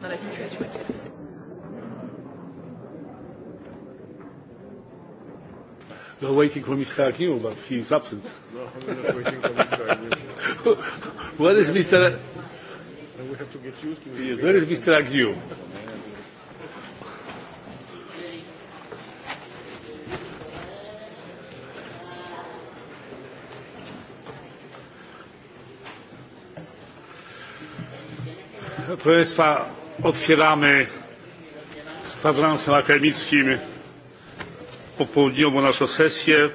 dans la situation actuelle. We're waiting for Mr. Agnew, but he is absent. No, I'm not waiting for Mr. where is Mr. We have to get used to it. Yes, where is Mr. Agnew? Proszę Państwa, Otwieramy z kwadransem akademickim popołudniową naszą sesję.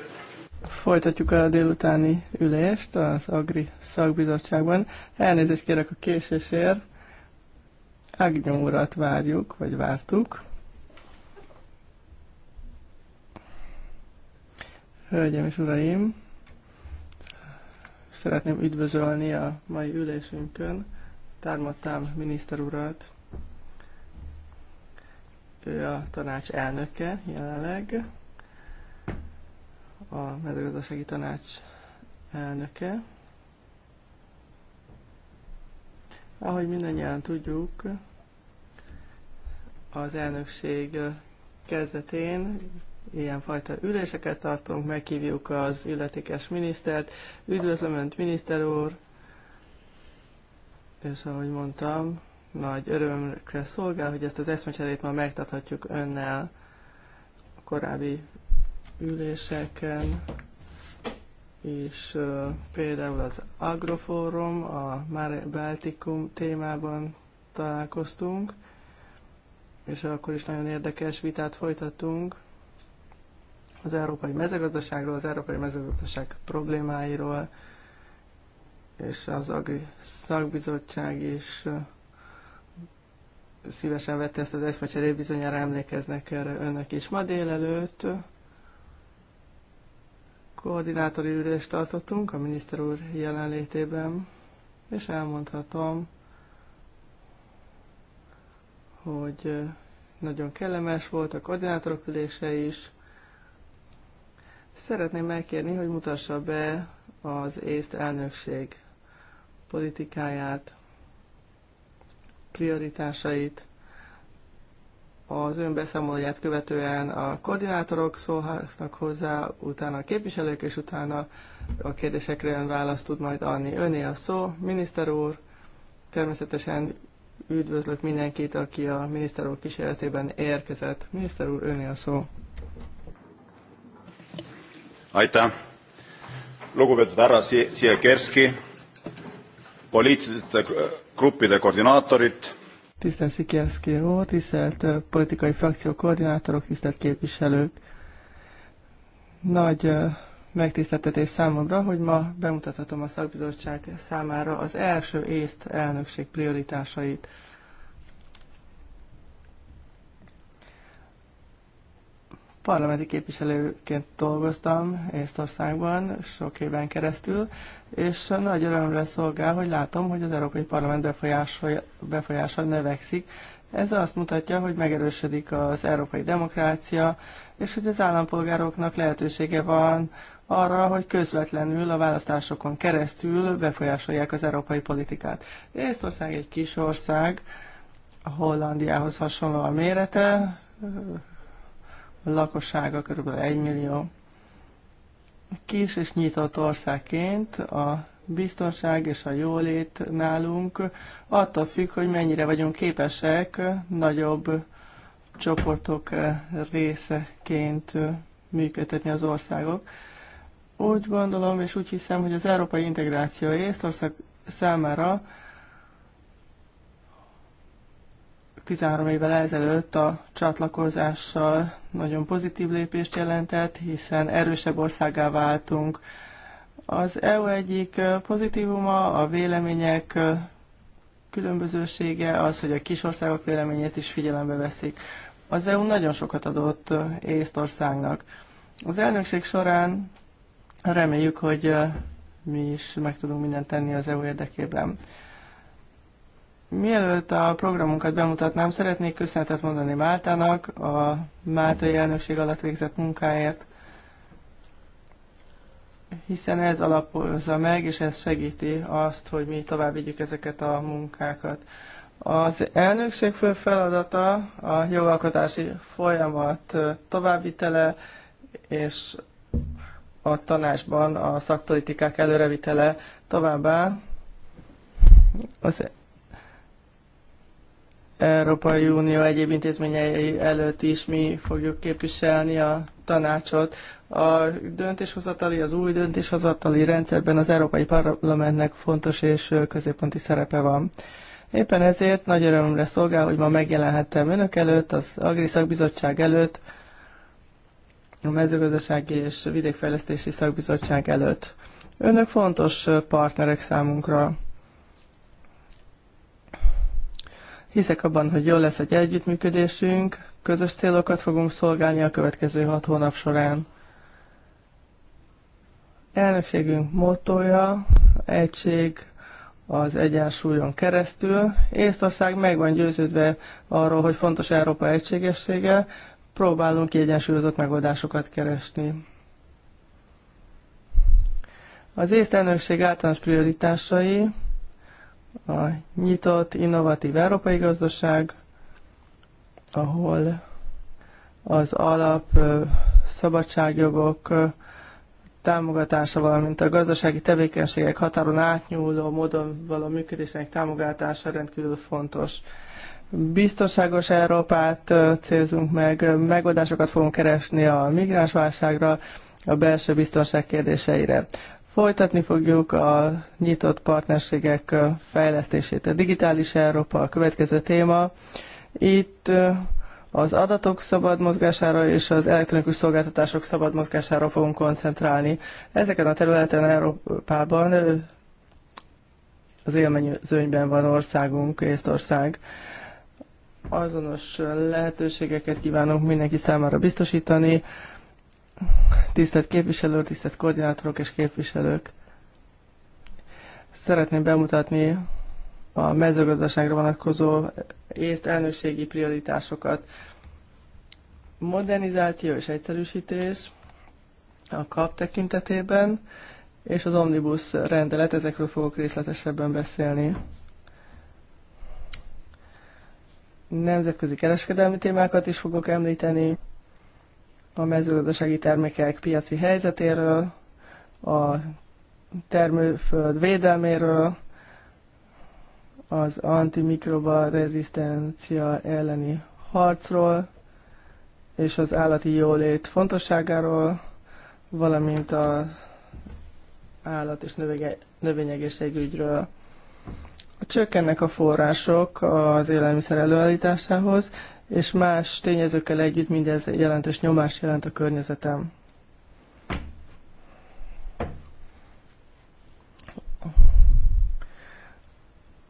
Folytatjuk a délutáni ülést az Agri szakbizottságban. Elnézést kérek a késésért. Ágnyom urat várjuk, vagy vártuk. Hölgyeim és uraim, szeretném üdvözölni a mai ülésünkön Tármattám miniszter urat, ő a tanács elnöke jelenleg, a mezőgazdasági tanács elnöke. Ahogy mindannyian tudjuk, az elnökség kezdetén ilyenfajta üléseket tartunk, meghívjuk az illetékes minisztert. Üdvözlöm Önt, miniszter úr! És ahogy mondtam, nagy örömre szolgál, hogy ezt az eszmecserét ma megtarthatjuk önnel a korábbi üléseken, és uh, például az Agroforum, a Mare Baltikum témában találkoztunk, és akkor is nagyon érdekes vitát folytattunk az európai mezőgazdaságról, az európai mezőgazdaság problémáiról, és az Agri Szakbizottság is uh, szívesen vette ezt az eszmecserét, bizonyára emlékeznek erre önök is. Ma délelőtt koordinátori ülést tartottunk a miniszter úr jelenlétében, és elmondhatom, hogy nagyon kellemes volt a koordinátorok ülése is. Szeretném megkérni, hogy mutassa be az észt elnökség politikáját prioritásait. Az önbeszámolóját követően a koordinátorok szólhatnak hozzá, utána a képviselők, és utána a kérdésekre ön választ tud majd adni. Öné a szó, miniszter úr, természetesen üdvözlök mindenkit, aki a miniszter úr kísérletében érkezett. Miniszter úr, öné a szó. Aitäh. Lugupeetud härra Sie-, poliitilised gruppide Tisztelt Szikerszki úr, tisztelt politikai frakció koordinátorok, tisztelt képviselők. Nagy megtiszteltetés számomra, hogy ma bemutathatom a szakbizottság számára az első észt elnökség prioritásait – Parlamenti képviselőként dolgoztam Észtországban sok éven keresztül, és nagy örömre szolgál, hogy látom, hogy az Európai Parlament befolyása, befolyása növekszik. Ez azt mutatja, hogy megerősödik az európai demokrácia, és hogy az állampolgároknak lehetősége van arra, hogy közvetlenül a választásokon keresztül befolyásolják az európai politikát. Észtország egy kis ország, Hollandiához hasonló a mérete, lakossága kb. 1 millió. Kis és nyitott országként a biztonság és a jólét nálunk attól függ, hogy mennyire vagyunk képesek nagyobb csoportok részeként működtetni az országok. Úgy gondolom és úgy hiszem, hogy az európai integráció Észtország számára 13 évvel ezelőtt a csatlakozással nagyon pozitív lépést jelentett, hiszen erősebb országá váltunk. Az EU egyik pozitívuma a vélemények különbözősége az, hogy a kis országok véleményét is figyelembe veszik. Az EU nagyon sokat adott Észtországnak. Az elnökség során reméljük, hogy mi is meg tudunk mindent tenni az EU érdekében. Mielőtt a programunkat bemutatnám, szeretnék köszönetet mondani Máltának a Máltai elnökség alatt végzett munkáért, hiszen ez alapozza meg, és ez segíti azt, hogy mi tovább vigyük ezeket a munkákat. Az elnökség fő feladata a jogalkotási folyamat továbbvitele, és a tanácsban a szakpolitikák előrevitele továbbá az Európai Unió egyéb intézményei előtt is mi fogjuk képviselni a tanácsot. A döntéshozatali, az új döntéshozatali rendszerben az Európai Parlamentnek fontos és középponti szerepe van. Éppen ezért nagy örömre szolgál, hogy ma megjelenhettem önök előtt, az Agri Szakbizottság előtt, a mezőgazdasági és vidékfejlesztési szakbizottság előtt. Önök fontos partnerek számunkra. Hiszek abban, hogy jól lesz egy együttműködésünk, közös célokat fogunk szolgálni a következő hat hónap során. Elnökségünk mottoja, egység az egyensúlyon keresztül. Észtország meg van győződve arról, hogy fontos Európa egységessége, próbálunk kiegyensúlyozott megoldásokat keresni. Az észt elnökség általános prioritásai a nyitott, innovatív európai gazdaság, ahol az alap szabadságjogok támogatása, valamint a gazdasági tevékenységek határon átnyúló módon való működésének támogatása rendkívül fontos. Biztonságos Európát célzunk meg, megoldásokat fogunk keresni a migránsválságra, a belső biztonság kérdéseire. Folytatni fogjuk a nyitott partnerségek fejlesztését. A digitális Európa a következő téma. Itt az adatok szabad mozgására és az elektronikus szolgáltatások szabad mozgására fogunk koncentrálni. Ezeken a területen Európában az élményzőnyben van országunk, Észtország. Azonos lehetőségeket kívánunk mindenki számára biztosítani, tisztelt képviselő, tisztelt koordinátorok és képviselők! Szeretném bemutatni a mezőgazdaságra vonatkozó észt elnökségi prioritásokat. Modernizáció és egyszerűsítés a kap tekintetében, és az omnibus rendelet, ezekről fogok részletesebben beszélni. Nemzetközi kereskedelmi témákat is fogok említeni, a mezőgazdasági termékek piaci helyzetéről, a termőföld védelméről, az antimikroba rezisztencia elleni harcról és az állati jólét fontosságáról, valamint az állat és növényegészségügyről. Csökkennek a források az élelmiszer előállításához, és más tényezőkkel együtt mindez jelentős nyomást jelent a környezetem.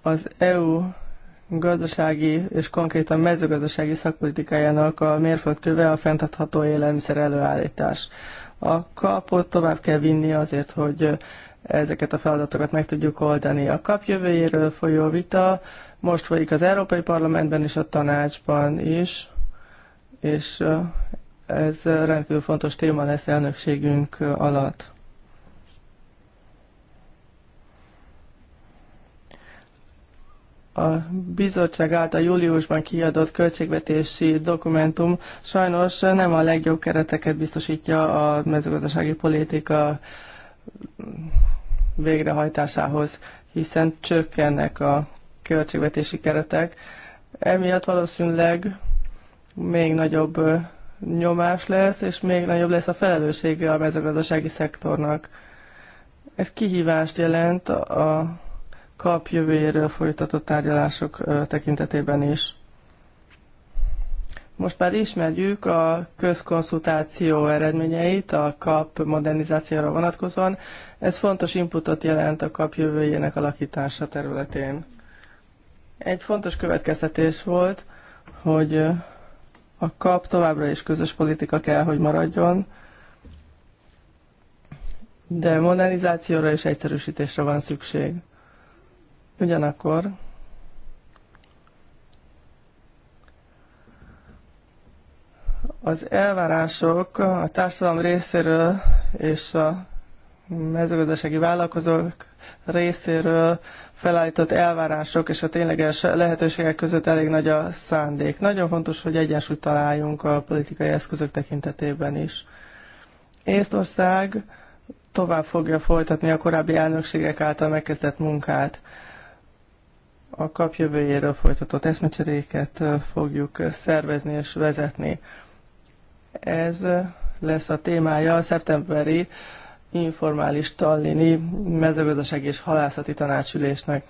Az EU gazdasági és konkrétan mezőgazdasági szakpolitikájának a mérföldköve a fenntartható élelmiszer előállítás. A kapot tovább kell vinni azért, hogy ezeket a feladatokat meg tudjuk oldani. A kap jövőjéről folyó vita most folyik az Európai Parlamentben és a tanácsban is, és ez rendkívül fontos téma lesz elnökségünk alatt. A bizottság által júliusban kiadott költségvetési dokumentum sajnos nem a legjobb kereteket biztosítja a mezőgazdasági politika végrehajtásához, hiszen csökkennek a költségvetési keretek. Emiatt valószínűleg még nagyobb nyomás lesz, és még nagyobb lesz a felelőssége a mezőgazdasági szektornak. Ez kihívást jelent a kap jövőjéről folytatott tárgyalások tekintetében is. Most már ismerjük a közkonszultáció eredményeit a kap modernizációra vonatkozóan. Ez fontos inputot jelent a kap jövőjének alakítása területén. Egy fontos következtetés volt, hogy a kap továbbra is közös politika kell, hogy maradjon, de modernizációra és egyszerűsítésre van szükség. Ugyanakkor az elvárások a társadalom részéről és a mezőgazdasági vállalkozók részéről felállított elvárások és a tényleges lehetőségek között elég nagy a szándék. Nagyon fontos, hogy egyensúlyt találjunk a politikai eszközök tekintetében is. Észtország tovább fogja folytatni a korábbi elnökségek által megkezdett munkát. A kap jövőjéről folytatott eszmecseréket fogjuk szervezni és vezetni. Ez lesz a témája a szeptemberi informális tallini mezőgazdaság és halászati tanácsülésnek.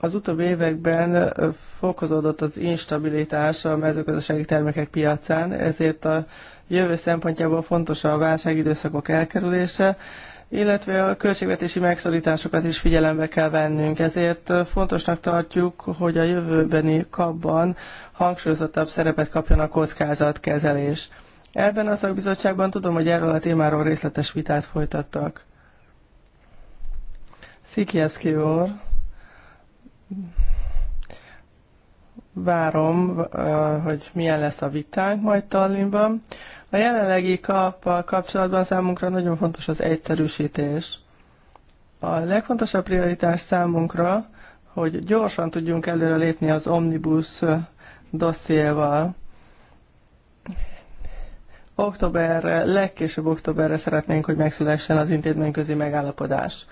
Az utóbbi években fokozódott az instabilitás a mezőgazdasági termékek piacán, ezért a jövő szempontjából fontos a válságidőszakok elkerülése, illetve a költségvetési megszorításokat is figyelembe kell vennünk. Ezért fontosnak tartjuk, hogy a jövőbeni kapban hangsúlyozottabb szerepet kapjon a kockázatkezelés. Ebben a szakbizottságban tudom, hogy erről a témáról részletes vitát folytattak. Szikievszki úr, várom, hogy milyen lesz a vitánk majd Tallinnban. A jelenlegi kappal kapcsolatban számunkra nagyon fontos az egyszerűsítés. A legfontosabb prioritás számunkra, hogy gyorsan tudjunk előre lépni az Omnibus dossziéval. Októberre, legkésőbb októberre szeretnénk, hogy megszülessen az intézményközi megállapodás.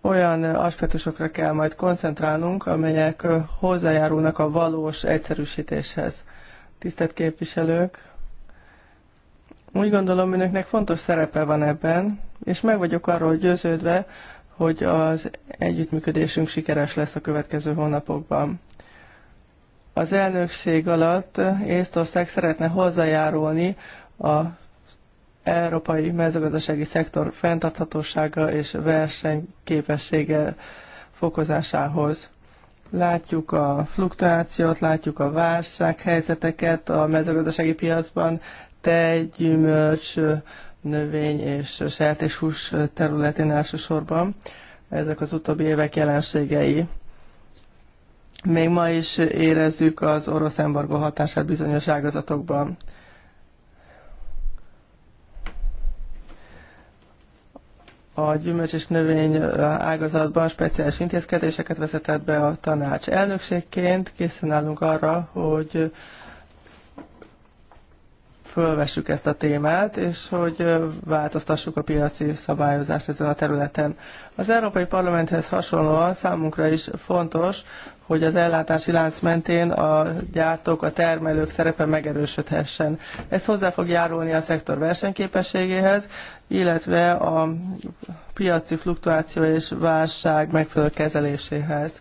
Olyan aspektusokra kell majd koncentrálnunk, amelyek hozzájárulnak a valós egyszerűsítéshez. Tisztelt képviselők, úgy gondolom, önöknek fontos szerepe van ebben, és meg vagyok arról győződve, hogy az együttműködésünk sikeres lesz a következő hónapokban. Az elnökség alatt Észtország szeretne hozzájárulni a európai mezőgazdasági szektor fenntarthatósága és versenyképessége fokozásához. Látjuk a fluktuációt, látjuk a válsághelyzeteket a mezőgazdasági piacban, tej, gyümölcs, növény és sertéshús területén elsősorban. Ezek az utóbbi évek jelenségei. Még ma is érezzük az orosz embargó hatását bizonyos ágazatokban. a gyümölcs és növény ágazatban speciális intézkedéseket vezetett be a tanács elnökségként. Készen állunk arra, hogy fölvessük ezt a témát, és hogy változtassuk a piaci szabályozást ezen a területen. Az Európai Parlamenthez hasonlóan számunkra is fontos, hogy az ellátási lánc mentén a gyártók, a termelők szerepe megerősödhessen. Ez hozzá fog járulni a szektor versenyképességéhez, illetve a piaci fluktuáció és válság megfelelő kezeléséhez.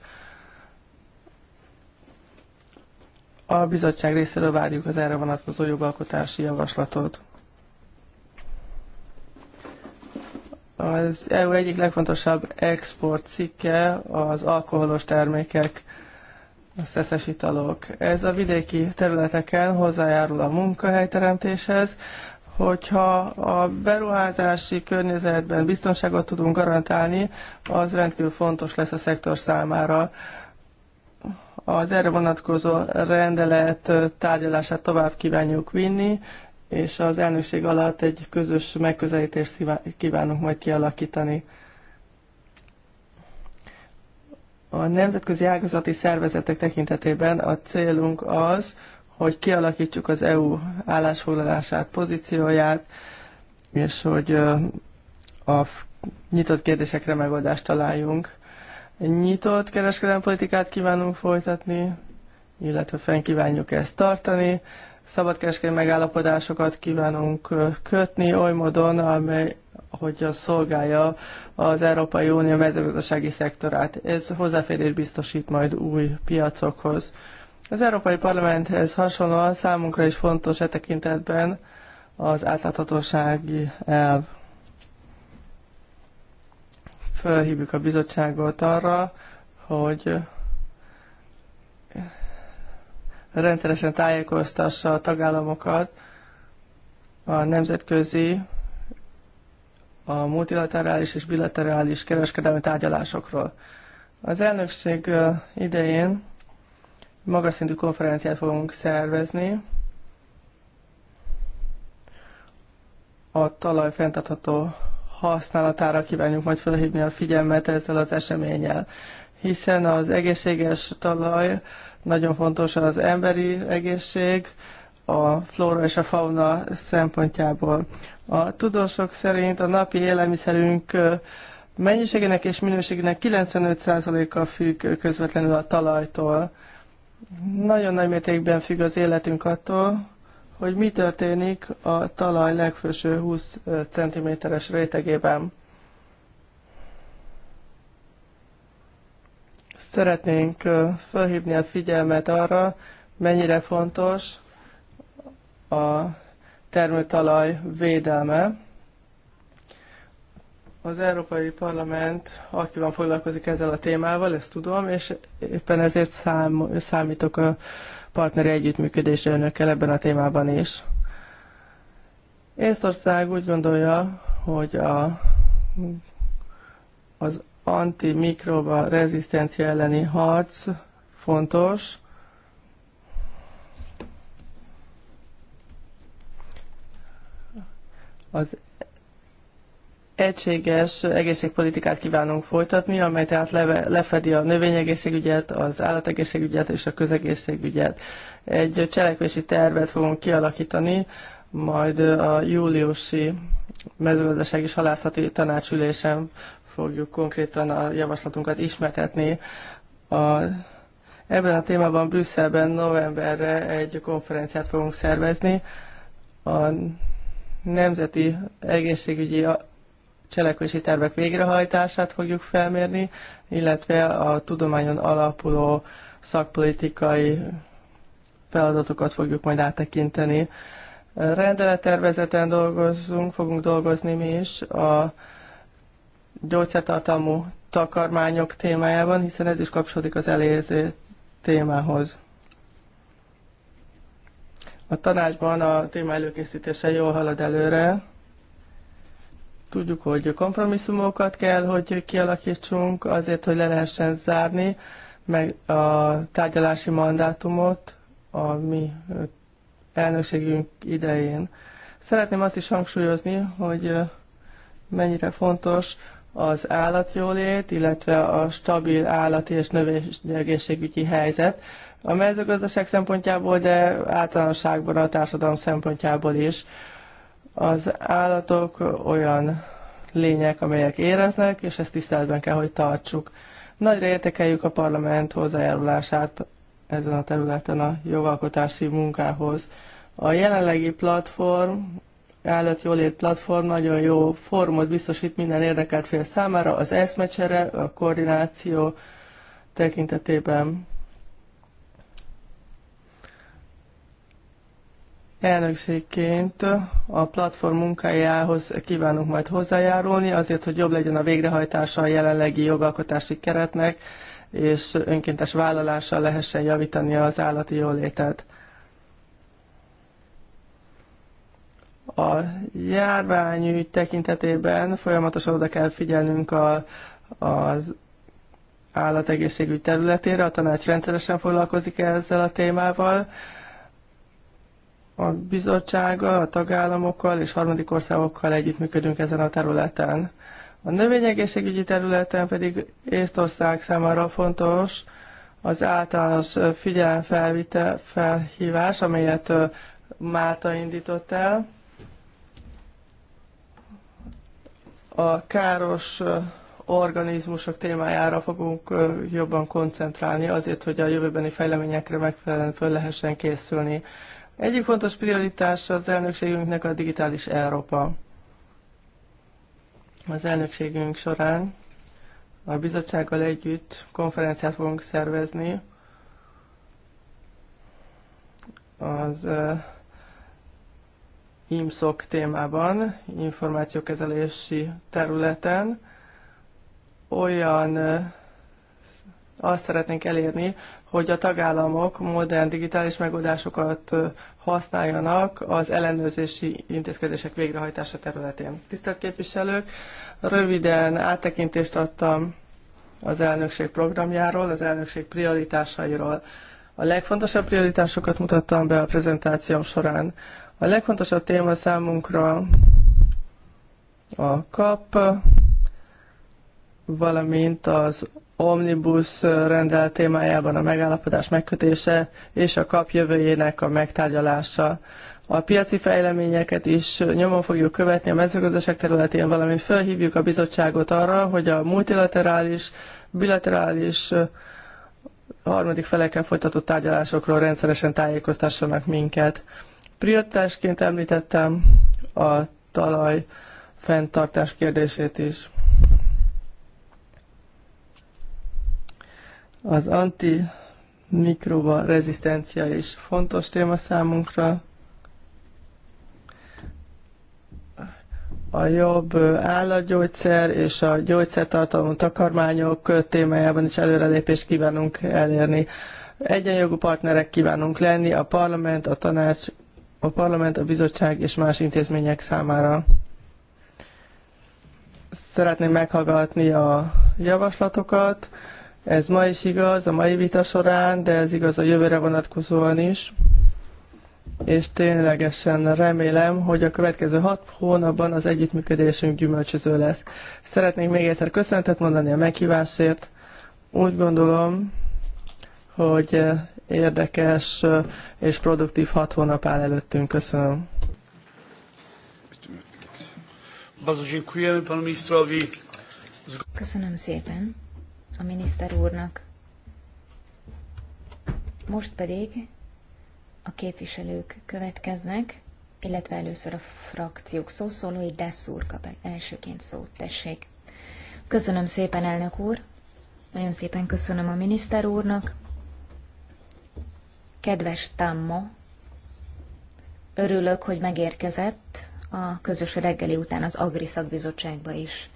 A bizottság részéről várjuk az erre vonatkozó jogalkotási javaslatot. Az EU egyik legfontosabb export cikke az alkoholos termékek, a szeszes italok. Ez a vidéki területeken hozzájárul a munkahelyteremtéshez, hogyha a beruházási környezetben biztonságot tudunk garantálni, az rendkívül fontos lesz a szektor számára. Az erre vonatkozó rendelet tárgyalását tovább kívánjuk vinni, és az elnökség alatt egy közös megközelítést kívánunk majd kialakítani. A nemzetközi ágazati szervezetek tekintetében a célunk az, hogy kialakítsuk az EU állásfoglalását, pozícióját, és hogy a nyitott kérdésekre megoldást találjunk nyitott kereskedelmi politikát kívánunk folytatni, illetve fenn kívánjuk ezt tartani. Szabadkereskedelmi megállapodásokat kívánunk kötni oly módon, amely hogy az szolgálja az Európai Unió mezőgazdasági szektorát. Ez hozzáférés biztosít majd új piacokhoz. Az Európai Parlamenthez hasonlóan számunkra is fontos e tekintetben az átláthatósági elv felhívjuk a bizottságot arra, hogy rendszeresen tájékoztassa a tagállamokat a nemzetközi, a multilaterális és bilaterális kereskedelmi tárgyalásokról. Az elnökség idején magas szintű konferenciát fogunk szervezni a talaj fenntartható használatára kívánjuk majd felhívni a figyelmet ezzel az eseménnyel. Hiszen az egészséges talaj nagyon fontos az emberi egészség, a flóra és a fauna szempontjából. A tudósok szerint a napi élelmiszerünk mennyiségének és minőségének 95%-a függ közvetlenül a talajtól. Nagyon nagy mértékben függ az életünk attól, hogy mi történik a talaj legfőső 20 cm-es rétegében. Szeretnénk felhívni a figyelmet arra, mennyire fontos a termőtalaj védelme. Az Európai Parlament aktívan foglalkozik ezzel a témával, ezt tudom, és éppen ezért szám, számítok a partneri együttműködésre önökkel ebben a témában is. Észország úgy gondolja, hogy a, az antimikroba rezisztencia elleni harc fontos, az egységes egészségpolitikát kívánunk folytatni, amely tehát lefedi a növényegészségügyet, az állategészségügyet és a közegészségügyet. Egy cselekvési tervet fogunk kialakítani, majd a júliusi mezőgazdaság és halászati tanácsülésen fogjuk konkrétan a javaslatunkat ismertetni. A, ebben a témában Brüsszelben novemberre egy konferenciát fogunk szervezni. A nemzeti egészségügyi cselekvési tervek végrehajtását fogjuk felmérni, illetve a tudományon alapuló szakpolitikai feladatokat fogjuk majd áttekinteni. Rendelettervezeten dolgozunk, fogunk dolgozni mi is a gyógyszertartalmú takarmányok témájában, hiszen ez is kapcsolódik az előző témához. A tanácsban a téma előkészítése jól halad előre. Tudjuk, hogy kompromisszumokat kell, hogy kialakítsunk azért, hogy le lehessen zárni meg a tárgyalási mandátumot a mi elnökségünk idején. Szeretném azt is hangsúlyozni, hogy mennyire fontos az állatjólét, illetve a stabil állati és növényegészségügyi helyzet a mezőgazdaság szempontjából, de általánosságban a társadalom szempontjából is. Az állatok olyan lények, amelyek éreznek, és ezt tiszteletben kell, hogy tartsuk. Nagyra értékeljük a parlament hozzájárulását ezen a területen a jogalkotási munkához. A jelenlegi platform, állatjólét platform nagyon jó formot biztosít minden érdekelt fél számára, az eszmecsere, a koordináció tekintetében Elnökségként a platform munkájához kívánunk majd hozzájárulni, azért, hogy jobb legyen a végrehajtása a jelenlegi jogalkotási keretnek, és önkéntes vállalással lehessen javítani az állati jólétet. A járványügy tekintetében folyamatosan oda kell figyelnünk a, az állategészségügy területére, a tanács rendszeresen foglalkozik ezzel a témával, a bizottsággal, a tagállamokkal és harmadik országokkal együttműködünk ezen a területen. A növényegészségügyi területen pedig Észtország számára fontos az általános figyelemfelhívás, amelyet Málta indított el. A káros organizmusok témájára fogunk jobban koncentrálni azért, hogy a jövőbeni fejleményekre megfelelően föl lehessen készülni. Egyik fontos prioritás az elnökségünknek a digitális Európa. Az elnökségünk során a bizottsággal együtt konferenciát fogunk szervezni az uh, IMSZOK témában, információkezelési területen. Olyan uh, azt szeretnénk elérni, hogy a tagállamok modern digitális megoldásokat használjanak az ellenőrzési intézkedések végrehajtása területén. Tisztelt képviselők, röviden áttekintést adtam az elnökség programjáról, az elnökség prioritásairól. A legfontosabb prioritásokat mutattam be a prezentációm során. A legfontosabb téma számunkra a kap, valamint az omnibus rendel témájában a megállapodás megkötése és a kap jövőjének a megtárgyalása. A piaci fejleményeket is nyomon fogjuk követni a mezőgazdaság területén, valamint felhívjuk a bizottságot arra, hogy a multilaterális, bilaterális harmadik felekkel folytatott tárgyalásokról rendszeresen tájékoztassanak minket. Prioritásként említettem a talaj fenntartás kérdését is. Az antimikroba rezisztencia is fontos téma számunkra. A jobb állatgyógyszer és a gyógyszertartalmú takarmányok témájában is előrelépést kívánunk elérni. Egyenjogú partnerek kívánunk lenni a parlament, a tanács, a parlament, a bizottság és más intézmények számára szeretném meghallgatni a javaslatokat, ez ma is igaz, a mai vita során, de ez igaz a jövőre vonatkozóan is. És ténylegesen remélem, hogy a következő hat hónapban az együttműködésünk gyümölcsöző lesz. Szeretnék még egyszer köszöntet mondani a meghívásért. Úgy gondolom, hogy érdekes és produktív hat hónap áll előttünk. Köszönöm. Köszönöm szépen a miniszter úrnak. Most pedig a képviselők következnek, illetve először a frakciók szószólói, de szúr kap elsőként szót, tessék. Köszönöm szépen, elnök úr! Nagyon szépen köszönöm a miniszter úrnak. Kedves Tammo, örülök, hogy megérkezett a közös reggeli után az Agri szakbizottságba is.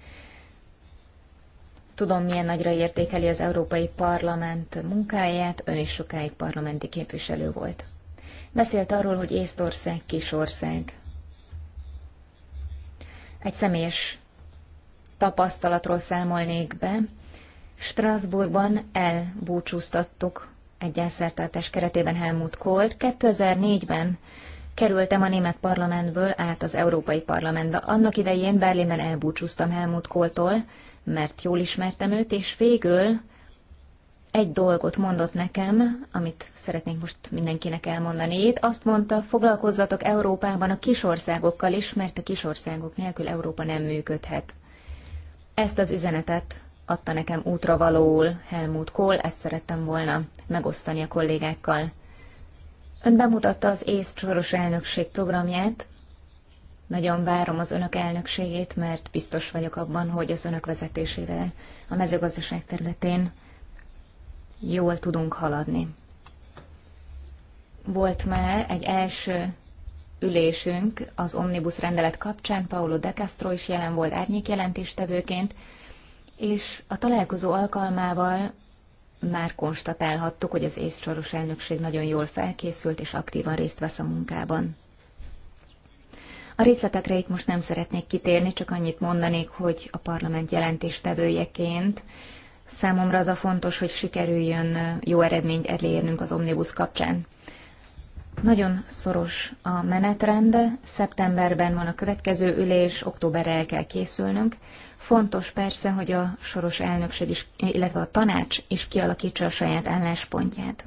Tudom, milyen nagyra értékeli az Európai Parlament munkáját, ön is sokáig parlamenti képviselő volt. Beszélt arról, hogy Észtország kisország. Egy személyes tapasztalatról számolnék be. Strasbourgban elbúcsúztattuk egy elszertartás keretében Helmut Kohl. 2004-ben kerültem a német parlamentből át az Európai Parlamentbe. Annak idején Berlinben elbúcsúztam Helmut Kohltól, mert jól ismertem őt, és végül egy dolgot mondott nekem, amit szeretnénk most mindenkinek elmondani itt. Azt mondta, foglalkozzatok Európában a kisországokkal is, mert a kisországok nélkül Európa nem működhet. Ezt az üzenetet adta nekem útra valóul Helmut Kohl, ezt szerettem volna megosztani a kollégákkal. Ön bemutatta az ész soros elnökség programját, nagyon várom az önök elnökségét, mert biztos vagyok abban, hogy az önök vezetésével a mezőgazdaság területén jól tudunk haladni. Volt már egy első ülésünk az Omnibus rendelet kapcsán, Paulo De Castro is jelen volt árnyékjelentéstevőként, és a találkozó alkalmával már konstatálhattuk, hogy az észsoros elnökség nagyon jól felkészült és aktívan részt vesz a munkában. A részletekre itt most nem szeretnék kitérni, csak annyit mondanék, hogy a parlament jelentéstevőjeként számomra az a fontos, hogy sikerüljön jó eredményt elérnünk az Omnibus kapcsán. Nagyon szoros a menetrend, szeptemberben van a következő ülés, októberre el kell készülnünk. Fontos persze, hogy a soros elnökség is, illetve a tanács is kialakítsa a saját álláspontját.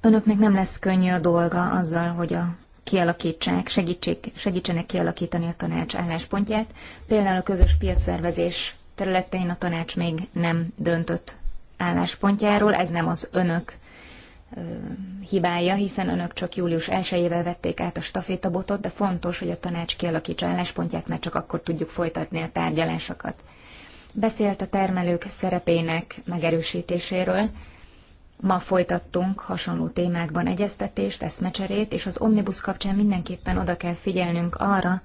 Önöknek nem lesz könnyű a dolga azzal, hogy a kialakítsák, segítsék, segítsenek kialakítani a tanács álláspontját. Például a közös piacszervezés területein a tanács még nem döntött álláspontjáról, ez nem az önök ö, hibája, hiszen önök csak július 1-ével vették át a stafétabotot, de fontos, hogy a tanács kialakítsa álláspontját, mert csak akkor tudjuk folytatni a tárgyalásokat. Beszélt a termelők szerepének megerősítéséről, Ma folytattunk hasonló témákban egyeztetést, eszmecserét, és az Omnibus kapcsán mindenképpen oda kell figyelnünk arra,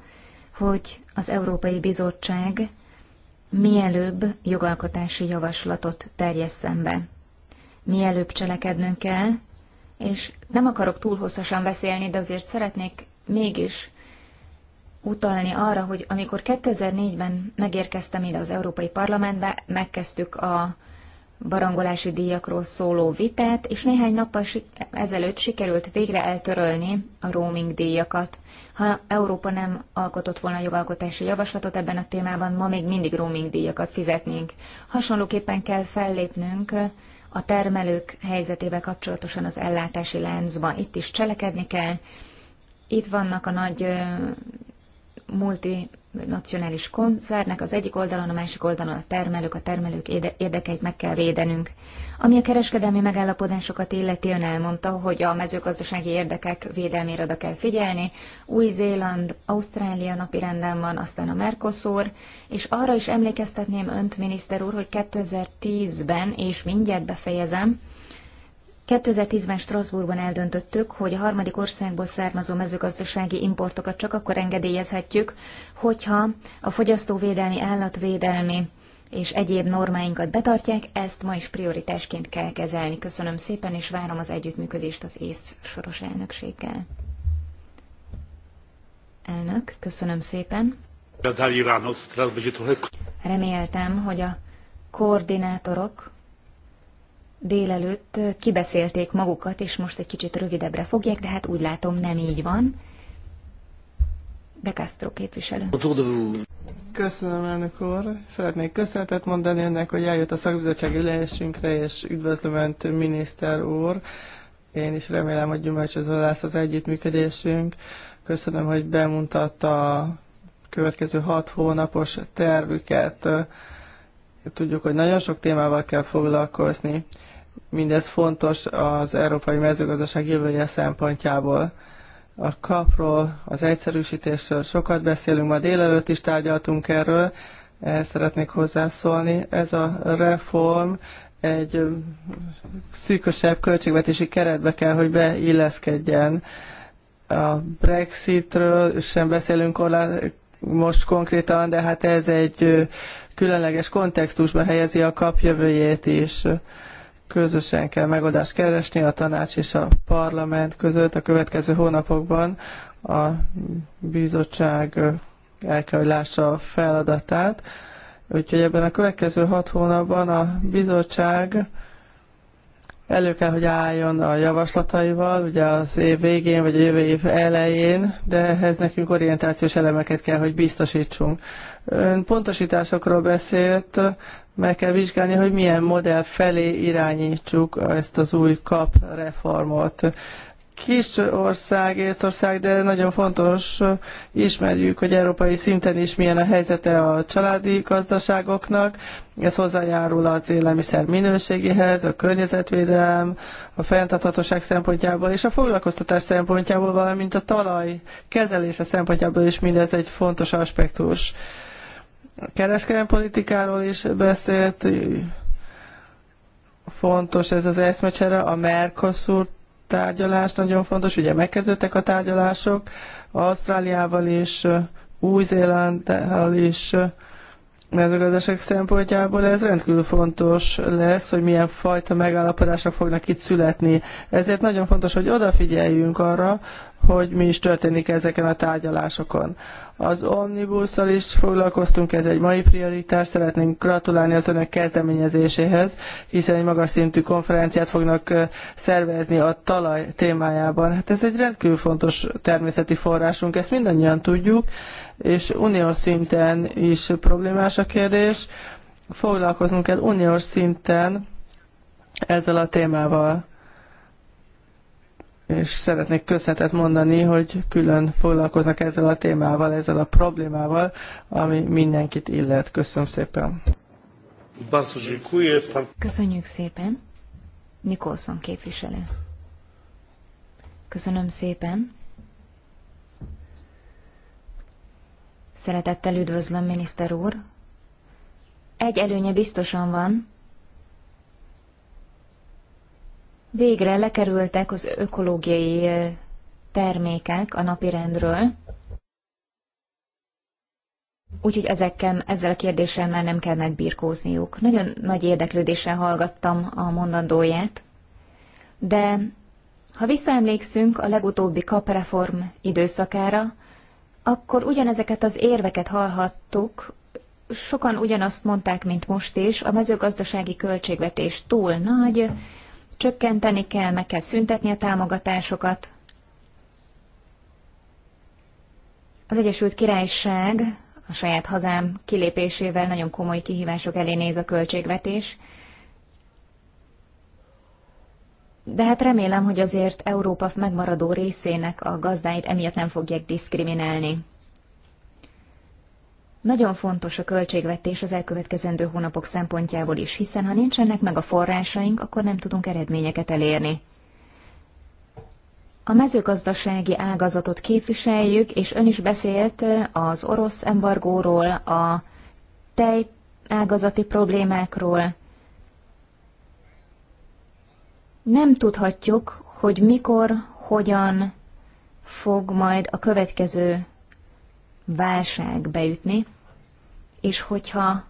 hogy az Európai Bizottság mielőbb jogalkotási javaslatot terjesszen be. Mielőbb cselekednünk kell, és nem akarok túl hosszasan beszélni, de azért szeretnék mégis utalni arra, hogy amikor 2004-ben megérkeztem ide az Európai Parlamentbe, megkezdtük a barangolási díjakról szóló vitát, és néhány nappal ezelőtt sikerült végre eltörölni a roaming díjakat. Ha Európa nem alkotott volna jogalkotási javaslatot ebben a témában, ma még mindig roaming díjakat fizetnénk. Hasonlóképpen kell fellépnünk a termelők helyzetével kapcsolatosan az ellátási láncban. Itt is cselekedni kell. Itt vannak a nagy multi nacionális koncernek, az egyik oldalon, a másik oldalon a termelők, a termelők érdekeit meg kell védenünk. Ami a kereskedelmi megállapodásokat illeti, ön elmondta, hogy a mezőgazdasági érdekek védelmére oda kell figyelni. Új-Zéland, Ausztrália napi renden van, aztán a Mercosur, és arra is emlékeztetném önt, miniszter úr, hogy 2010-ben, és mindjárt befejezem, 2010-ben Strasbourgban eldöntöttük, hogy a harmadik országból származó mezőgazdasági importokat csak akkor engedélyezhetjük, hogyha a fogyasztóvédelmi, állatvédelmi és egyéb normáinkat betartják, ezt ma is prioritásként kell kezelni. Köszönöm szépen, és várom az együttműködést az ész soros elnökséggel. Elnök, köszönöm szépen. Reméltem, hogy a koordinátorok délelőtt kibeszélték magukat, és most egy kicsit rövidebbre fogják, de hát úgy látom nem így van. De Castro képviselő. Köszönöm, elnök úr. Szeretnék köszönetet mondani ennek, hogy eljött a szakbizottság ülésünkre, és üdvözlöm önt, miniszter úr. Én is remélem, hogy gyümölcsöző lesz az együttműködésünk. Köszönöm, hogy bemutatta a következő hat hónapos tervüket. Tudjuk, hogy nagyon sok témával kell foglalkozni. Mindez fontos az európai mezőgazdaság jövője szempontjából. A kapról, az egyszerűsítésről sokat beszélünk, ma délelőtt is tárgyaltunk erről, ehhez szeretnék hozzászólni. Ez a reform egy szűkösebb költségvetési keretbe kell, hogy beilleszkedjen. A Brexitről sem beszélünk most konkrétan, de hát ez egy különleges kontextusba helyezi a kap jövőjét is. Közösen kell megoldást keresni a tanács és a parlament között a következő hónapokban. A bizottság el kell, hogy lássa a feladatát. Úgyhogy ebben a következő hat hónapban a bizottság elő kell, hogy álljon a javaslataival, ugye az év végén vagy a jövő év elején, de ehhez nekünk orientációs elemeket kell, hogy biztosítsunk. Ön pontosításokról beszélt, meg kell vizsgálni, hogy milyen modell felé irányítsuk ezt az új kap reformot kis ország, Észtország, de nagyon fontos, ismerjük, hogy európai szinten is milyen a helyzete a családi gazdaságoknak. Ez hozzájárul az élelmiszer minőségéhez, a környezetvédelem, a fenntarthatóság szempontjából és a foglalkoztatás szempontjából, valamint a talaj kezelése szempontjából is mindez egy fontos aspektus. A kereskedelmi politikáról is beszélt, fontos ez az eszmecsere, a Mercosur tárgyalás nagyon fontos, ugye megkezdődtek a tárgyalások, Ausztráliával és Új-Zélanddal is mezőgazdaság szempontjából ez rendkívül fontos lesz, hogy milyen fajta megállapodások fognak itt születni. Ezért nagyon fontos, hogy odafigyeljünk arra, hogy mi is történik ezeken a tárgyalásokon. Az omnibusszal is foglalkoztunk, ez egy mai prioritás, szeretnénk gratulálni az önök kezdeményezéséhez, hiszen egy magas szintű konferenciát fognak szervezni a talaj témájában. Hát ez egy rendkívül fontos természeti forrásunk, ezt mindannyian tudjuk, és uniós szinten is problémás a kérdés. Foglalkoznunk kell uniós szinten ezzel a témával és szeretnék köszönetet mondani, hogy külön foglalkoznak ezzel a témával, ezzel a problémával, ami mindenkit illet. Köszönöm szépen. Köszönjük szépen. Nikolson képviselő. Köszönöm szépen. Szeretettel üdvözlöm, miniszter úr. Egy előnye biztosan van, végre lekerültek az ökológiai termékek a napirendről, úgyhogy ezekkel, ezzel a kérdéssel már nem kell megbirkózniuk. Nagyon nagy érdeklődéssel hallgattam a mondandóját, de ha visszaemlékszünk a legutóbbi kapreform időszakára, akkor ugyanezeket az érveket hallhattuk, sokan ugyanazt mondták, mint most is, a mezőgazdasági költségvetés túl nagy, csökkenteni kell, meg kell szüntetni a támogatásokat. Az Egyesült Királyság a saját hazám kilépésével nagyon komoly kihívások elé néz a költségvetés. De hát remélem, hogy azért Európa megmaradó részének a gazdáit emiatt nem fogják diszkriminálni. Nagyon fontos a költségvetés az elkövetkezendő hónapok szempontjából is, hiszen ha nincsenek meg a forrásaink, akkor nem tudunk eredményeket elérni. A mezőgazdasági ágazatot képviseljük, és ön is beszélt az orosz embargóról, a tej ágazati problémákról. Nem tudhatjuk, hogy mikor, hogyan fog majd a következő válság beütni, és hogyha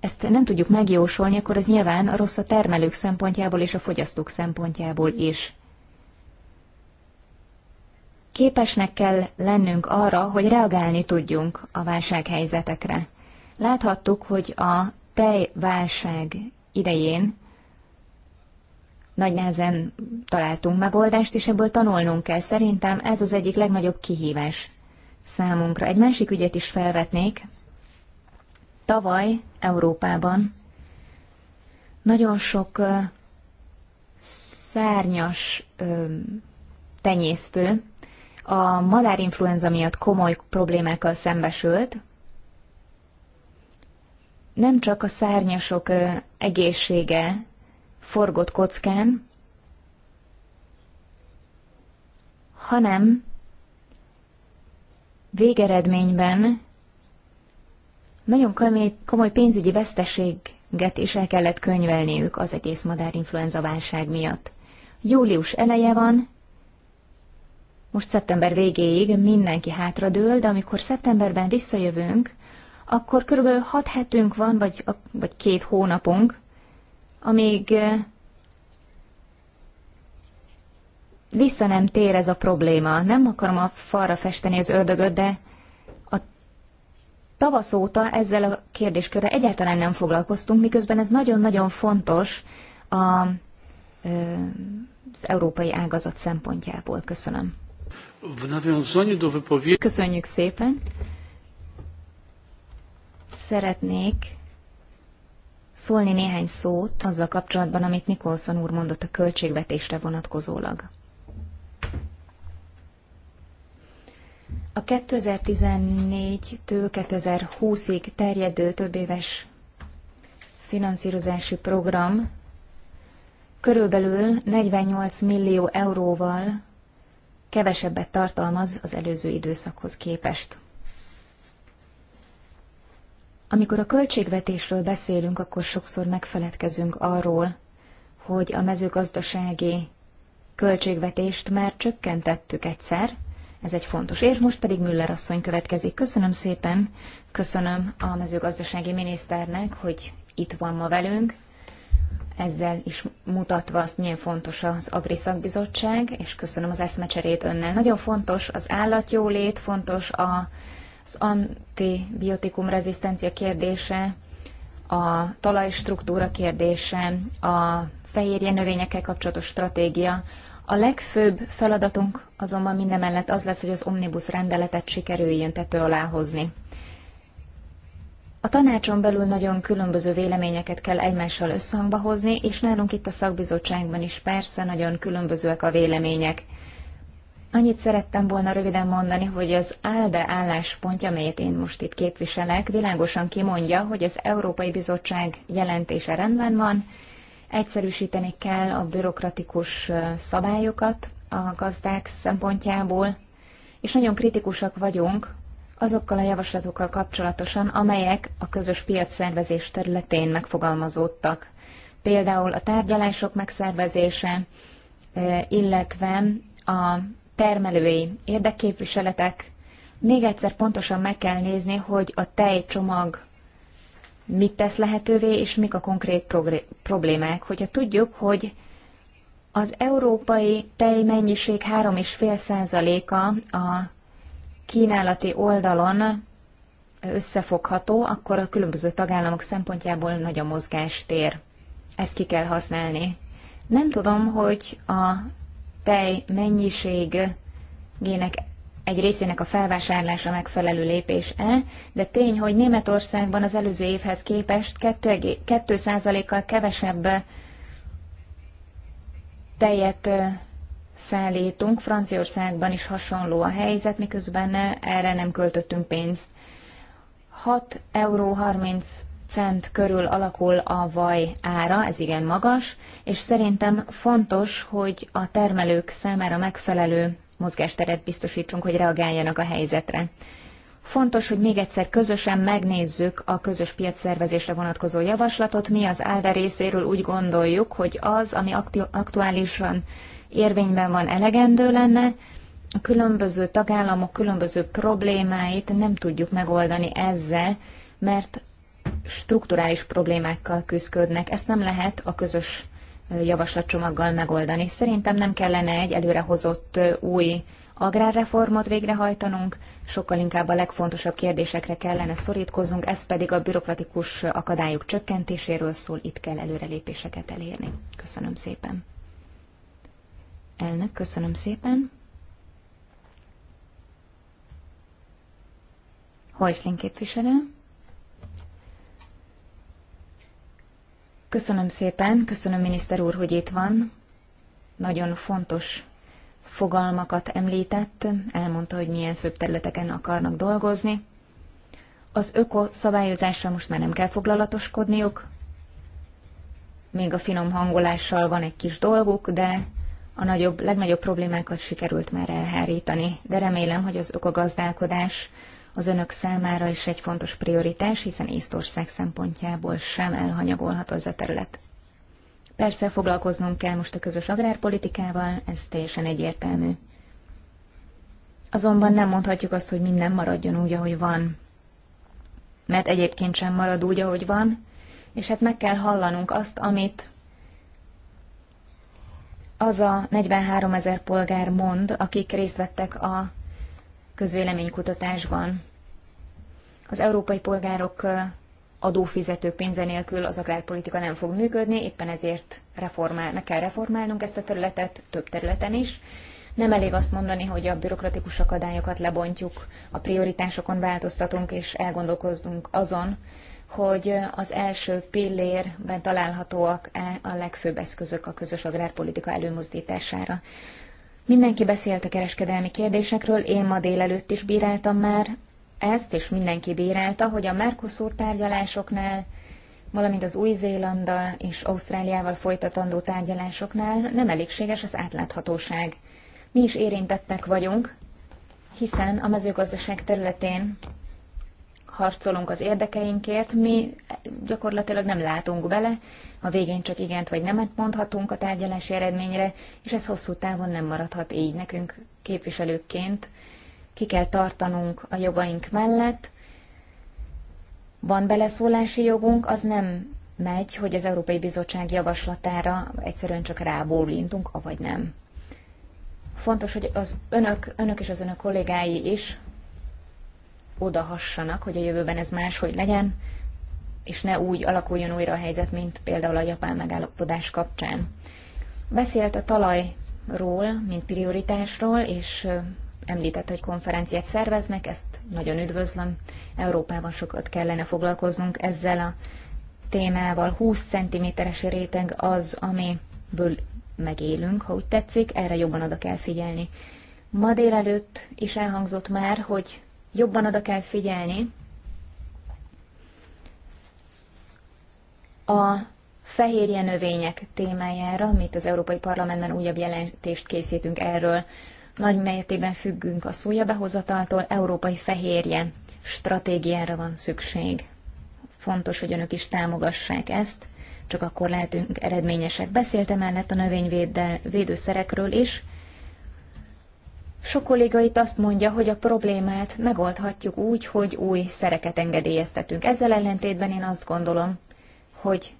ezt nem tudjuk megjósolni, akkor ez nyilván a rossz a termelők szempontjából és a fogyasztók szempontjából is. Képesnek kell lennünk arra, hogy reagálni tudjunk a válsághelyzetekre. Láthattuk, hogy a tejválság idején nagy nehezen találtunk megoldást, és ebből tanulnunk kell. Szerintem ez az egyik legnagyobb kihívás számunkra. Egy másik ügyet is felvetnék. Tavaly Európában nagyon sok szárnyas tenyésztő a madárinfluenza miatt komoly problémákkal szembesült. Nem csak a szárnyasok egészsége forgott kockán, hanem végeredményben nagyon komoly, komoly pénzügyi veszteséget is el kellett könyvelniük az egész madárinfluenza válság miatt. Július eleje van, most szeptember végéig mindenki hátradől, de amikor szeptemberben visszajövünk, akkor körülbelül hat hetünk van, vagy, vagy két hónapunk, amíg eh, vissza nem tér ez a probléma. Nem akarom a falra festeni az ördögöt, de a tavasz óta ezzel a kérdéskörrel egyáltalán nem foglalkoztunk, miközben ez nagyon-nagyon fontos a, az európai ágazat szempontjából. Köszönöm. Köszönjük szépen. Szeretnék szólni néhány szót azzal kapcsolatban, amit Nikolson úr mondott a költségvetésre vonatkozólag. A 2014-től 2020-ig terjedő többéves finanszírozási program körülbelül 48 millió euróval kevesebbet tartalmaz az előző időszakhoz képest. Amikor a költségvetésről beszélünk, akkor sokszor megfeledkezünk arról, hogy a mezőgazdasági költségvetést már csökkentettük egyszer, ez egy fontos ér. Most pedig Müller asszony következik. Köszönöm szépen, köszönöm a mezőgazdasági miniszternek, hogy itt van ma velünk, ezzel is mutatva azt, milyen fontos az Agri Szakbizottság, és köszönöm az eszmecserét önnel. Nagyon fontos az állatjólét, fontos a, az antibiotikum rezisztencia kérdése, a talajstruktúra kérdése, a fehérje növényekkel kapcsolatos stratégia, a legfőbb feladatunk azonban mellett az lesz, hogy az omnibus rendeletet sikerüljön tető alá hozni. A tanácson belül nagyon különböző véleményeket kell egymással összhangba hozni, és nálunk itt a szakbizottságban is persze nagyon különbözőek a vélemények. Annyit szerettem volna röviden mondani, hogy az ALDE álláspontja, amelyet én most itt képviselek, világosan kimondja, hogy az Európai Bizottság jelentése rendben van, Egyszerűsíteni kell a bürokratikus szabályokat a gazdák szempontjából, és nagyon kritikusak vagyunk azokkal a javaslatokkal kapcsolatosan, amelyek a közös piacszervezés területén megfogalmazódtak. Például a tárgyalások megszervezése, illetve a termelői érdekképviseletek. Még egyszer pontosan meg kell nézni, hogy a tejcsomag mit tesz lehetővé, és mik a konkrét problémák. Hogyha tudjuk, hogy az európai tejmennyiség 3,5%-a a kínálati oldalon összefogható, akkor a különböző tagállamok szempontjából nagy a mozgástér. Ezt ki kell használni. Nem tudom, hogy a tej mennyiségének gének egy részének a felvásárlása megfelelő lépés-e, de tény, hogy Németországban az előző évhez képest 2%-kal kevesebb tejet szállítunk, Franciaországban is hasonló a helyzet, miközben erre nem költöttünk pénzt. 6 euró 30 cent körül alakul a vaj ára, ez igen magas, és szerintem fontos, hogy a termelők számára megfelelő mozgásteret biztosítsunk, hogy reagáljanak a helyzetre. Fontos, hogy még egyszer közösen megnézzük a közös piacszervezésre vonatkozó javaslatot. Mi az ÁLDA részéről úgy gondoljuk, hogy az, ami aktuálisan érvényben van, elegendő lenne. A különböző tagállamok különböző problémáit nem tudjuk megoldani ezzel, mert strukturális problémákkal küzdködnek. Ezt nem lehet a közös javaslatcsomaggal megoldani. Szerintem nem kellene egy előrehozott új agrárreformot végrehajtanunk, sokkal inkább a legfontosabb kérdésekre kellene szorítkoznunk, ez pedig a bürokratikus akadályok csökkentéséről szól, itt kell előrelépéseket elérni. Köszönöm szépen. Elnök, köszönöm szépen. Hojszlin képviselő. Köszönöm szépen, köszönöm miniszter úr, hogy itt van. Nagyon fontos fogalmakat említett, elmondta, hogy milyen főbb területeken akarnak dolgozni. Az öko szabályozásra most már nem kell foglalatoskodniuk, még a finom hangolással van egy kis dolguk, de a nagyobb, legnagyobb problémákat sikerült már elhárítani. De remélem, hogy az ökogazdálkodás az önök számára is egy fontos prioritás, hiszen Észtország szempontjából sem elhanyagolható ez a terület. Persze foglalkoznunk kell most a közös agrárpolitikával, ez teljesen egyértelmű. Azonban nem mondhatjuk azt, hogy minden maradjon úgy, ahogy van. Mert egyébként sem marad úgy, ahogy van, és hát meg kell hallanunk azt, amit az a 43 ezer polgár mond, akik részt vettek a közvéleménykutatásban. Az európai polgárok adófizetők pénze nélkül az agrárpolitika nem fog működni, éppen ezért reformál, meg kell reformálnunk ezt a területet több területen is. Nem elég azt mondani, hogy a bürokratikus akadályokat lebontjuk, a prioritásokon változtatunk és elgondolkozunk azon, hogy az első pillérben találhatóak -e a legfőbb eszközök a közös agrárpolitika előmozdítására. Mindenki beszélt a kereskedelmi kérdésekről, én ma délelőtt is bíráltam már ezt, és mindenki bírálta, hogy a Mercosur tárgyalásoknál, valamint az Új-Zélanddal és Ausztráliával folytatandó tárgyalásoknál nem elégséges az átláthatóság. Mi is érintettek vagyunk, hiszen a mezőgazdaság területén harcolunk az érdekeinkért, mi gyakorlatilag nem látunk bele, a végén csak igent vagy nemet mondhatunk a tárgyalási eredményre, és ez hosszú távon nem maradhat így nekünk képviselőkként. Ki kell tartanunk a jogaink mellett, van beleszólási jogunk, az nem megy, hogy az Európai Bizottság javaslatára egyszerűen csak rábólintunk, avagy nem. Fontos, hogy az önök, önök és az önök kollégái is odahassanak, hogy a jövőben ez máshogy legyen, és ne úgy alakuljon újra a helyzet, mint például a japán megállapodás kapcsán. Beszélt a talajról, mint prioritásról, és említett, hogy konferenciát szerveznek, ezt nagyon üdvözlöm. Európában sokat kellene foglalkoznunk ezzel a témával. 20 cm-es réteg az, amiből megélünk, ha úgy tetszik, erre jobban oda kell figyelni. Ma délelőtt is elhangzott már, hogy jobban oda kell figyelni a fehérje növények témájára, amit az Európai Parlamentben újabb jelentést készítünk erről. Nagy mértékben függünk a szója behozataltól, európai fehérje stratégiára van szükség. Fontos, hogy önök is támogassák ezt, csak akkor lehetünk eredményesek. Beszéltem mellett a növényvédőszerekről is, sok kolléga itt azt mondja, hogy a problémát megoldhatjuk úgy, hogy új szereket engedélyeztetünk. Ezzel ellentétben én azt gondolom, hogy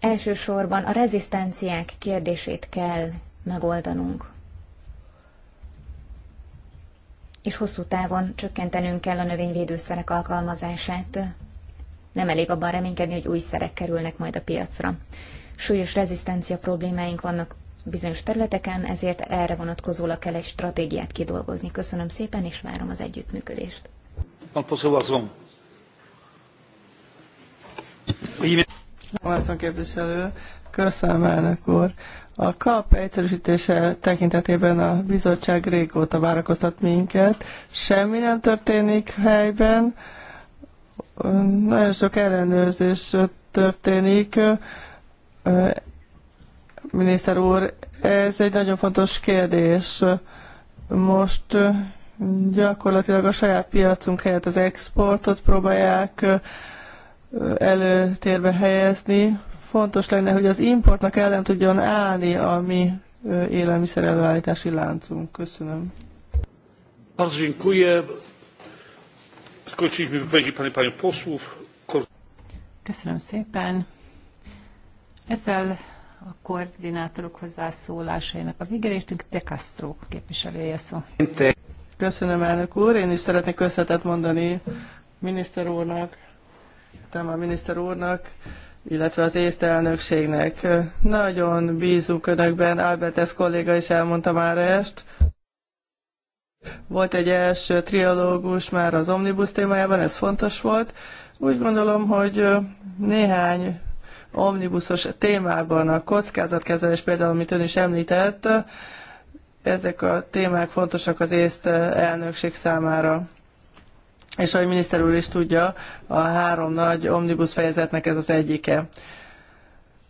elsősorban a rezisztenciák kérdését kell megoldanunk. És hosszú távon csökkentenünk kell a növényvédőszerek alkalmazását. Nem elég abban reménykedni, hogy új szerek kerülnek majd a piacra. Súlyos rezisztencia problémáink vannak bizonyos területeken, ezért erre vonatkozólag kell egy stratégiát kidolgozni. Köszönöm szépen, és várom az együttműködést. Olaszon képviselő, köszönöm elnök úr. A KAP egyszerűsítése tekintetében a bizottság régóta várakoztat minket. Semmi nem történik helyben, nagyon sok ellenőrzés történik miniszter úr, ez egy nagyon fontos kérdés. Most gyakorlatilag a saját piacunk helyett az exportot próbálják előtérbe helyezni. Fontos lenne, hogy az importnak ellen tudjon állni a mi élelmiszer előállítási láncunk. Köszönöm. Bardzo dziękuję. Skończyliśmy wypowiedzi pani posłów. Köszönöm szépen. Ezzel a koordinátorok hozzászólásainak a végére, De Castro képviselője szó. Köszönöm, elnök úr. Én is szeretnék köszönetet mondani miniszter úrnak, a miniszter úrnak, illetve az észt elnökségnek. Nagyon bízunk önökben, Albertes kolléga is elmondta már ezt. Volt egy első triológus már az omnibus témájában, ez fontos volt. Úgy gondolom, hogy néhány omnibuszos témában, a kockázatkezelés például, amit ön is említett, ezek a témák fontosak az észt elnökség számára. És ahogy miniszter úr is tudja, a három nagy omnibus fejezetnek ez az egyike.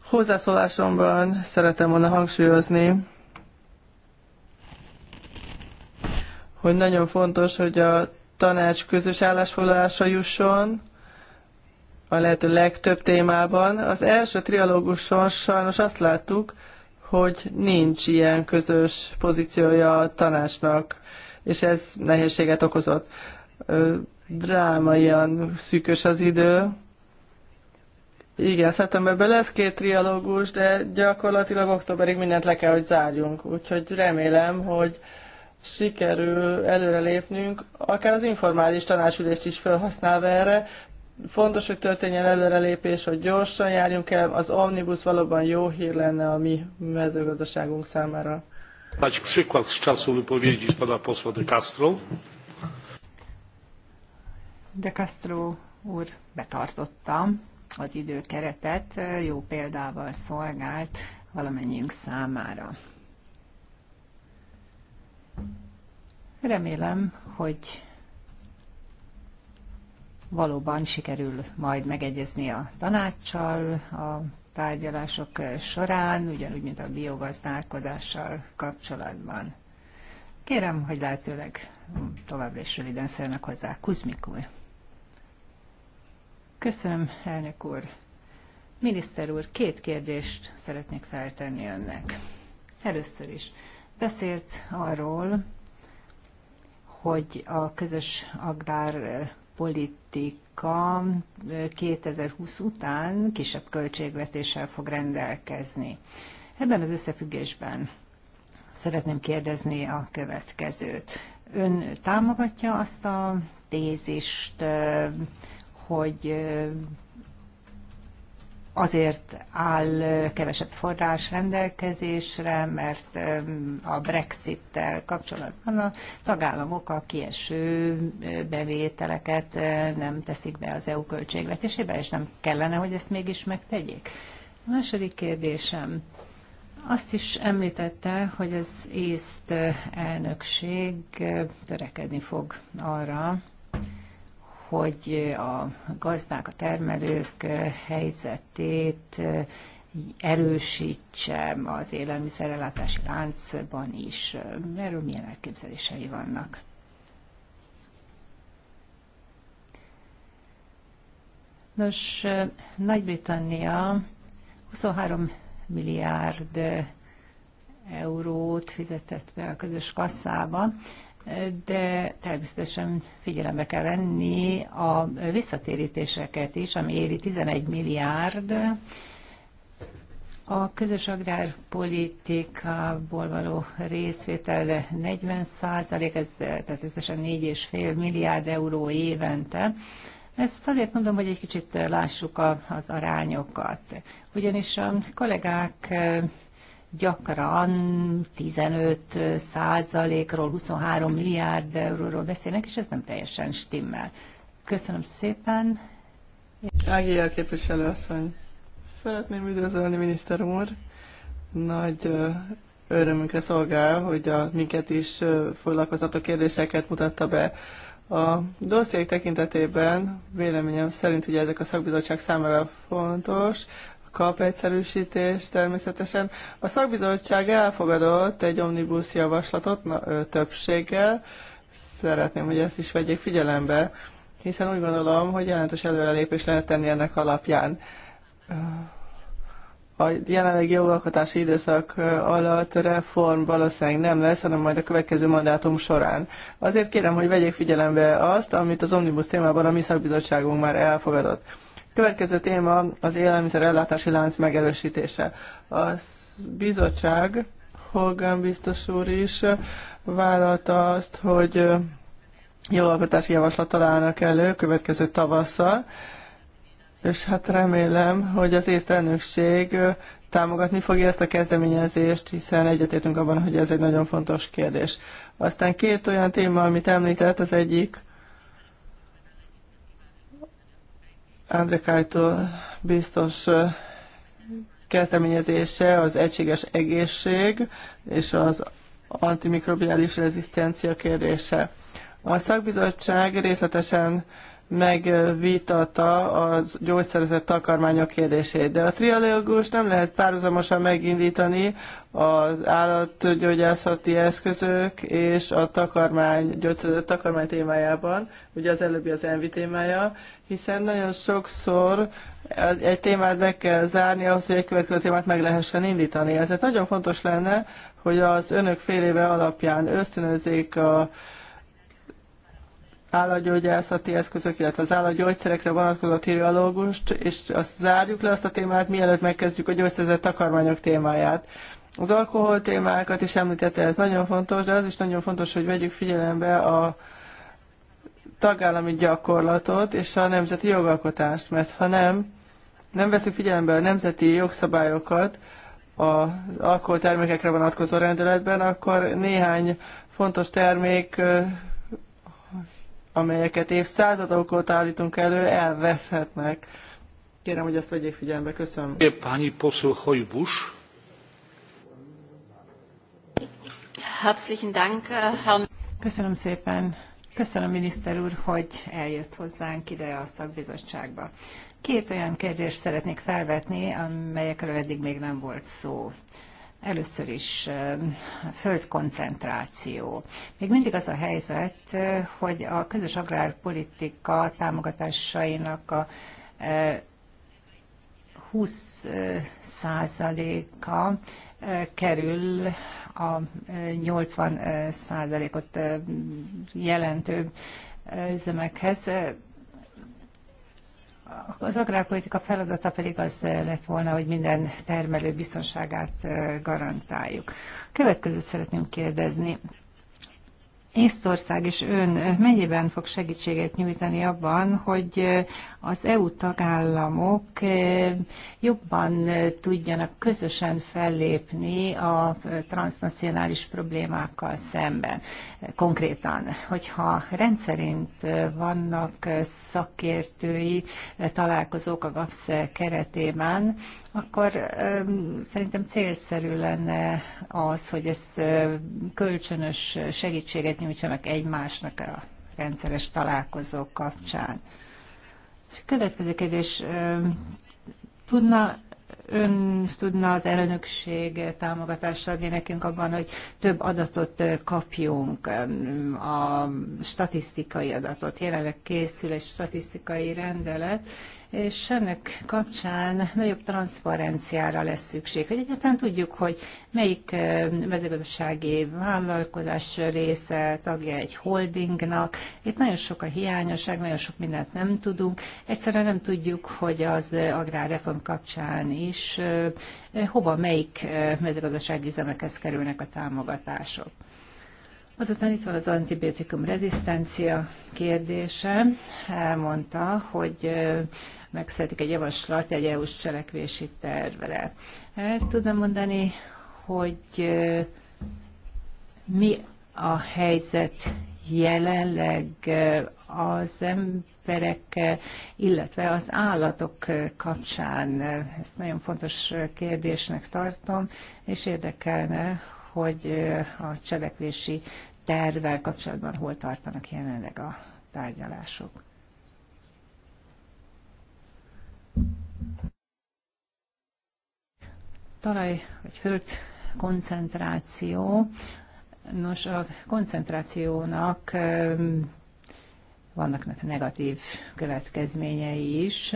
Hozzászólásomban szeretem volna hangsúlyozni, hogy nagyon fontos, hogy a tanács közös állásfoglalásra jusson, a lehető legtöbb témában. Az első trialóguson sajnos azt láttuk, hogy nincs ilyen közös pozíciója a tanácsnak, és ez nehézséget okozott. Drámaian szűkös az idő. Igen, szeptemberben lesz két trialógus, de gyakorlatilag októberig mindent le kell, hogy zárjunk. Úgyhogy remélem, hogy sikerül előrelépnünk, akár az informális tanácsülést is felhasználva erre, Fontos, hogy történjen előrelépés, hogy gyorsan járjunk el. Az omnibus valóban jó hír lenne a mi mezőgazdaságunk számára. Dać przykład z czasu wypowiedzi pana posła de Castro. De Castro úr betartotta az időkeretet, jó példával szolgált valamennyiünk számára. Remélem, hogy valóban sikerül majd megegyezni a tanácssal a tárgyalások során, ugyanúgy, mint a biogazdálkodással kapcsolatban. Kérem, hogy lehetőleg továbbra is röviden szólnak hozzá. Kuzmik úr. Köszönöm, elnök úr. Miniszter úr, két kérdést szeretnék feltenni önnek. Először is beszélt arról, hogy a közös agrár politika 2020 után kisebb költségvetéssel fog rendelkezni. Ebben az összefüggésben szeretném kérdezni a következőt. Ön támogatja azt a tézist, hogy azért áll kevesebb forrás rendelkezésre, mert a Brexit-tel kapcsolatban a tagállamok a kieső bevételeket nem teszik be az EU költségvetésébe, és nem kellene, hogy ezt mégis megtegyék. A második kérdésem. Azt is említette, hogy az észt elnökség törekedni fog arra, hogy a gazdák, a termelők helyzetét erősítse az élelmiszerellátási láncban is. Erről milyen elképzelései vannak? Nos, Nagy-Britannia 23 milliárd eurót fizetett be a közös kasszába, de természetesen figyelembe kell venni a visszatérítéseket is, ami éri 11 milliárd, a közös agrárpolitikából való részvétel 40 százalék, ez, tehát összesen 4,5 milliárd euró évente. Ezt azért mondom, hogy egy kicsit lássuk a, az arányokat. Ugyanis a kollégák gyakran 15 százalékról, 23 milliárd euróról beszélnek, és ez nem teljesen stimmel. Köszönöm szépen. Ágia képviselőasszony, szeretném üdvözölni miniszter úr. Nagy örömünkre szolgál, hogy a minket is foglalkozató kérdéseket mutatta be. A dossziék tekintetében véleményem szerint ugye ezek a szakbizottság számára fontos, kap egyszerűsítést természetesen. A szakbizottság elfogadott egy omnibus javaslatot többséggel, szeretném, hogy ezt is vegyék figyelembe, hiszen úgy gondolom, hogy jelentős előrelépés lehet tenni ennek alapján. A jelenlegi jogalkotási időszak alatt reform valószínűleg nem lesz, hanem majd a következő mandátum során. Azért kérem, hogy vegyék figyelembe azt, amit az Omnibus témában a mi szakbizottságunk már elfogadott. Következő téma az élelmiszerellátási lánc megerősítése. A bizottság, Hogan biztos úr is vállalta azt, hogy jogalkotási javaslat találnak elő következő tavasszal, és hát remélem, hogy az észtelnökség támogatni fogja ezt a kezdeményezést, hiszen egyetértünk abban, hogy ez egy nagyon fontos kérdés. Aztán két olyan téma, amit említett, az egyik André Kájtól biztos kezdeményezése az egységes egészség és az antimikrobiális rezisztencia kérdése. A szakbizottság részletesen megvitata a gyógyszerezett takarmányok kérdését. De a trialógus nem lehet párhuzamosan megindítani az állatgyógyászati eszközök és a takarmány, gyógyszerezett takarmány témájában, ugye az előbbi az envi témája, hiszen nagyon sokszor egy témát be kell zárni ahhoz, hogy egy következő témát meg lehessen indítani. Ezért nagyon fontos lenne, hogy az önök fél éve alapján ösztönözzék a állatgyógyászati eszközök, illetve az állatgyógyszerekre vonatkozó trialógust, és azt zárjuk le azt a témát, mielőtt megkezdjük a gyógyszerzett takarmányok témáját. Az alkohol témákat is említette, ez nagyon fontos, de az is nagyon fontos, hogy vegyük figyelembe a tagállami gyakorlatot és a nemzeti jogalkotást, mert ha nem, nem veszük figyelembe a nemzeti jogszabályokat az alkoholtermékekre vonatkozó rendeletben, akkor néhány fontos termék amelyeket évszázadok óta állítunk elő, elveszhetnek. Kérem, hogy ezt vegyék figyelembe. Köszönöm. Pani poseł Hojbusz. Äh, Köszönöm szépen. Köszönöm, miniszter úr, hogy eljött hozzánk ide a szakbizottságba. Két olyan kérdést szeretnék felvetni, amelyekről eddig még nem volt szó. Először is földkoncentráció. Még mindig az a helyzet, eh, hogy a közös agrárpolitika támogatásainak a 20 eh, eh, százaléka kerül a 80 százalékot jelentő üzemekhez. Az agrárpolitika feladata pedig az lett volna, hogy minden termelő biztonságát garantáljuk. Következőt szeretném kérdezni. Észtország és ön mennyiben fog segítséget nyújtani abban, hogy az EU tagállamok jobban tudjanak közösen fellépni a transnacionális problémákkal szemben? Konkrétan, hogyha rendszerint vannak szakértői találkozók a GAPSZ keretében, akkor szerintem célszerű lenne az, hogy ez kölcsönös segítséget nyújtsanak egymásnak a rendszeres találkozók kapcsán. És következő kérdés, tudna ön tudna az elnökség támogatást adni nekünk abban, hogy több adatot kapjunk, a statisztikai adatot. Jelenleg készül egy statisztikai rendelet, és ennek kapcsán nagyobb transzparenciára lesz szükség, hogy egyáltalán tudjuk, hogy melyik mezőgazdasági vállalkozás része, tagja egy holdingnak. Itt nagyon sok a hiányosság, nagyon sok mindent nem tudunk. Egyszerűen nem tudjuk, hogy az agrárreform kapcsán is hova, melyik mezőgazdasági üzemekhez kerülnek a támogatások. Azután itt van az antibiotikum rezisztencia kérdése. Elmondta, hogy megszületik egy javaslat egy EU-s cselekvési tervre. El tudom mondani, hogy mi a helyzet jelenleg az emberek, illetve az állatok kapcsán. Ezt nagyon fontos kérdésnek tartom, és érdekelne, hogy a cselekvési tervvel kapcsolatban hol tartanak jelenleg a tárgyalások. Talaj vagy hőt koncentráció. Nos, a koncentrációnak vannak negatív következményei is.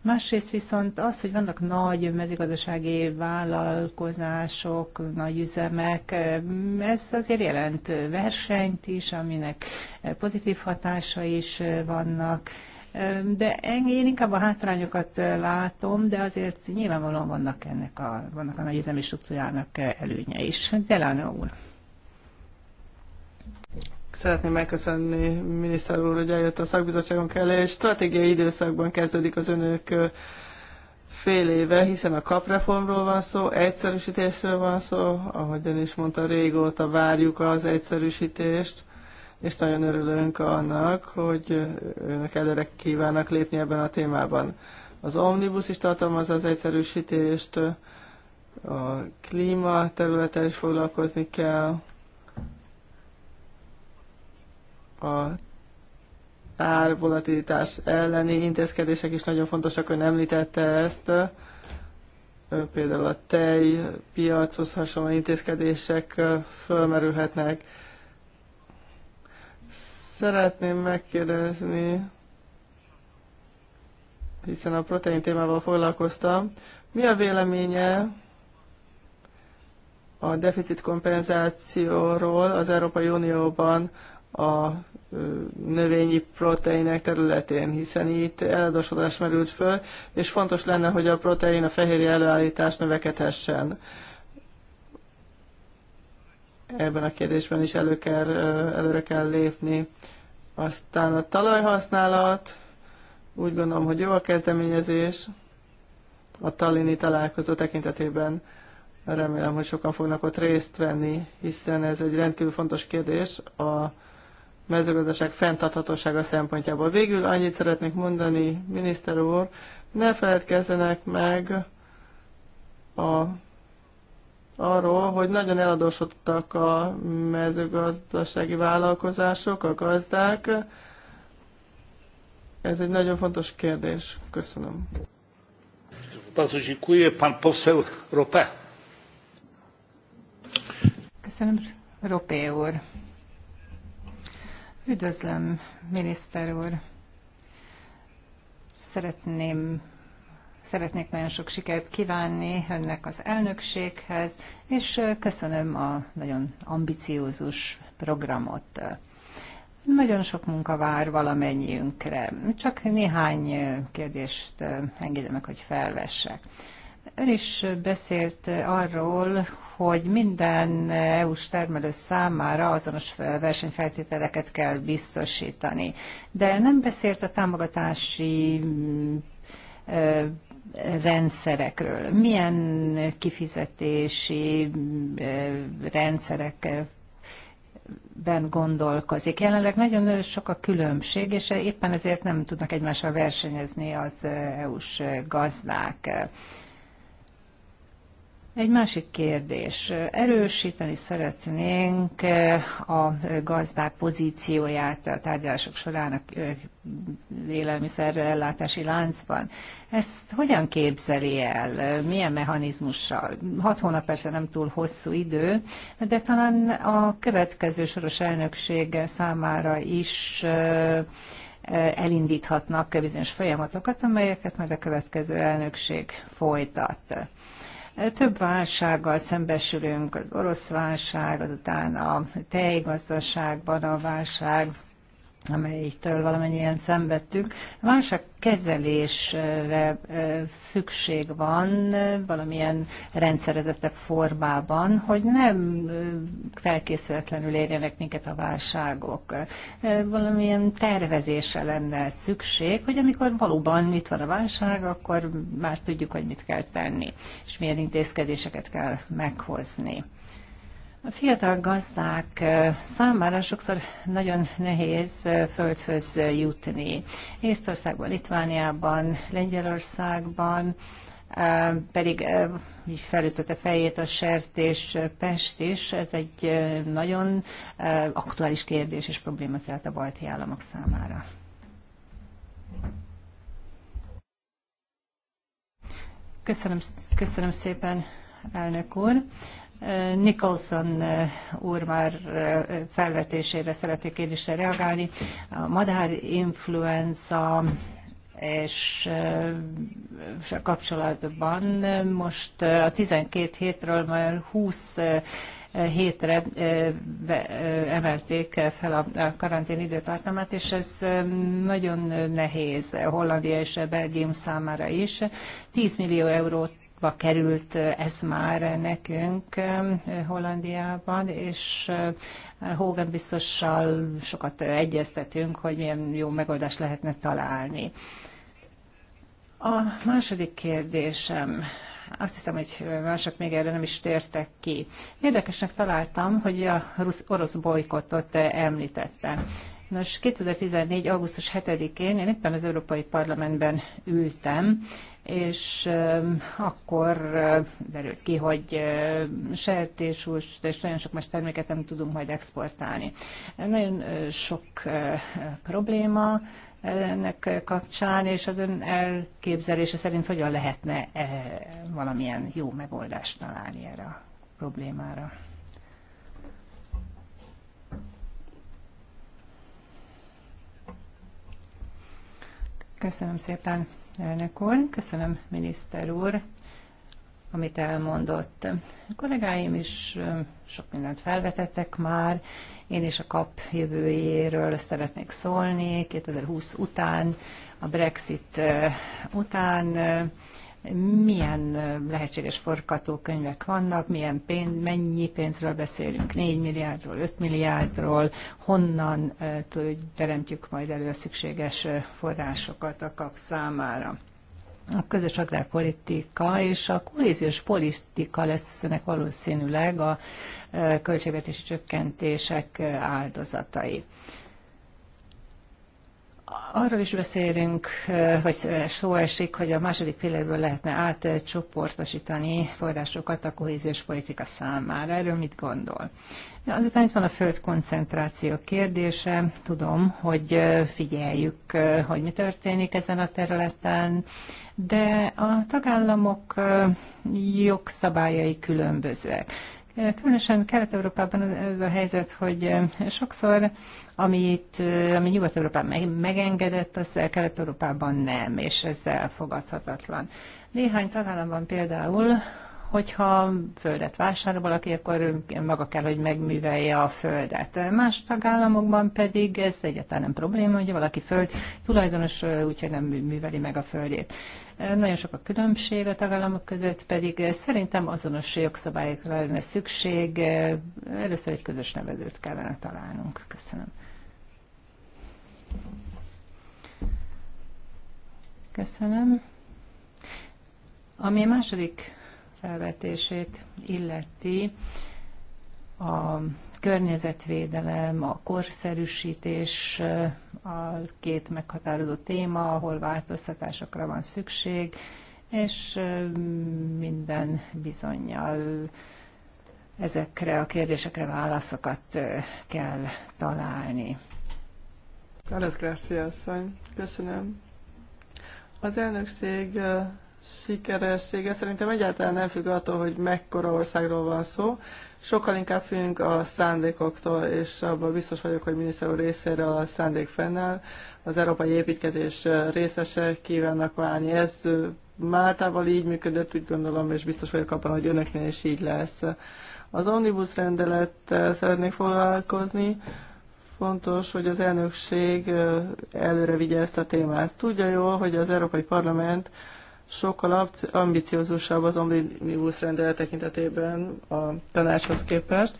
Másrészt viszont az, hogy vannak nagy mezőgazdasági vállalkozások, nagy üzemek, ez azért jelent versenyt is, aminek pozitív hatása is vannak. De én inkább a hátrányokat látom, de azért nyilvánvalóan vannak ennek a, vannak a nagy üzemi struktúrának előnye is. Delano úr. Szeretném megköszönni miniszter úr, hogy eljött a szakbizottságunk elé. Stratégiai időszakban kezdődik az önök fél éve, hiszen a kapreformról van szó, egyszerűsítésről van szó, ahogy ön is mondta, régóta várjuk az egyszerűsítést, és nagyon örülünk annak, hogy önök előre kívánnak lépni ebben a témában. Az Omnibus is tartalmaz az egyszerűsítést, a klíma területen is foglalkozni kell, a árvolatítás elleni intézkedések is nagyon fontosak, ön említette ezt, például a tej piachoz hasonló intézkedések fölmerülhetnek. Szeretném megkérdezni, hiszen a protein témával foglalkoztam, mi a véleménye a deficit kompenzációról az Európai Unióban a növényi proteinek területén, hiszen itt eladósodás merült föl, és fontos lenne, hogy a protein, a fehérje előállítás növekedhessen. Ebben a kérdésben is elő kell, előre kell lépni. Aztán a talajhasználat, úgy gondolom, hogy jó a kezdeményezés a Tallini találkozó tekintetében. Remélem, hogy sokan fognak ott részt venni, hiszen ez egy rendkívül fontos kérdés. A mezőgazdaság fenntarthatósága szempontjából. Végül annyit szeretnék mondani, miniszter úr, ne feledkezzenek meg a, arról, hogy nagyon eladósodtak a mezőgazdasági vállalkozások, a gazdák. Ez egy nagyon fontos kérdés. Köszönöm. Bardzo dziękuję. Pan poseł Rope. Köszönöm, Ropé úr. Üdvözlöm, miniszter úr! Szeretném, szeretnék nagyon sok sikert kívánni önnek az elnökséghez, és köszönöm a nagyon ambiciózus programot. Nagyon sok munka vár valamennyiünkre. Csak néhány kérdést engedje meg, hogy felvessek. Ön is beszélt arról, hogy minden EU-s termelő számára azonos versenyfeltételeket kell biztosítani. De nem beszélt a támogatási mm, rendszerekről. Milyen kifizetési mm, rendszerek ben gondolkozik. Jelenleg nagyon sok a különbség, és éppen ezért nem tudnak egymással versenyezni az EU-s gazdák. Egy másik kérdés. Erősíteni szeretnénk eh, a gazdák pozícióját a tárgyalások során a eh, élelmiszerellátási láncban. Ezt hogyan képzeli el? Milyen mechanizmussal? Hat hónap persze nem túl hosszú idő, de talán a következő soros elnökség számára is eh, elindíthatnak bizonyos folyamatokat, amelyeket majd a következő elnökség folytat. Több válsággal szembesülünk, az orosz válság, azután a tejgazdaságban a válság, amelyiktől valamennyien szenvedtünk. a kezelésre szükség van valamilyen rendszerezettebb formában, hogy nem felkészületlenül érjenek minket a válságok. Valamilyen tervezésre lenne szükség, hogy amikor valóban itt van a válság, akkor már tudjuk, hogy mit kell tenni, és milyen intézkedéseket kell meghozni. A fiatal gazdák számára sokszor nagyon nehéz földhöz jutni. Észtországban, Litvániában, Lengyelországban, pedig így felütötte fejét a sertés Pest is. Ez egy nagyon aktuális kérdés és probléma felt a balti államok számára. Köszönöm, köszönöm szépen, elnök úr. Nicholson úr már felvetésére szeretnék én is reagálni. A influenza és kapcsolatban most a 12 hétről már 20 hétre emelték fel a karantén időtartamát, és ez nagyon nehéz Hollandia és Belgium számára is. 10 millió eurót ba került ez már nekünk Hollandiában, és Hogan biztossal sokat egyeztetünk, hogy milyen jó megoldást lehetne találni. A második kérdésem, azt hiszem, hogy mások még erre nem is tértek ki. Érdekesnek találtam, hogy a orosz bolykottot említette. Nos, 2014. augusztus 7-én én éppen az Európai Parlamentben ültem, és akkor derült ki, hogy sertéshúst és nagyon sok más terméket nem tudunk majd exportálni. Nagyon sok probléma ennek kapcsán, és az ön elképzelése szerint hogyan lehetne valamilyen jó megoldást találni erre a problémára? Köszönöm szépen, elnök úr. Köszönöm, miniszter úr, amit elmondott. A kollégáim is sok mindent felvetettek már. Én is a KAP jövőjéről szeretnék szólni 2020 után, a Brexit után milyen lehetséges forgatókönyvek vannak, milyen pénz, mennyi pénzről beszélünk, 4 milliárdról, 5 milliárdról, honnan teremtjük majd elő a szükséges forrásokat a kap számára a közös agrárpolitika és a kohéziós politika lesznek valószínűleg a költségvetési csökkentések áldozatai. Arról is beszélünk, eh, vagy eh, szó esik, hogy a második pillérből lehetne átcsoportosítani forrásokat a kohéziós politika számára. Erről mit gondol? Azután itt van a föld koncentráció kérdése. Tudom, hogy eh, figyeljük, hogy mi történik ezen a területen, de a tagállamok jogszabályai különbözőek. Különösen Kelet-Európában ez a helyzet, hogy sokszor amit, ami Nyugat-Európában megengedett, az Kelet-Európában nem, és ez elfogadhatatlan. Néhány tagállamban például hogyha földet vásárol valaki, akkor maga kell, hogy megművelje a földet. Más tagállamokban pedig ez egyáltalán nem probléma, hogy valaki föld tulajdonos, úgyhogy nem műveli meg a földét. Nagyon sok a különbség a tagállamok között, pedig szerintem azonos jogszabályokra lenne szükség. Először egy közös nevezőt kellene találnunk. Köszönöm. Köszönöm. Ami a második felvetését illeti, a környezetvédelem, a korszerűsítés a két meghatározó téma, ahol változtatásokra van szükség, és minden bizonyal ezekre a kérdésekre válaszokat kell találni. Alex Garcia asszony, köszönöm. Az elnökség sikeressége szerintem egyáltalán nem függ attól, hogy mekkora országról van szó. Sokkal inkább függünk a szándékoktól, és abban biztos vagyok, hogy miniszter úr részére a szándék fennáll. Az európai építkezés részese kívánnak válni. Ez Máltával így működött, úgy gondolom, és biztos vagyok abban, hogy önöknél is így lesz. Az omnibus rendelet szeretnék foglalkozni. Fontos, hogy az elnökség előre vigye ezt a témát. Tudja jól, hogy az Európai Parlament sokkal ambiciózusabb az omnibus rendelet tekintetében a tanácshoz képest.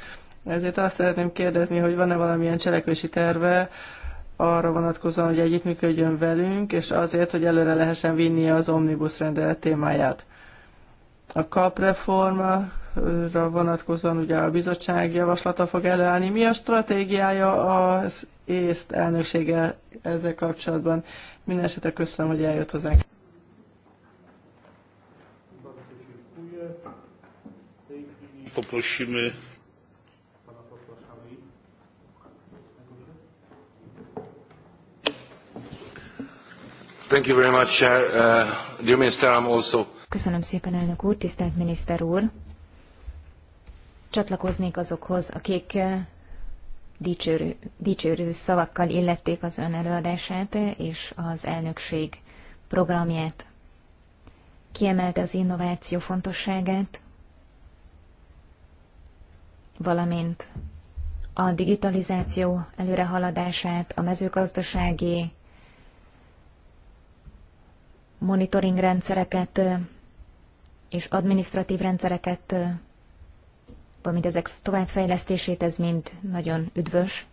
Ezért azt szeretném kérdezni, hogy van-e valamilyen cselekvési terve arra vonatkozóan, hogy együttműködjön velünk, és azért, hogy előre lehessen vinni az omnibus rendelet témáját. A kapreforma vonatkozóan ugye a bizottság javaslata fog előállni. Mi a stratégiája az észt elnöksége ezzel kapcsolatban? Mindenesetre köszönöm, hogy eljött hozzánk. Poprosimy Thank you very much, Uh, dear Minister, I'm also Köszönöm szépen, elnök úr, tisztelt miniszter úr! csatlakoznék azokhoz, akik eh, dicsőrő, dicsőrő szavakkal illették az ön előadását és az elnökség programját. Kiemelte az innováció fontosságát, valamint a digitalizáció előrehaladását, a mezőgazdasági monitoring rendszereket eh, és adminisztratív rendszereket eh, valamint ezek továbbfejlesztését, ez mind nagyon üdvös.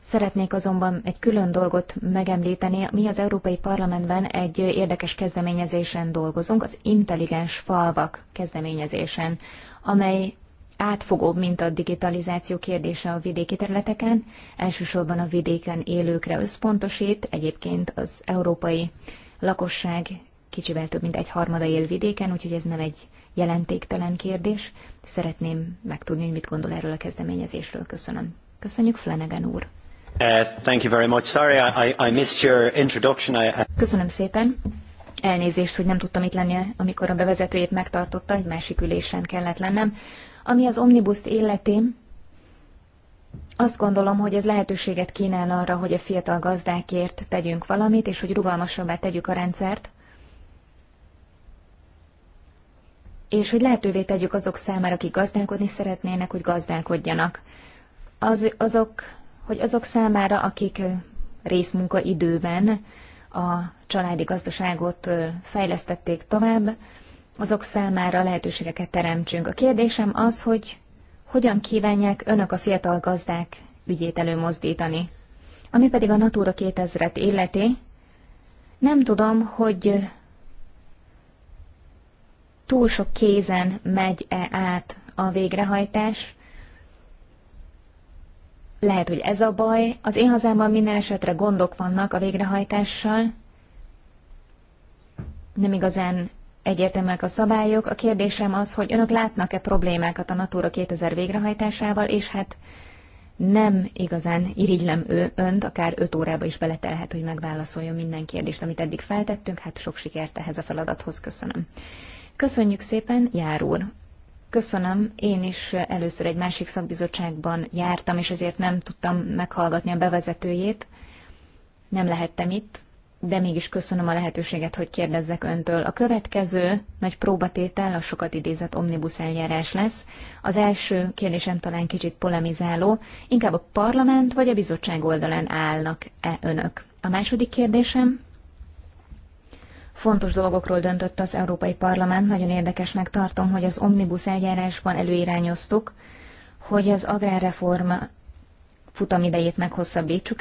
Szeretnék azonban egy külön dolgot megemlíteni. Mi az Európai Parlamentben egy érdekes kezdeményezésen dolgozunk, az intelligens falvak kezdeményezésen, amely átfogóbb, mint a digitalizáció kérdése a vidéki területeken, elsősorban a vidéken élőkre összpontosít, egyébként az európai lakosság kicsivel több mint egy harmada él vidéken, úgyhogy ez nem egy jelentéktelen kérdés. Szeretném megtudni, hogy mit gondol erről a kezdeményezésről. Köszönöm. Köszönjük, Flanagan úr. Uh, thank you very much. Sorry, I, I missed your introduction. Köszönöm szépen. Elnézést, hogy nem tudtam itt lenni, amikor a bevezetőjét megtartotta, egy másik ülésen kellett lennem. Ami az omnibuszt életém, azt gondolom, hogy ez lehetőséget kínál arra, hogy a fiatal gazdákért tegyünk valamit, és hogy rugalmasabbá tegyük a rendszert. és hogy lehetővé tegyük azok számára, akik gazdálkodni szeretnének, hogy gazdálkodjanak. Az, azok, hogy azok számára, akik részmunka időben a családi gazdaságot fejlesztették tovább, azok számára lehetőségeket teremtsünk. A kérdésem az, hogy hogyan kívánják önök a fiatal gazdák ügyét előmozdítani. Ami pedig a Natura 2000-et illeti, nem tudom, hogy túl sok kézen megy-e át a végrehajtás. Lehet, hogy ez a baj. Az én hazámban minden esetre gondok vannak a végrehajtással. Nem igazán egyértelműek a szabályok. A kérdésem az, hogy önök látnak-e problémákat a Natura 2000 végrehajtásával, és hát nem igazán irigylem ő, önt, akár 5 órába is beletelhet, hogy megválaszoljon minden kérdést, amit eddig feltettünk. Hát sok sikert ehhez a feladathoz köszönöm. Köszönjük szépen, Jár úr! Köszönöm, én is először egy másik szakbizottságban jártam, és ezért nem tudtam meghallgatni a bevezetőjét. Nem lehettem itt, de mégis köszönöm a lehetőséget, hogy kérdezzek öntől. A következő nagy próbatétel a sokat idézett omnibus eljárás lesz. Az első kérdésem talán kicsit polemizáló, inkább a parlament vagy a bizottság oldalán állnak-e önök? A második kérdésem, Fontos dolgokról döntött az Európai Parlament, nagyon érdekesnek tartom, hogy az omnibus eljárásban előirányoztuk, hogy az agrárreforma futamidejét meghosszabbítsuk,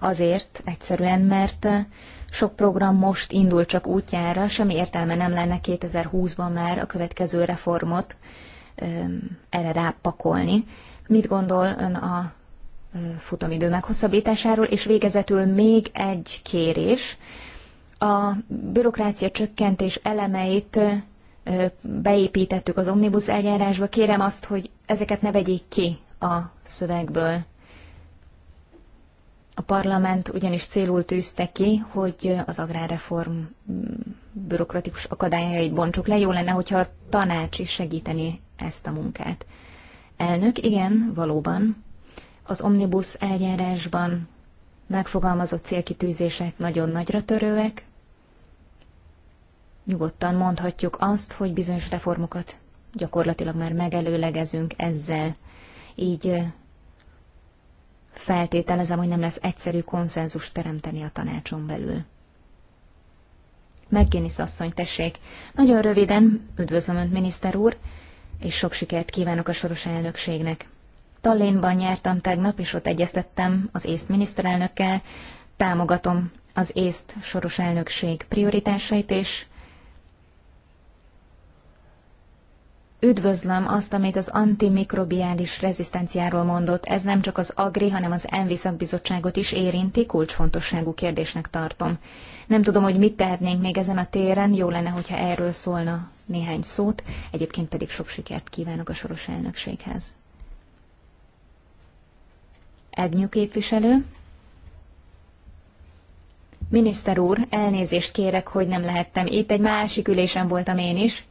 azért egyszerűen, mert eh, sok program most indul csak útjára, semmi értelme nem lenne 2020-ban már a következő reformot erre rápakolni. Mit gondol ön a eh, futamidő meghosszabbításáról, és végezetül még egy kérés a bürokrácia csökkentés elemeit beépítettük az omnibus eljárásba. Kérem azt, hogy ezeket ne vegyék ki a szövegből. A parlament ugyanis célul tűzte ki, hogy az agrárreform mm, bürokratikus akadályait bontsuk le. Jó lenne, hogyha a tanács is segíteni ezt a munkát. Elnök, igen, valóban. Az omnibus eljárásban megfogalmazott célkitűzések nagyon nagyra törőek, nyugodtan mondhatjuk azt, hogy bizonyos reformokat gyakorlatilag már megelőlegezünk ezzel. Így feltételezem, hogy nem lesz egyszerű konszenzus teremteni a tanácson belül. Megkénisz asszony, tessék! Nagyon röviden, üdvözlöm Önt, miniszter úr, és sok sikert kívánok a soros elnökségnek. Tallénban jártam tegnap, és ott egyeztettem az észt miniszterelnökkel, támogatom az észt soros elnökség prioritásait, és Üdvözlöm azt, amit az antimikrobiális rezisztenciáról mondott. Ez nem csak az AGRI, hanem az ENVI szakbizottságot is érinti, kulcsfontosságú kérdésnek tartom. Nem tudom, hogy mit tehetnénk még ezen a téren, jó lenne, hogyha erről szólna néhány szót, egyébként pedig sok sikert kívánok a soros elnökséghez. Egnyú képviselő. Miniszter úr, elnézést kérek, hogy nem lehettem itt, egy másik ülésen voltam én is,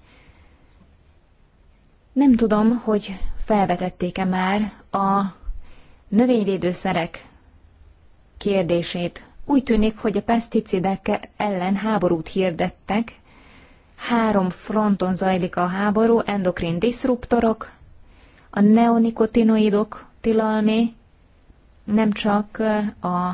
nem tudom, hogy felvetették-e már a növényvédőszerek kérdését. Úgy tűnik, hogy a peszticidek ellen háborút hirdettek. Három fronton zajlik a háború, endokrin diszruptorok, a neonikotinoidok tilalmi, nem csak a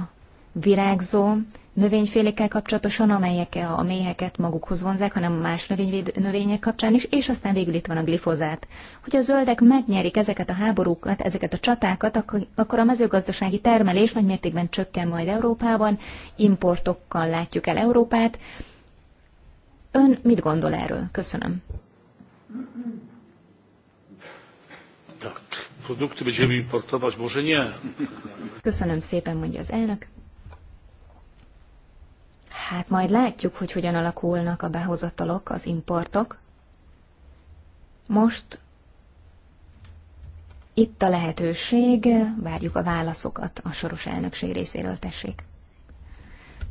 virágzó növényfélékkel kapcsolatosan, amelyek a méheket magukhoz vonzák, hanem más növényvéd, növények kapcsán is, és aztán végül itt van a glifozát. Hogy a zöldek megnyerik ezeket a háborúkat, ezeket a csatákat, akkor a mezőgazdasági termelés nagy mértékben csökken majd Európában, importokkal látjuk el Európát. Ön mit gondol erről? Köszönöm. Tak, produkty będziemy importować, może nie. Köszönöm szépen, mondja az elnök. Hát majd látjuk, hogy hogyan alakulnak a behozatalok, az importok. Most itt a lehetőség, várjuk a válaszokat a soros elnökség részéről, tessék.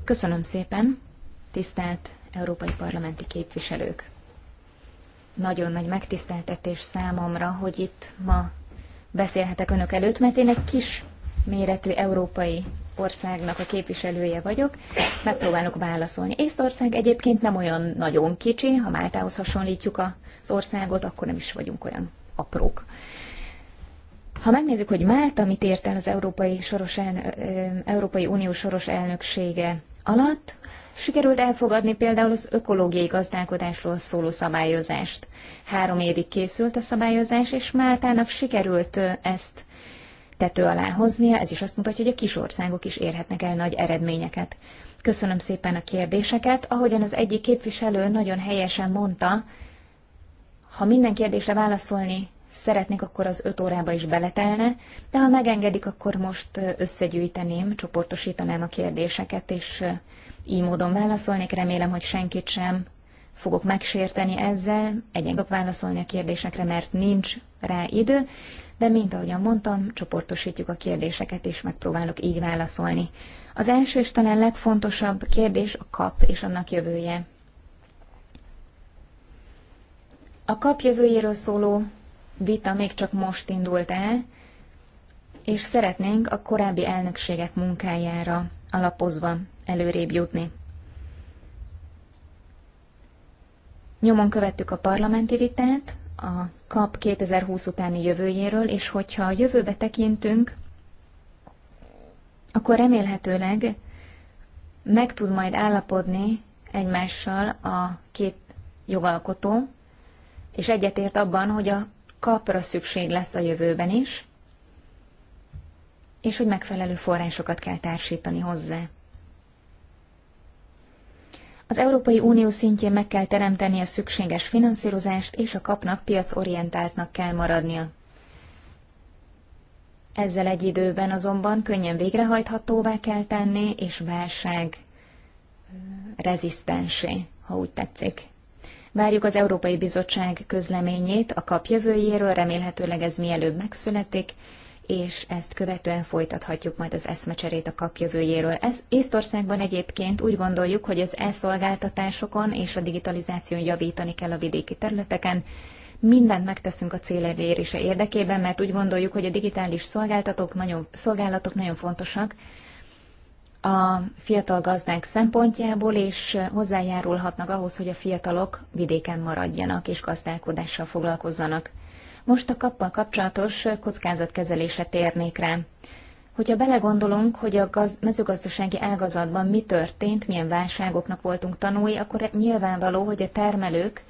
Köszönöm szépen, tisztelt európai parlamenti képviselők! Nagyon nagy megtiszteltetés számomra, hogy itt ma beszélhetek önök előtt, mert én egy kis méretű európai országnak a képviselője vagyok, megpróbálok válaszolni. Észtország egyébként nem olyan nagyon kicsi, ha Máltához hasonlítjuk az országot, akkor nem is vagyunk olyan aprók. Ha megnézzük, hogy Málta mit ért el az Európai, soros el, Európai Unió soros elnöksége alatt, sikerült elfogadni például az ökológiai gazdálkodásról szóló szabályozást. Három évig készült a szabályozás, és Máltának sikerült ezt tető alá hoznia, ez is azt mutatja, hogy a kis országok is érhetnek el nagy eredményeket. Köszönöm szépen a kérdéseket. Ahogyan az egyik képviselő nagyon helyesen mondta, ha minden kérdésre válaszolni szeretnék, akkor az öt órába is beletelne, de ha megengedik, akkor most összegyűjteném, csoportosítanám a kérdéseket, és így módon válaszolnék. Remélem, hogy senkit sem fogok megsérteni ezzel, egyenlőbb válaszolni a kérdésekre, mert nincs rá idő de mint ahogyan mondtam, csoportosítjuk a kérdéseket, és megpróbálok így válaszolni. Az első és talán legfontosabb kérdés a kap és annak jövője. A kap jövőjéről szóló vita még csak most indult el, és szeretnénk a korábbi elnökségek munkájára alapozva előrébb jutni. Nyomon követtük a parlamenti vitát, a KAP 2020 utáni jövőjéről, és hogyha a jövőbe tekintünk, akkor remélhetőleg meg tud majd állapodni egymással a két jogalkotó, és egyetért abban, hogy a kapra szükség lesz a jövőben is, és hogy megfelelő forrásokat kell társítani hozzá. Az Európai Unió szintjén meg kell teremteni a szükséges finanszírozást, és a kapnak piacorientáltnak kell maradnia. Ezzel egy időben azonban könnyen végrehajthatóvá kell tenni, és válság rezisztensé, ha úgy tetszik. Várjuk az Európai Bizottság közleményét a kap jövőjéről, remélhetőleg ez mielőbb megszületik, és ezt követően folytathatjuk majd az eszmecserét a kap jövőjéről. Ez Észtországban egyébként úgy gondoljuk, hogy az e-szolgáltatásokon és a digitalizáción javítani kell a vidéki területeken, mindent megteszünk a cél elérése érdekében, mert úgy gondoljuk, hogy a digitális szolgáltatók nagyon, szolgálatok nagyon fontosak a fiatal gazdák szempontjából, és hozzájárulhatnak ahhoz, hogy a fiatalok vidéken maradjanak és gazdálkodással foglalkozzanak. Most a kappal kapcsolatos kockázatkezelése térnék rá. Hogyha belegondolunk, hogy a gaz- mezőgazdasági ágazatban mi történt, milyen válságoknak voltunk tanúi, akkor nyilvánvaló, hogy a termelők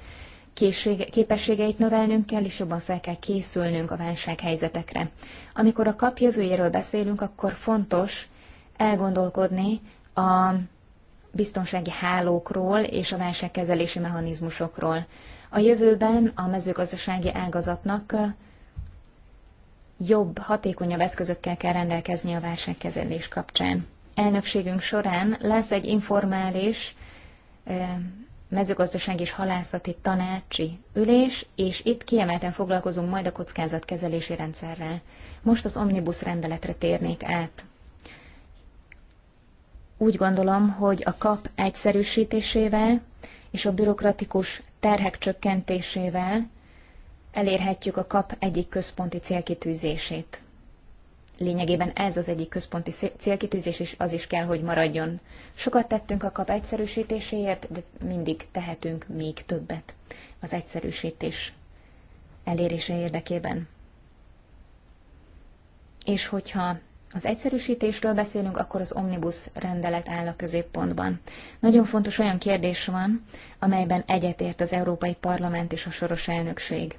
készség, képességeit növelnünk kell, és jobban fel kell készülnünk a válsághelyzetekre. Amikor a kap jövőjéről beszélünk, akkor fontos elgondolkodni a biztonsági hálókról és a válságkezelési mechanizmusokról. A jövőben a mezőgazdasági ágazatnak jobb, hatékonyabb eszközökkel kell rendelkezni a válságkezelés kapcsán. Elnökségünk során lesz egy informális mezőgazdaság és halászati tanácsi ülés, és itt kiemelten foglalkozunk majd a kockázatkezelési rendszerrel. Most az omnibus rendeletre térnék át. Úgy gondolom, hogy a kap egyszerűsítésével és a bürokratikus terhek csökkentésével elérhetjük a kap egyik központi célkitűzését. Lényegében ez az egyik központi célkitűzés, és az is kell, hogy maradjon. Sokat tettünk a kap egyszerűsítéséért, de mindig tehetünk még többet az egyszerűsítés elérése érdekében. És hogyha az egyszerűsítésről beszélünk, akkor az omnibus rendelet áll a középpontban. Nagyon fontos olyan kérdés van, amelyben egyetért az Európai Parlament és a soros elnökség.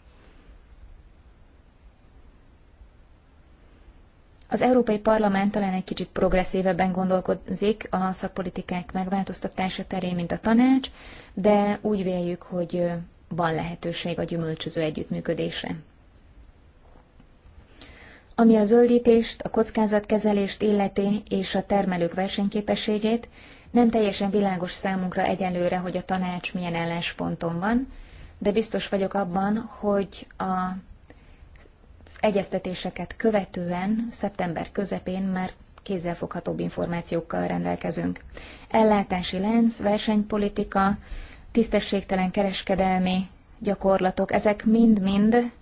Az Európai Parlament talán egy kicsit progresszívebben gondolkozik a szakpolitikák megváltoztatása terén, mint a tanács, de úgy véljük, hogy van lehetőség a gyümölcsöző együttműködésre ami a zöldítést, a kockázatkezelést illeti és a termelők versenyképességét, nem teljesen világos számunkra egyelőre, hogy a tanács milyen állásponton van, de biztos vagyok abban, hogy a az egyeztetéseket követően szeptember közepén már kézzelfoghatóbb információkkal rendelkezünk. Ellátási lenz, versenypolitika, tisztességtelen kereskedelmi gyakorlatok, ezek mind-mind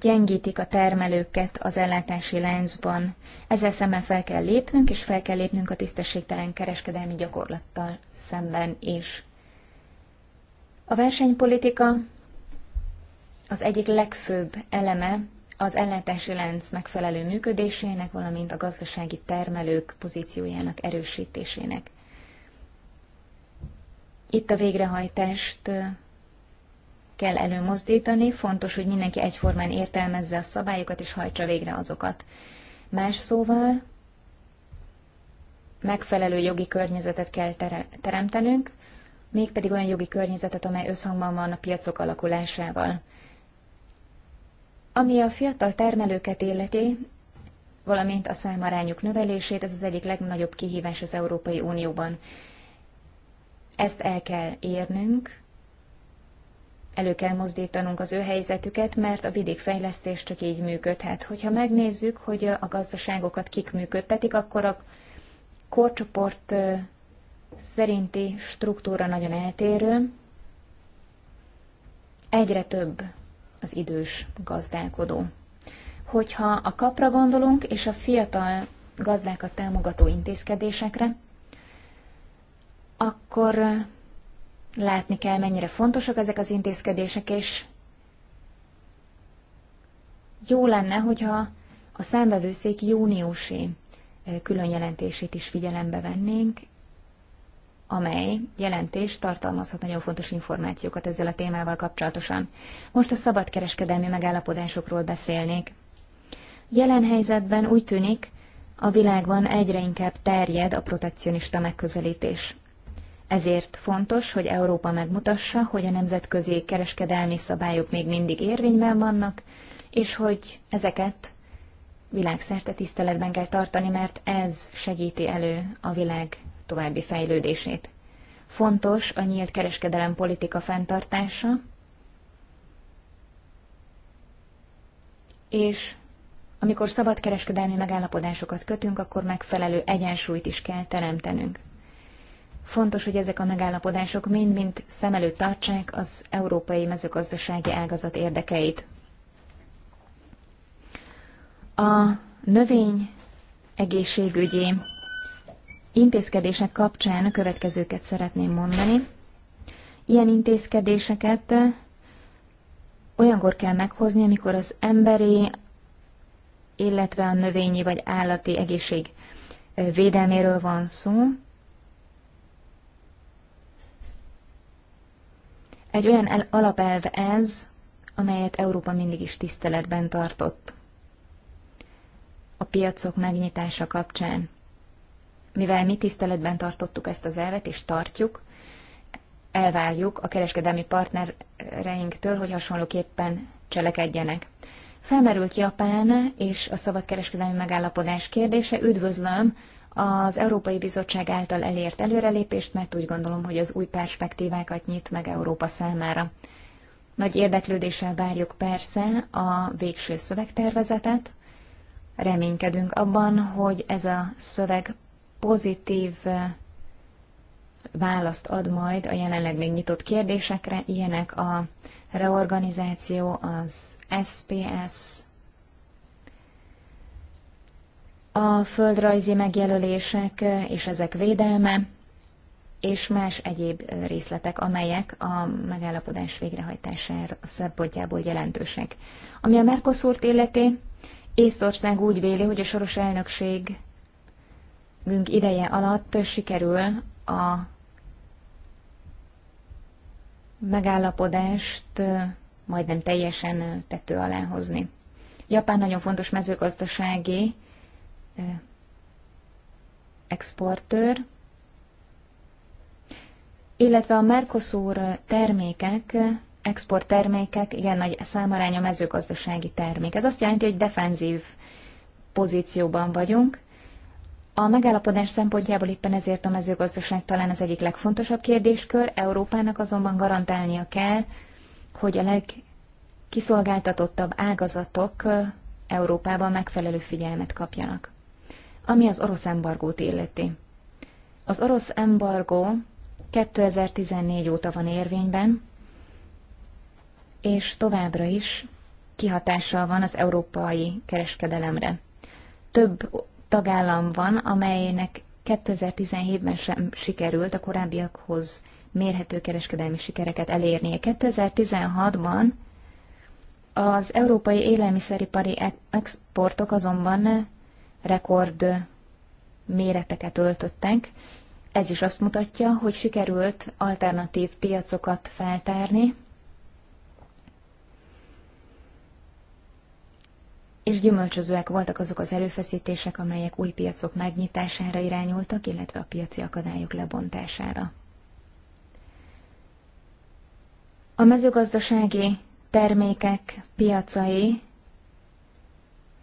gyengítik a termelőket az ellátási láncban. Ezzel szemben fel kell lépnünk, és fel kell lépnünk a tisztességtelen kereskedelmi gyakorlattal szemben is. A versenypolitika az egyik legfőbb eleme az ellátási lánc megfelelő működésének, valamint a gazdasági termelők pozíciójának erősítésének. Itt a végrehajtást kell előmozdítani, fontos, hogy mindenki egyformán értelmezze a szabályokat és hajtsa végre azokat. Más szóval, megfelelő jogi környezetet kell teremtenünk, mégpedig olyan jogi környezetet, amely összhangban van a piacok alakulásával. Ami a fiatal termelőket illeti, valamint a számarányuk növelését, ez az egyik legnagyobb kihívás az Európai Unióban. Ezt el kell érnünk, elő kell mozdítanunk az ő helyzetüket, mert a vidékfejlesztés csak így működhet. Hogyha megnézzük, hogy a gazdaságokat kik működtetik, akkor a korcsoport szerinti struktúra nagyon eltérő. Egyre több az idős gazdálkodó. Hogyha a kapra gondolunk, és a fiatal gazdákat támogató intézkedésekre, akkor Látni kell, mennyire fontosak ezek az intézkedések, és jó lenne, hogyha a számvevőszék júniusi különjelentését is figyelembe vennénk, amely jelentés tartalmazhat nagyon fontos információkat ezzel a témával kapcsolatosan. Most a szabadkereskedelmi megállapodásokról beszélnék. Jelen helyzetben úgy tűnik, a világban egyre inkább terjed a protekcionista megközelítés. Ezért fontos, hogy Európa megmutassa, hogy a nemzetközi kereskedelmi szabályok még mindig érvényben vannak, és hogy ezeket világszerte tiszteletben kell tartani, mert ez segíti elő a világ további fejlődését. Fontos a nyílt kereskedelem politika fenntartása, és amikor szabadkereskedelmi megállapodásokat kötünk, akkor megfelelő egyensúlyt is kell teremtenünk. Fontos, hogy ezek a megállapodások mind-mind szem előtt tartsák az európai mezőgazdasági ágazat érdekeit. A növény egészségügyi intézkedések kapcsán a következőket szeretném mondani. Ilyen intézkedéseket olyankor kell meghozni, amikor az emberi, illetve a növényi vagy állati egészség védelméről van szó, Egy olyan alapelv ez, amelyet Európa mindig is tiszteletben tartott a piacok megnyitása kapcsán. Mivel mi tiszteletben tartottuk ezt az elvet, és tartjuk, elvárjuk a kereskedelmi partnereinktől, hogy hasonlóképpen cselekedjenek. Felmerült Japán és a szabadkereskedelmi megállapodás kérdése. Üdvözlöm, az Európai Bizottság által elért előrelépést, mert úgy gondolom, hogy az új perspektívákat nyit meg Európa számára. Nagy érdeklődéssel várjuk persze a végső szövegtervezetet. Reménykedünk abban, hogy ez a szöveg pozitív választ ad majd a jelenleg még nyitott kérdésekre, ilyenek a reorganizáció, az SPS, a földrajzi megjelölések eh, és ezek védelme, és más egyéb eh, részletek, amelyek a megállapodás végrehajtására szempontjából jelentősek. Ami a Mercosurt illeti, Észország úgy véli, hogy a soros elnökségünk ideje alatt sikerül a megállapodást eh, majdnem teljesen tető alá hozni. Japán nagyon fontos mezőgazdasági exportőr, illetve a Mercosur termékek, exporttermékek igen nagy számaránya mezőgazdasági termék. Ez azt jelenti, hogy defenzív pozícióban vagyunk. A megállapodás szempontjából éppen ezért a mezőgazdaság talán az egyik legfontosabb kérdéskör, Európának azonban garantálnia kell, hogy a legkiszolgáltatottabb ágazatok Európában megfelelő figyelmet kapjanak ami az orosz embargót illeti. Az orosz embargó 2014 óta van érvényben, és továbbra is kihatással van az európai kereskedelemre. Több tagállam van, amelynek 2017-ben sem sikerült a korábbiakhoz mérhető kereskedelmi sikereket elérnie. 2016-ban az európai élelmiszeripari e- exportok azonban rekord méreteket öltöttek. Ez is azt mutatja, hogy sikerült alternatív piacokat feltárni, és gyümölcsözőek voltak azok az erőfeszítések, amelyek új piacok megnyitására irányultak, illetve a piaci akadályok lebontására. A mezőgazdasági termékek piacai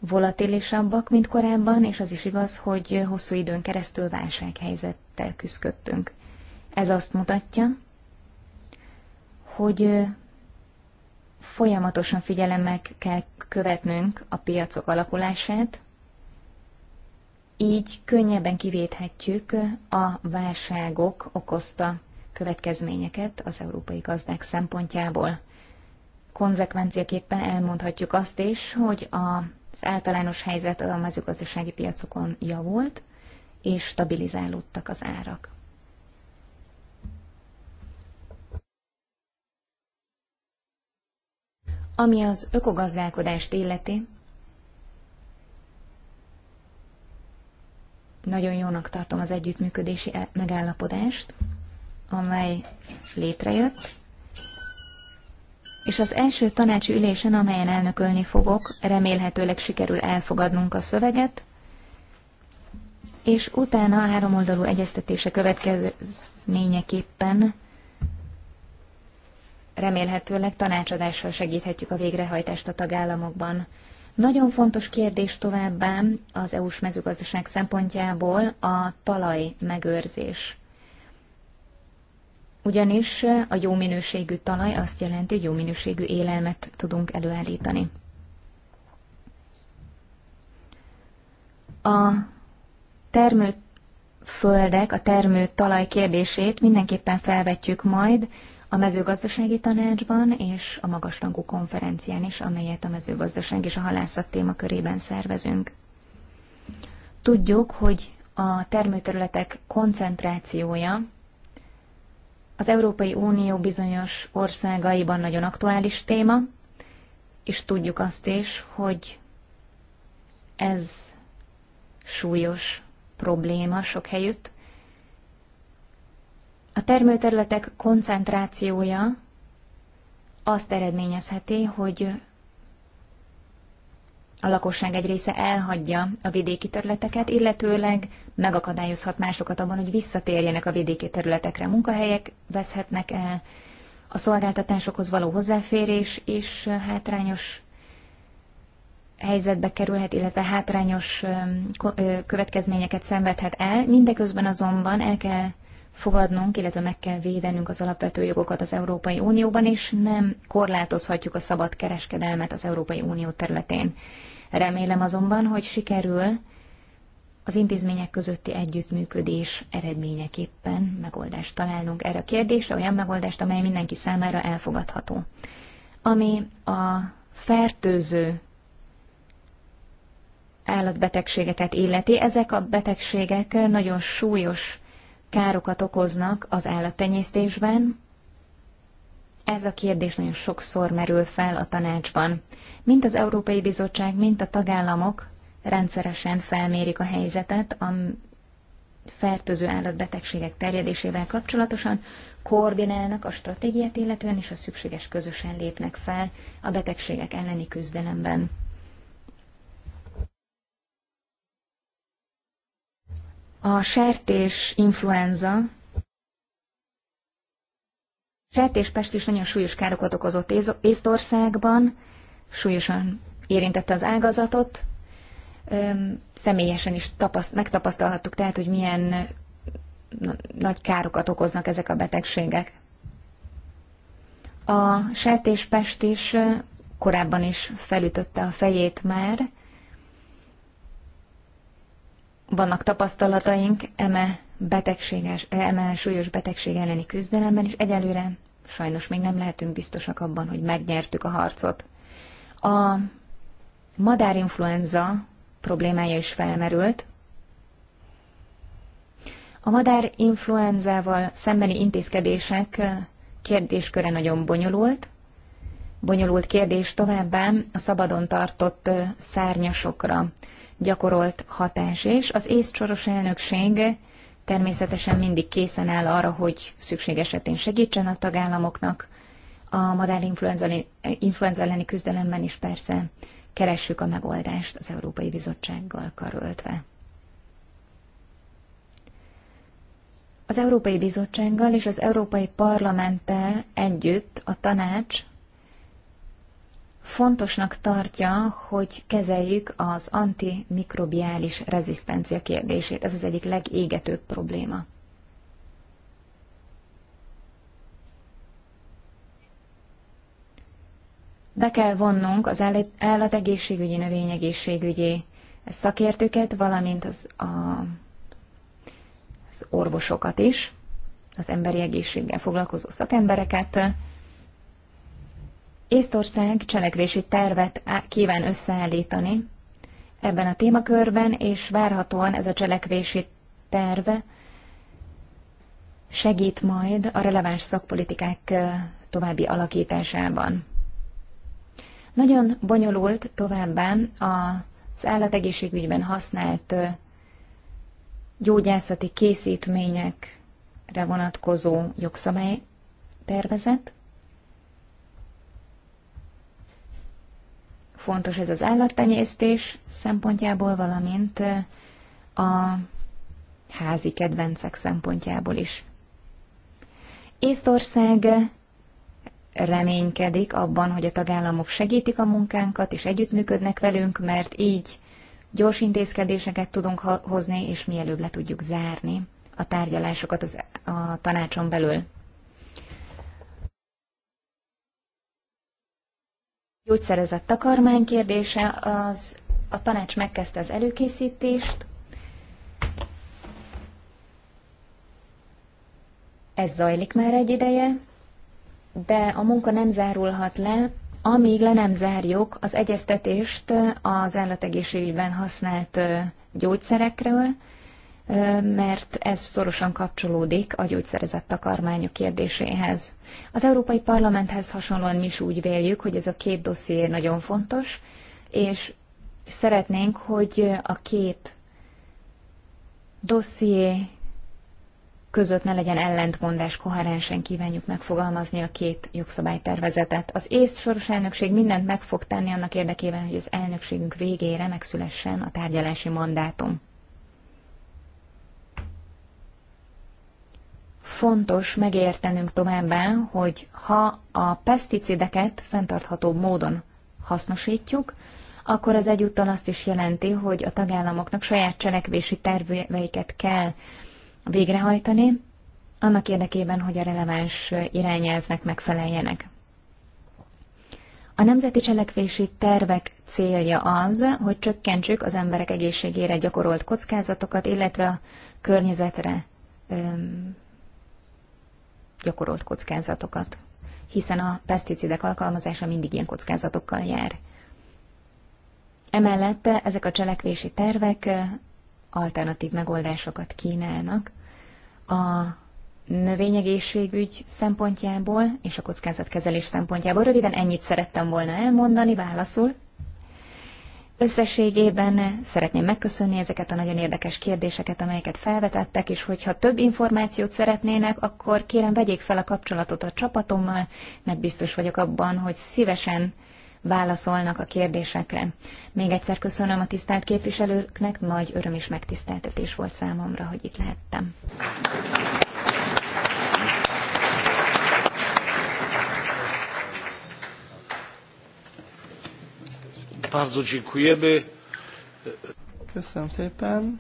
volatilisabbak, mint korábban, és az is igaz, hogy hosszú időn keresztül válsághelyzettel küzdöttünk. Ez azt mutatja, hogy folyamatosan figyelemmel kell követnünk a piacok alakulását, így könnyebben kivéthetjük a válságok okozta következményeket az európai gazdák szempontjából. Konzekvenciaképpen elmondhatjuk azt is, hogy a az általános helyzet a mezőgazdasági piacokon javult, és stabilizálódtak az árak. Ami az ökogazdálkodást illeti, nagyon jónak tartom az együttműködési megállapodást, amely létrejött, és az első tanácsi ülésen, amelyen elnökölni fogok, remélhetőleg sikerül elfogadnunk a szöveget, és utána a háromoldalú egyeztetése következményeképpen remélhetőleg tanácsadással segíthetjük a végrehajtást a tagállamokban. Nagyon fontos kérdés továbbá az EU-s mezőgazdaság szempontjából a talaj megőrzés ugyanis a jó minőségű talaj azt jelenti, hogy jó minőségű élelmet tudunk előállítani. A termő földek, a termő talaj kérdését mindenképpen felvetjük majd a mezőgazdasági tanácsban és a magasrangú konferencián is, amelyet a mezőgazdaság és a halászat témakörében szervezünk. Tudjuk, hogy a termőterületek koncentrációja az Európai Unió bizonyos országaiban nagyon aktuális téma, és tudjuk azt is, hogy ez súlyos probléma sok helyütt. A termőterületek koncentrációja azt eredményezheti, hogy a lakosság egy része elhagyja a vidéki területeket, illetőleg megakadályozhat másokat abban, hogy visszatérjenek a vidéki területekre. Munkahelyek veszhetnek el, a szolgáltatásokhoz való hozzáférés is hátrányos helyzetbe kerülhet, illetve hátrányos következményeket szenvedhet el. Mindeközben azonban el kell fogadnunk, illetve meg kell védenünk az alapvető jogokat az Európai Unióban, és nem korlátozhatjuk a szabad kereskedelmet az Európai Unió területén. Remélem azonban, hogy sikerül az intézmények közötti együttműködés eredményeképpen megoldást találnunk erre a kérdésre, olyan megoldást, amely mindenki számára elfogadható. Ami a fertőző állatbetegségeket illeti, ezek a betegségek nagyon súlyos károkat okoznak az állattenyésztésben, ez a kérdés nagyon sokszor merül fel a tanácsban. Mint az Európai Bizottság, mint a tagállamok rendszeresen felmérik a helyzetet a fertőző állatbetegségek terjedésével kapcsolatosan, koordinálnak a stratégiát illetően, és a szükséges közösen lépnek fel a betegségek elleni küzdelemben. A sertés influenza Sertéspest is nagyon súlyos károkat okozott Észtországban, súlyosan érintette az ágazatot. személyesen is tapaszt, megtapasztalhattuk tehát, hogy milyen nagy károkat okoznak ezek a betegségek. A sertéspest is korábban is felütötte a fejét már, vannak tapasztalataink eme, betegséges, eme súlyos betegség elleni küzdelemben, és egyelőre sajnos még nem lehetünk biztosak abban, hogy megnyertük a harcot. A madárinfluenza problémája is felmerült. A madárinfluenzával szembeni intézkedések kérdésköre nagyon bonyolult. Bonyolult kérdés továbbá a szabadon tartott szárnyasokra gyakorolt hatás, és az észcsoros elnökség természetesen mindig készen áll arra, hogy szükség esetén segítsen a tagállamoknak, a madár influenza elleni küzdelemben is persze keressük a megoldást az Európai Bizottsággal karöltve. Az Európai Bizottsággal és az Európai Parlamenttel együtt a tanács fontosnak tartja, hogy kezeljük az antimikrobiális rezisztencia kérdését. Ez az egyik legégetőbb probléma. Be kell vonnunk az állategészségügyi, növényegészségügyi szakértőket, valamint az, a, az orvosokat is, az emberi egészséggel foglalkozó szakembereket, Észtország cselekvési tervet kíván összeállítani ebben a témakörben, és várhatóan ez a cselekvési terv segít majd a releváns szakpolitikák további alakításában. Nagyon bonyolult továbbá az állategészségügyben használt gyógyászati készítményekre vonatkozó jogszabály tervezet, Fontos ez az állattenyésztés szempontjából, valamint a házi kedvencek szempontjából is. Észtország reménykedik abban, hogy a tagállamok segítik a munkánkat és együttműködnek velünk, mert így gyors intézkedéseket tudunk hozni, és mielőbb le tudjuk zárni a tárgyalásokat az, a tanácson belül. gyógyszerezett takarmány kérdése, az a tanács megkezdte az előkészítést, ez zajlik már egy ideje, de a munka nem zárulhat le, amíg le nem zárjuk az egyeztetést az állategészségügyben használt gyógyszerekről, mert ez szorosan kapcsolódik a gyógyszerezett takarmányok kérdéséhez. Az Európai Parlamenthez hasonlóan mi is úgy véljük, hogy ez a két dosszié nagyon fontos, és szeretnénk, hogy a két dosszié között ne legyen ellentmondás, koherensen kívánjuk megfogalmazni a két jogszabálytervezetet. Az ész soros elnökség mindent meg fog tenni annak érdekében, hogy az elnökségünk végére megszülessen a tárgyalási mandátum. Fontos megértenünk továbbá, hogy ha a peszticideket fenntartható módon hasznosítjuk, akkor az egyúttal azt is jelenti, hogy a tagállamoknak saját cselekvési terveiket kell végrehajtani, annak érdekében, hogy a releváns irányelvnek megfeleljenek. A nemzeti cselekvési tervek célja az, hogy csökkentsük az emberek egészségére gyakorolt kockázatokat, illetve a környezetre öm, gyakorolt kockázatokat, hiszen a peszticidek alkalmazása mindig ilyen kockázatokkal jár. Emellett ezek a cselekvési tervek alternatív megoldásokat kínálnak a növényegészségügy szempontjából és a kockázatkezelés szempontjából. Röviden ennyit szerettem volna elmondani, válaszul. Összességében szeretném megköszönni ezeket a nagyon érdekes kérdéseket, amelyeket felvetettek, és hogyha több információt szeretnének, akkor kérem vegyék fel a kapcsolatot a csapatommal, mert biztos vagyok abban, hogy szívesen válaszolnak a kérdésekre. Még egyszer köszönöm a tisztelt képviselőknek, nagy öröm és megtiszteltetés volt számomra, hogy itt lehettem. Bardzo dziękujemy. Köszönöm szépen.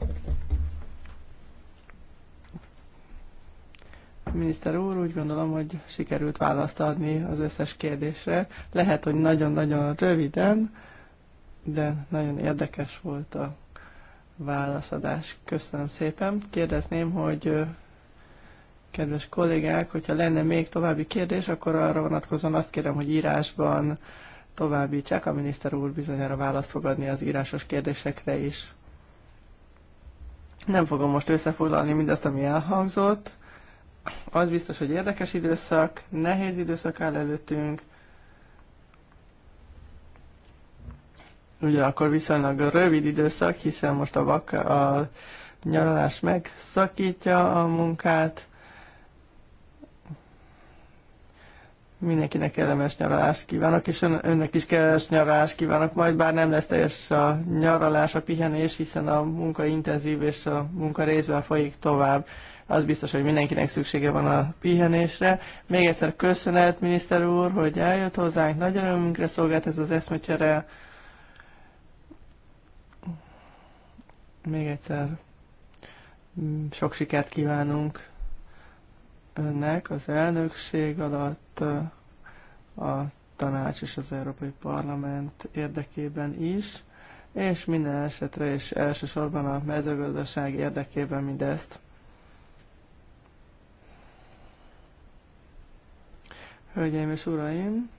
Miniszter úr, úgy gondolom, hogy sikerült választ adni az összes kérdésre. Lehet, hogy nagyon-nagyon röviden, de nagyon érdekes volt a válaszadás. Köszönöm szépen. Kérdezném, hogy kedves kollégák, hogyha lenne még további kérdés, akkor arra vonatkozóan azt kérem, hogy írásban továbbítsák. A miniszter úr bizonyára választ fog adni az írásos kérdésekre is. Nem fogom most összefoglalni mindazt, ami elhangzott. Az biztos, hogy érdekes időszak, nehéz időszak áll előttünk. akkor viszonylag rövid időszak, hiszen most a, vak, a nyaralás megszakítja a munkát, Mindenkinek kellemes nyaralást kívánok, és ön, önnek is kellemes nyaralást kívánok majd, bár nem lesz teljes a nyaralás, a pihenés, hiszen a munka intenzív és a munka részben folyik tovább. Az biztos, hogy mindenkinek szüksége van a pihenésre. Még egyszer köszönet, miniszter úr, hogy eljött hozzánk. Nagy örömünkre szolgált ez az eszmecsere. Még egyszer sok sikert kívánunk önnek az elnökség alatt a tanács és az Európai Parlament érdekében is, és minden esetre és elsősorban a mezőgazdaság érdekében mindezt. Hölgyeim és Uraim!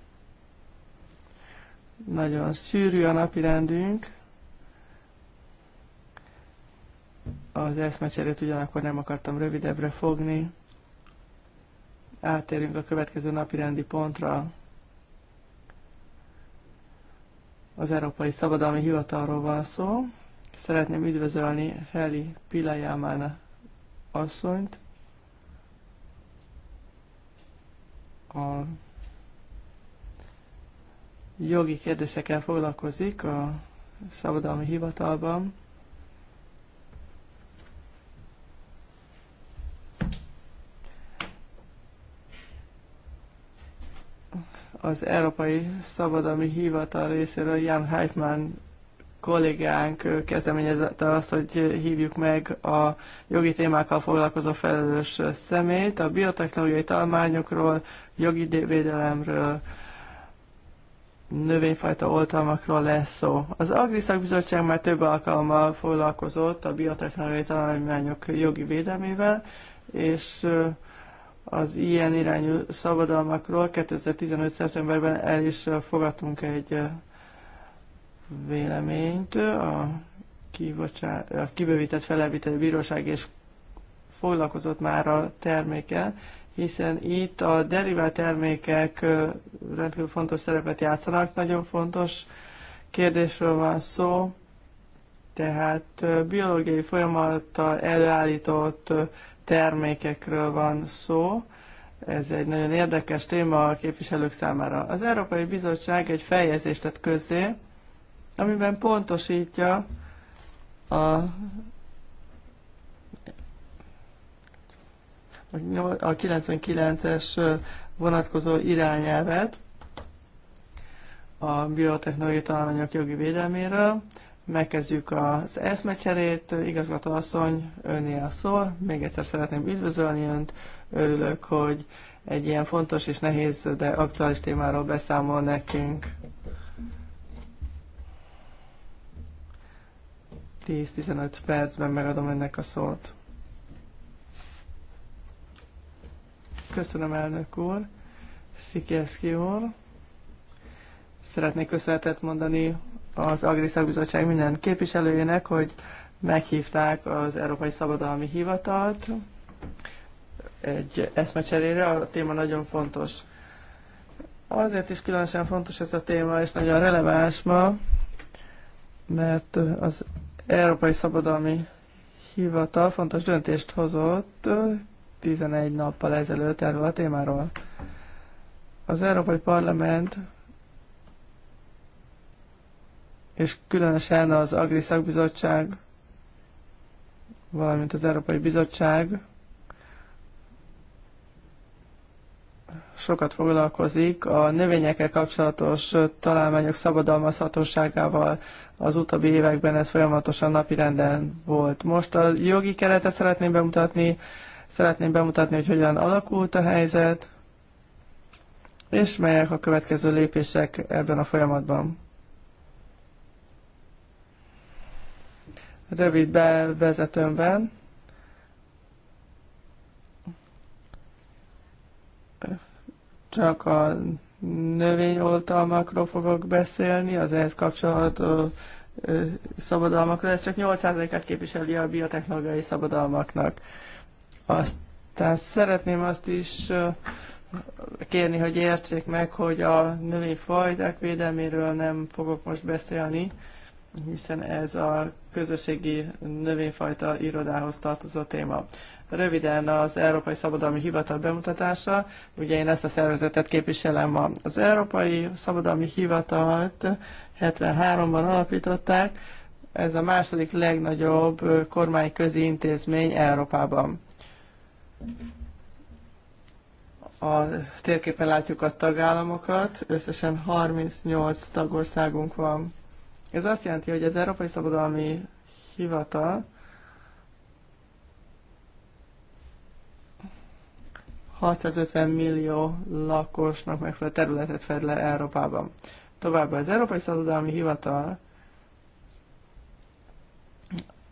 Nagyon szűrű a napi rendünk. Az eszmecserét ugyanakkor nem akartam rövidebbre fogni. Átérünk a következő napi rendi pontra. Az Európai Szabadalmi Hivatalról van szó. Szeretném üdvözölni Heli Pilajámán asszonyt, a jogi kérdésekkel foglalkozik a szabadalmi hivatalban. az Európai Szabadalmi Hivatal részéről Jan Heitmann kollégánk kezdeményezette azt, hogy hívjuk meg a jogi témákkal foglalkozó felelős szemét, a biotechnológiai talmányokról, jogi védelemről, növényfajta oltalmakról lesz szó. Az Agriszak Bizottság már több alkalommal foglalkozott a biotechnológiai találmányok jogi védelmével, és az ilyen irányú szabadalmakról. 2015. szeptemberben el is fogadtunk egy véleményt a, kibocsá... a kibővített felelvített bíróság és foglalkozott már a termékkel, hiszen itt a derivált termékek rendkívül fontos szerepet játszanak, nagyon fontos kérdésről van szó, tehát biológiai folyamattal előállított termékekről van szó. Ez egy nagyon érdekes téma a képviselők számára. Az Európai Bizottság egy feljegyzést tett közzé, amiben pontosítja a a 99-es vonatkozó irányelvet a biotechnológiai találmányok jogi védelméről, Megkezdjük az eszmecserét. Igazgató asszony, önné a szó. Még egyszer szeretném üdvözölni önt. Örülök, hogy egy ilyen fontos és nehéz, de aktuális témáról beszámol nekünk. 10-15 percben megadom ennek a szót. Köszönöm, elnök úr. Szikeszki úr. Szeretnék köszönetet mondani az Agri Szakbizottság minden képviselőjének, hogy meghívták az Európai Szabadalmi Hivatalt egy eszmecserére. A téma nagyon fontos. Azért is különösen fontos ez a téma, és nagyon releváns ma, mert az Európai Szabadalmi Hivatal fontos döntést hozott 11 nappal ezelőtt erről a témáról. Az Európai Parlament és különösen az Agri Szakbizottság, valamint az Európai Bizottság sokat foglalkozik a növényekkel kapcsolatos találmányok szabadalmazhatóságával. Az utóbbi években ez folyamatosan napirenden volt. Most a jogi keretet szeretném bemutatni, szeretném bemutatni, hogy hogyan alakult a helyzet, és melyek a következő lépések ebben a folyamatban. rövid bevezetőmben csak a növényoltalmakról fogok beszélni, az ehhez kapcsolható szabadalmakról. Ez csak 8%-át képviseli a biotechnológiai szabadalmaknak. Aztán szeretném azt is kérni, hogy értsék meg, hogy a növényfajták védelméről nem fogok most beszélni, hiszen ez a közösségi növényfajta irodához tartozó téma. Röviden az Európai Szabadalmi Hivatal bemutatása. Ugye én ezt a szervezetet képviselem ma. Az Európai Szabadalmi Hivatalt 73-ban alapították. Ez a második legnagyobb kormányközi intézmény Európában. A térképen látjuk a tagállamokat, összesen 38 tagországunk van ez azt jelenti, hogy az Európai Szabadalmi Hivatal ...650 millió lakosnak megfelelő területet fed le Európában. Továbbá az Európai Szabadalmi Hivatal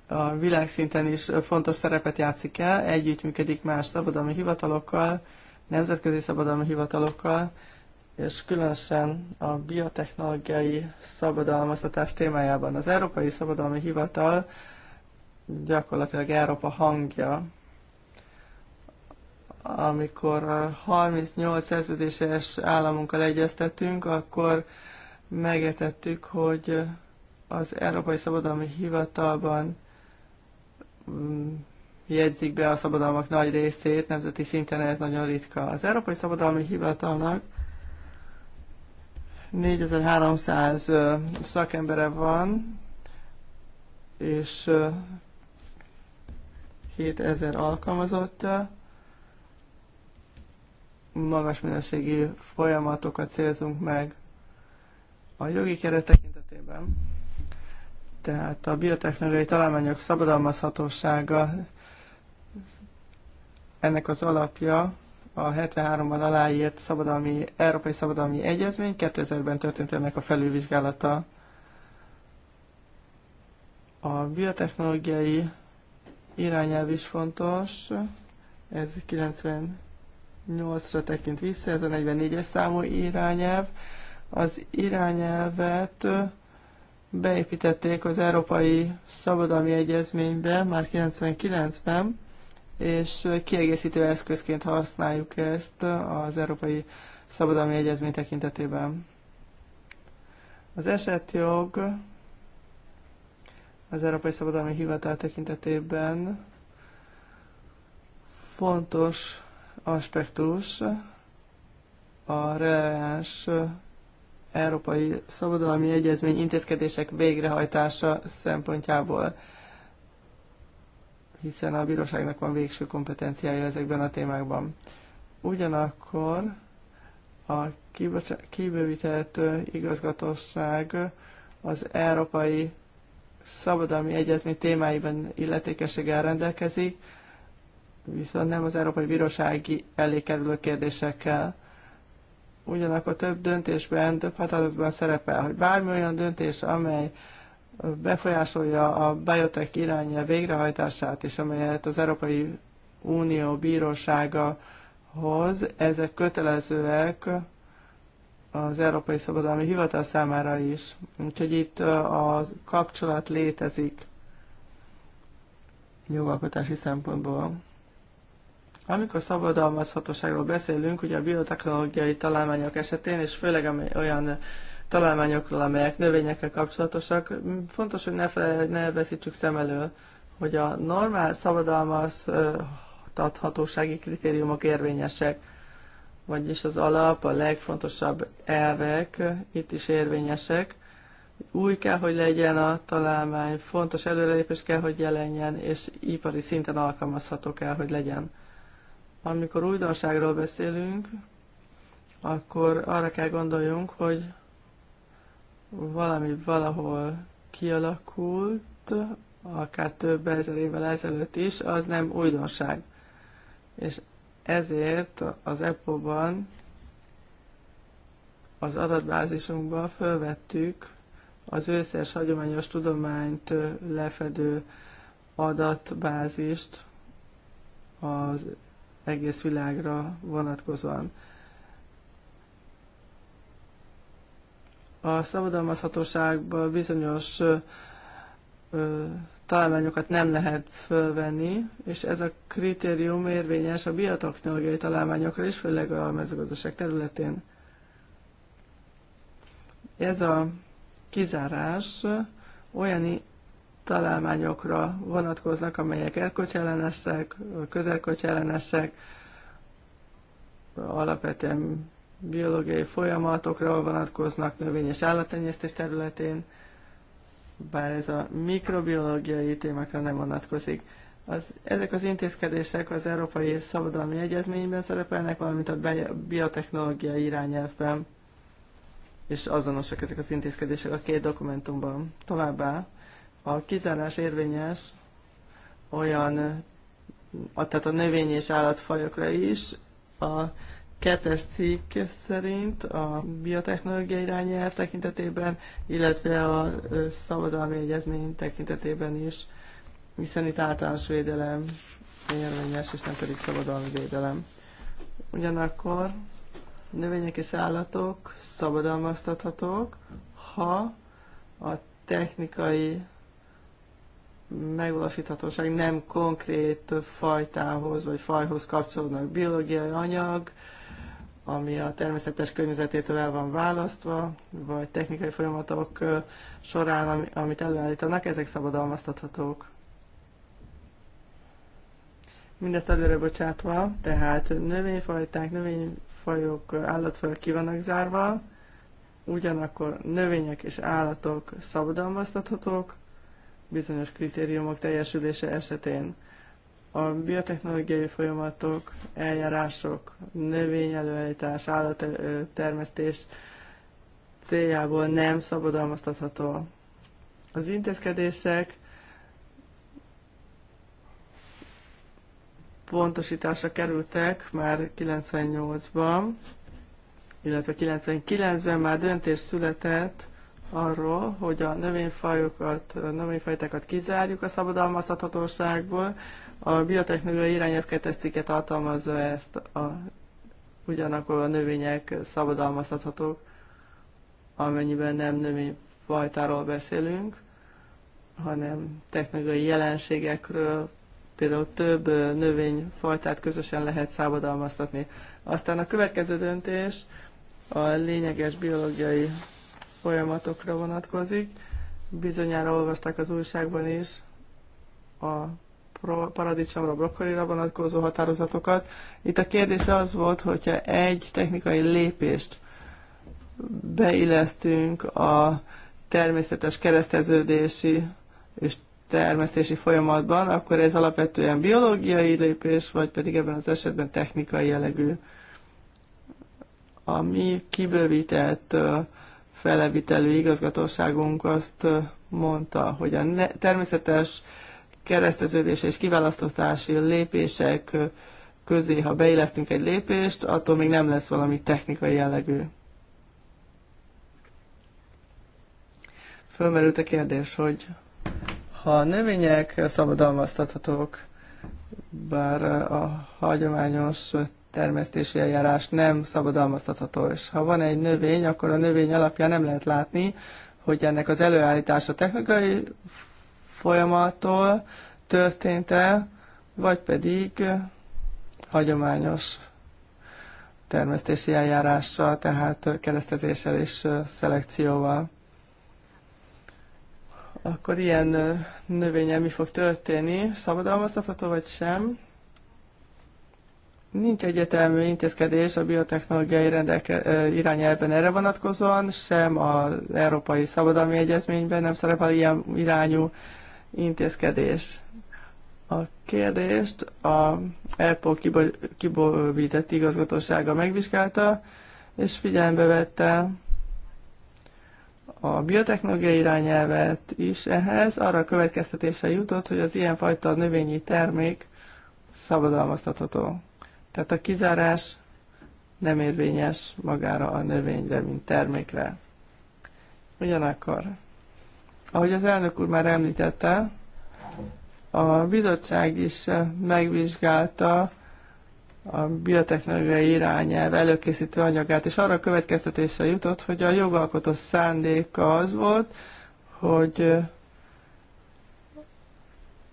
a világszinten is fontos szerepet játszik el, együttműködik más szabadalmi hivatalokkal, nemzetközi szabadalmi hivatalokkal, és különösen a biotechnológiai szabadalmaztatás témájában. Az Európai Szabadalmi Hivatal gyakorlatilag Európa hangja, amikor 38 szerződéses államunkkal egyeztetünk, akkor megértettük, hogy az Európai Szabadalmi Hivatalban mm, jegyzik be a szabadalmak nagy részét, nemzeti szinten ez nagyon ritka. Az Európai Szabadalmi Hivatalnak 4300 szakembere van, és 7000 alkalmazott magas minőségi folyamatokat célzunk meg a jogi keret tekintetében. Tehát a biotechnológiai találmányok szabadalmazhatósága ennek az alapja a 73-ban aláírt szabadalmi, Európai Szabadalmi Egyezmény, 2000-ben történt ennek a felülvizsgálata. A biotechnológiai irányelv is fontos, ez 98-ra tekint vissza, ez a 44-es számú irányelv. Az irányelvet beépítették az Európai Szabadalmi Egyezménybe már 99-ben, és kiegészítő eszközként használjuk ezt az Európai Szabadalmi Egyezmény tekintetében. Az esetjog az Európai Szabadalmi Hivatal tekintetében fontos aspektus a releváns Európai Szabadalmi Egyezmény intézkedések végrehajtása szempontjából hiszen a bíróságnak van végső kompetenciája ezekben a témákban. Ugyanakkor a kibővített igazgatóság az Európai Szabadalmi Egyezmény témáiban illetékességgel rendelkezik, viszont nem az Európai Bírósági elé kerülő kérdésekkel. Ugyanakkor több döntésben, több határozatban szerepel, hogy bármi olyan döntés, amely befolyásolja a biotech irányel végrehajtását, és amelyet az Európai Unió bírósága hoz, ezek kötelezőek az Európai Szabadalmi Hivatal számára is. Úgyhogy itt a kapcsolat létezik jogalkotási szempontból. Amikor szabadalmazhatóságról beszélünk, ugye a biotechnológiai találmányok esetén, és főleg olyan találmányokról, amelyek növényekkel kapcsolatosak. Fontos, hogy ne, fe, ne veszítsük szem elől, hogy a normál szabadalmaztathatósági kritériumok érvényesek, vagyis az alap, a legfontosabb elvek itt is érvényesek. Új kell, hogy legyen a találmány, fontos előrelépés kell, hogy jelenjen, és ipari szinten alkalmazható kell, hogy legyen. Amikor újdonságról beszélünk, akkor arra kell gondoljunk, hogy valami valahol kialakult, akár több ezer évvel ezelőtt is, az nem újdonság. És ezért az EPO-ban az adatbázisunkban felvettük az összes hagyományos tudományt lefedő adatbázist az egész világra vonatkozóan. a szabadalmazhatóságban bizonyos találmányokat nem lehet fölvenni, és ez a kritérium érvényes a biotechnológiai találmányokra is, főleg a mezőgazdaság területén. Ez a kizárás olyan találmányokra vonatkoznak, amelyek erkocsellenesek, közerkocsellenesek, alapvetően biológiai folyamatokra vonatkoznak növény- és állattenyésztés területén, bár ez a mikrobiológiai témákra nem vonatkozik. Az, ezek az intézkedések az Európai Szabadalmi Egyezményben szerepelnek, valamint a biotechnológiai irányelvben, és azonosak ezek az intézkedések a két dokumentumban. Továbbá a kizárás érvényes olyan, tehát a növény és állatfajokra is, a kettes cikk szerint a biotechnológia irányelv tekintetében, illetve a szabadalmi egyezmény tekintetében is, hiszen itt általános védelem érvényes, és nem pedig szabadalmi védelem. Ugyanakkor növények és állatok szabadalmaztathatók, ha a technikai megvalósíthatóság nem konkrét fajtához vagy fajhoz kapcsolódnak biológiai anyag, ami a természetes környezetétől el van választva, vagy technikai folyamatok során, amit előállítanak, ezek szabadalmaztathatók. Mindezt előre bocsátva, tehát növényfajták, növényfajok, állatfajok ki vannak zárva, ugyanakkor növények és állatok szabadalmaztathatók bizonyos kritériumok teljesülése esetén a biotechnológiai folyamatok, eljárások, növényelőállítás, állattermesztés céljából nem szabadalmaztatható. Az intézkedések pontosításra kerültek már 98-ban, illetve 99-ben már döntés született arról, hogy a növényfajokat, növényfajtákat kizárjuk a szabadalmaztathatóságból. A biotechnológiai irányelv 2 cikke tartalmazza ezt, a, ugyanakkor a növények szabadalmaztathatók, amennyiben nem növényfajtáról beszélünk, hanem technológiai jelenségekről, például több növényfajtát közösen lehet szabadalmaztatni. Aztán a következő döntés a lényeges biológiai folyamatokra vonatkozik. Bizonyára olvasták az újságban is a paradicsomra, brokkolira vonatkozó határozatokat. Itt a kérdés az volt, hogyha egy technikai lépést beillesztünk a természetes kereszteződési és termesztési folyamatban, akkor ez alapvetően biológiai lépés, vagy pedig ebben az esetben technikai jellegű. A mi kibővített felevitelő igazgatóságunk azt mondta, hogy a természetes kereszteződés és kiválasztási lépések közé, ha beillesztünk egy lépést, attól még nem lesz valami technikai jellegű. Fölmerült a kérdés, hogy ha a növények szabadalmaztathatók, bár a hagyományos termesztési eljárás nem szabadalmaztatható. És ha van egy növény, akkor a növény alapján nem lehet látni, hogy ennek az előállítása technikai folyamattól történt-e, vagy pedig hagyományos termesztési eljárással, tehát keresztezéssel és szelekcióval. Akkor ilyen növényen mi fog történni? Szabadalmaztatható vagy sem? Nincs egyetemű intézkedés a biotechnológiai rendelke, irányelben erre vonatkozóan, sem az Európai Szabadalmi Egyezményben nem szerepel ilyen irányú intézkedés. A kérdést a ERPO kibővített igazgatósága megvizsgálta, és figyelembe vette a biotechnológiai irányelvet is ehhez. Arra a következtetésre jutott, hogy az ilyenfajta növényi termék szabadalmaztatható. Tehát a kizárás nem érvényes magára a növényre, mint termékre. Ugyanakkor, ahogy az elnök úr már említette, a bizottság is megvizsgálta a biotechnológiai irányelv előkészítő anyagát, és arra a következtetésre jutott, hogy a jogalkotó szándéka az volt, hogy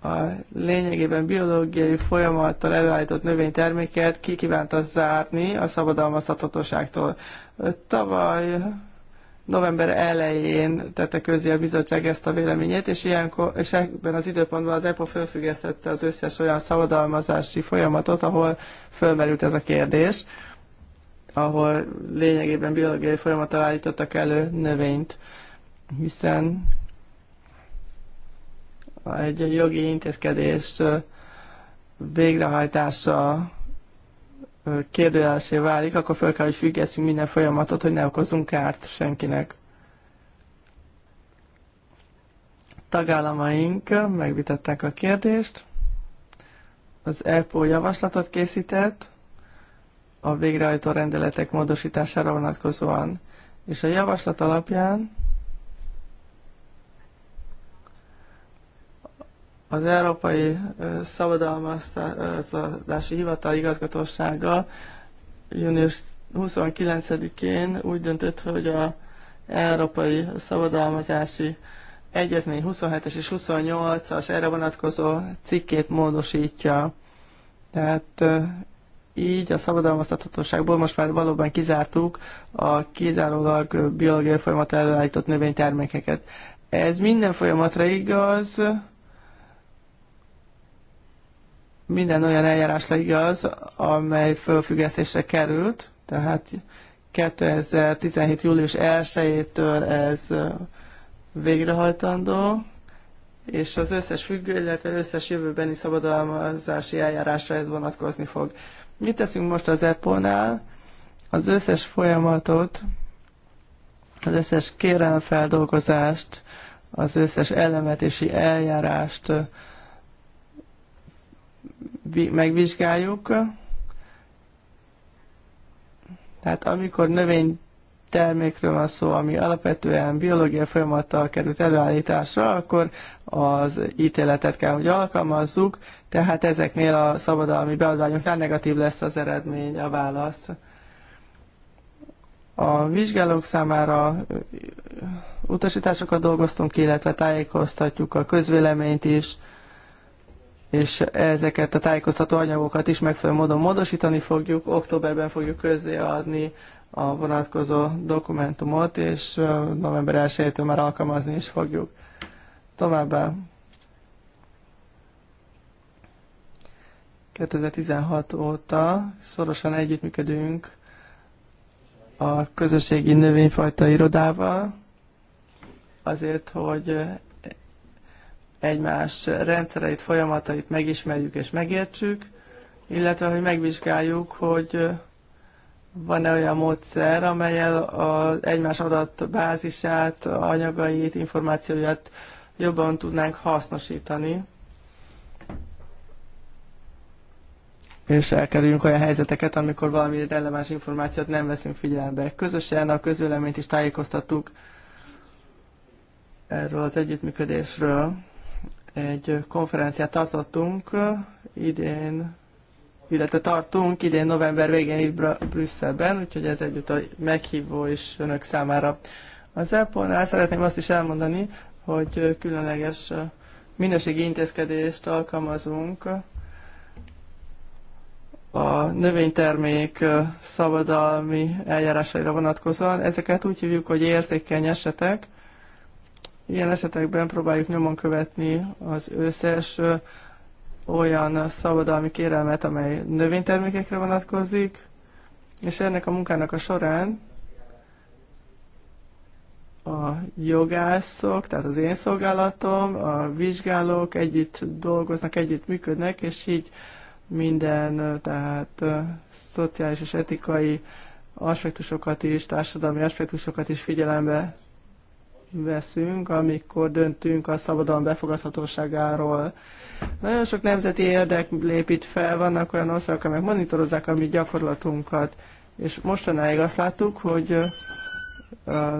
a lényegében biológiai folyamattal előállított növényterméket ki kívánta zárni a szabadalmaztathatóságtól. Tavaly november elején tette közé a bizottság ezt a véleményét, és, ilyenkor, és ebben az időpontban az EPO felfüggesztette az összes olyan szabadalmazási folyamatot, ahol fölmerült ez a kérdés, ahol lényegében biológiai folyamattal állítottak elő növényt, hiszen egy jogi intézkedés végrehajtása kérdőjelesé válik, akkor föl kell, hogy függesszünk minden folyamatot, hogy ne okozunk kárt senkinek. Tagállamaink megvitatták a kérdést, az EPO javaslatot készített a végrehajtó rendeletek módosítására vonatkozóan, és a javaslat alapján az Európai Szabadalmaztatási Hivatal igazgatósága június 29-én úgy döntött, hogy a Európai Szabadalmazási Egyezmény 27-es és 28-as erre vonatkozó cikkét módosítja. Tehát így a szabadalmaztathatóságból most már valóban kizártuk a kizárólag biológiai folyamat előállított növénytermékeket. Ez minden folyamatra igaz, minden olyan eljárásra igaz, amely fölfüggesztésre került, tehát 2017. július 1-től ez végrehajtandó, és az összes függő, illetve összes jövőbeni szabadalmazási eljárásra ez vonatkozni fog. Mit teszünk most az EPO-nál? Az összes folyamatot, az összes kérelemfeldolgozást, az összes elemetési eljárást, megvizsgáljuk. Tehát amikor növény termékről van szó, ami alapvetően biológiai folyamattal került előállításra, akkor az ítéletet kell, hogy alkalmazzuk, tehát ezeknél a szabadalmi beadványoknál negatív lesz az eredmény, a válasz. A vizsgálók számára utasításokat dolgoztunk ki, illetve tájékoztatjuk a közvéleményt is, és ezeket a tájékoztató anyagokat is megfelelő módon módosítani fogjuk. Októberben fogjuk közzéadni a vonatkozó dokumentumot, és november 1-től már alkalmazni is fogjuk. Továbbá 2016 óta szorosan együttműködünk a közösségi növényfajta irodával, azért, hogy egymás rendszereit, folyamatait megismerjük és megértsük, illetve hogy megvizsgáljuk, hogy van-e olyan módszer, amelyel az egymás adatbázisát, anyagait, információját jobban tudnánk hasznosítani, és elkerüljünk olyan helyzeteket, amikor valami releváns információt nem veszünk figyelembe. Közösen a közvéleményt is tájékoztattuk erről az együttműködésről. Egy konferenciát tartottunk idén, illetve tartunk idén november végén itt Brüsszelben, úgyhogy ez együtt a meghívó is önök számára. Az apple nál szeretném azt is elmondani, hogy különleges minőségi intézkedést alkalmazunk a növénytermék szabadalmi eljárásaira vonatkozóan. Ezeket úgy hívjuk, hogy érzékeny esetek, Ilyen esetekben próbáljuk nyomon követni az összes olyan szabadalmi kérelmet, amely növénytermékekre vonatkozik, és ennek a munkának a során a jogászok, tehát az én szolgálatom, a vizsgálók együtt dolgoznak, együtt működnek, és így minden, tehát szociális és etikai aspektusokat is, társadalmi aspektusokat is figyelembe veszünk, amikor döntünk a szabadon befogadhatóságáról. Nagyon sok nemzeti érdek lépít fel, vannak olyan országok, amelyek monitorozzák a mi gyakorlatunkat, és mostanáig azt láttuk, hogy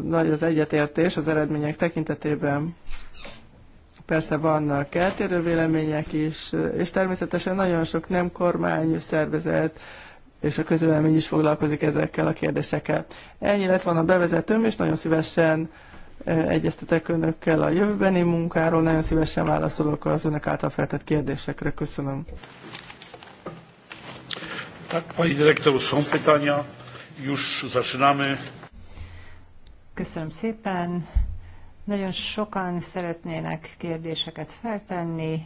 nagy az egyetértés az eredmények tekintetében. Persze vannak eltérő vélemények is, és természetesen nagyon sok nem kormányú szervezet, és a közvélemény is foglalkozik ezekkel a kérdésekkel. Ennyi lett van a bevezetőm, és nagyon szívesen egyeztetek önökkel a jövőbeni munkáról, nagyon szívesen válaszolok az önök által feltett kérdésekre. Köszönöm. Tak, pani dyrektor, są pytania. Już zaczynamy. Köszönöm szépen. Nagyon sokan szeretnének kérdéseket feltenni.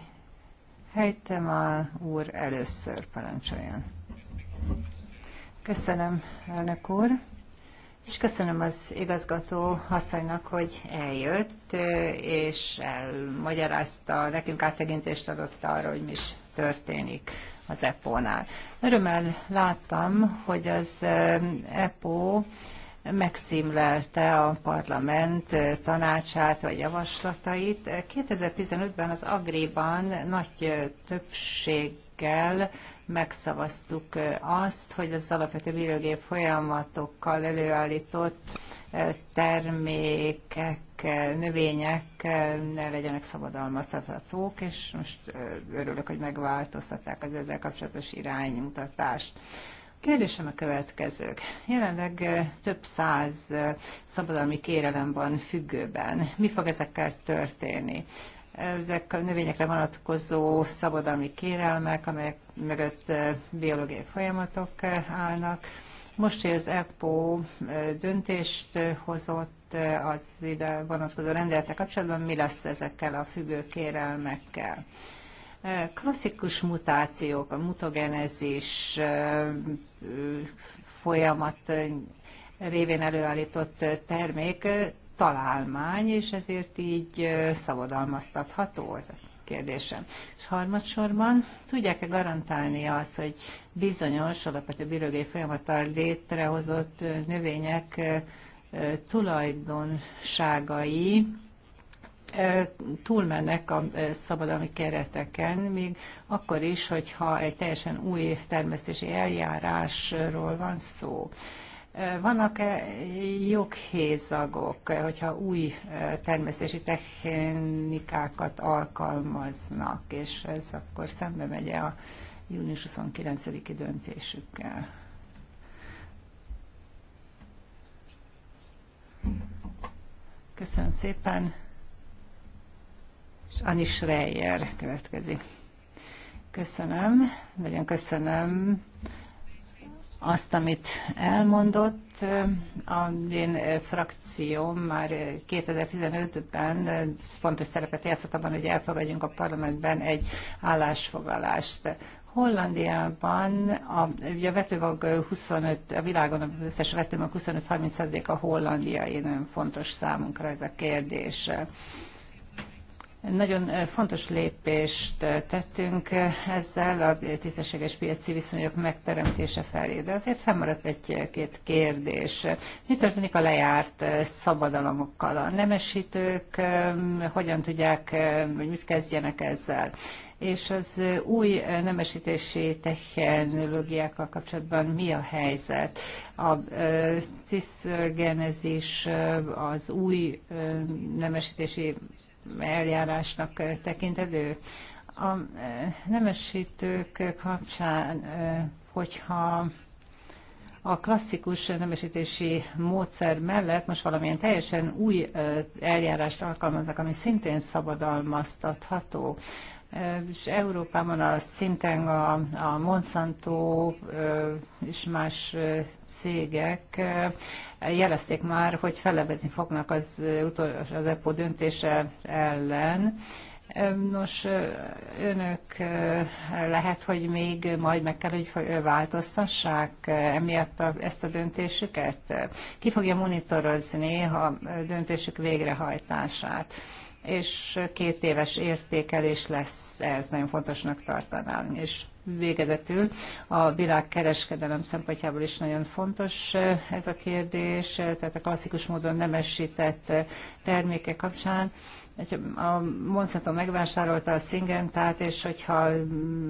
Helytem a úr először parancsoljon. Köszönöm, elnök úr és köszönöm az igazgató asszonynak, hogy eljött, és elmagyarázta, nekünk áttegintést adott arra, hogy mi is történik az EPO-nál. Örömmel láttam, hogy az EPO megszímlelte a parlament tanácsát vagy javaslatait. 2015-ben az Agriban nagy többség többséggel megszavaztuk azt, hogy az alapvető bírógép folyamatokkal előállított termékek, növények ne legyenek szabadalmaztathatók, és most örülök, hogy megváltoztatták az ezzel kapcsolatos iránymutatást. Kérdésem a következők. Jelenleg több száz szabadalmi kérelem van függőben. Mi fog ezekkel történni? ezek a növényekre vonatkozó szabadalmi kérelmek, amelyek mögött biológiai folyamatok állnak. Most, hogy az EPO döntést hozott az ide vonatkozó rendeletek kapcsolatban, mi lesz ezekkel a függő kérelmekkel? Klasszikus mutációk, a mutogenezis folyamat révén előállított termék találmány, és ezért így szabadalmaztatható ez a kérdésem. És harmadsorban, tudják-e garantálni azt, hogy bizonyos alapvető bírógé folyamattal létrehozott növények tulajdonságai túlmennek a szabadalmi kereteken, még akkor is, hogyha egy teljesen új termesztési eljárásról van szó. Vannak -e joghézagok, hogyha új termesztési technikákat alkalmaznak, és ez akkor szembe megy -e a június 29-i döntésükkel? Köszönöm szépen. És Anis Schreier következik. Köszönöm, nagyon köszönöm azt, amit elmondott. A én frakcióm már 2015-ben fontos szerepet játszott abban, hogy elfogadjunk a parlamentben egy állásfoglalást. Hollandiában a, ugye a vetőmag 25, a világon a összes vetőmag 25-30%-a hollandiai, nagyon fontos számunkra ez a kérdés. Nagyon eh, fontos lépést eh, tettünk eh, ezzel a tisztességes piaci viszonyok megteremtése felé, de azért felmaradt egy-két kérdés. Mi történik a lejárt szabadalomokkal? A nemesítők hogyan tudják, hogy mit kezdjenek ezzel? És az új nemesítési technológiákkal kapcsolatban mi a helyzet? A ciszgenezis, az új nemesítési eljárásnak tekintedő. A nemesítők kapcsán, hogyha a klasszikus nemesítési módszer mellett most valamilyen teljesen új eljárást alkalmaznak, ami szintén szabadalmaztatható. És Európában a szinten a, a Monsanto és más cégek eh, jelezték már, hogy felebezni fognak az, utolsó, az EPO döntése ellen. Eh, nos, eh, önök lehet, hogy még majd meg kell, hogy változtassák emiatt a, ezt a döntésüket? Ki fogja monitorozni a döntésük végrehajtását? és két éves értékelés lesz ez, nagyon fontosnak tartanám. És végezetül a világkereskedelem szempontjából is nagyon fontos ez a kérdés, tehát a klasszikus módon nemesített termékek kapcsán. A Monsanto megvásárolta a Szingentát, és hogyha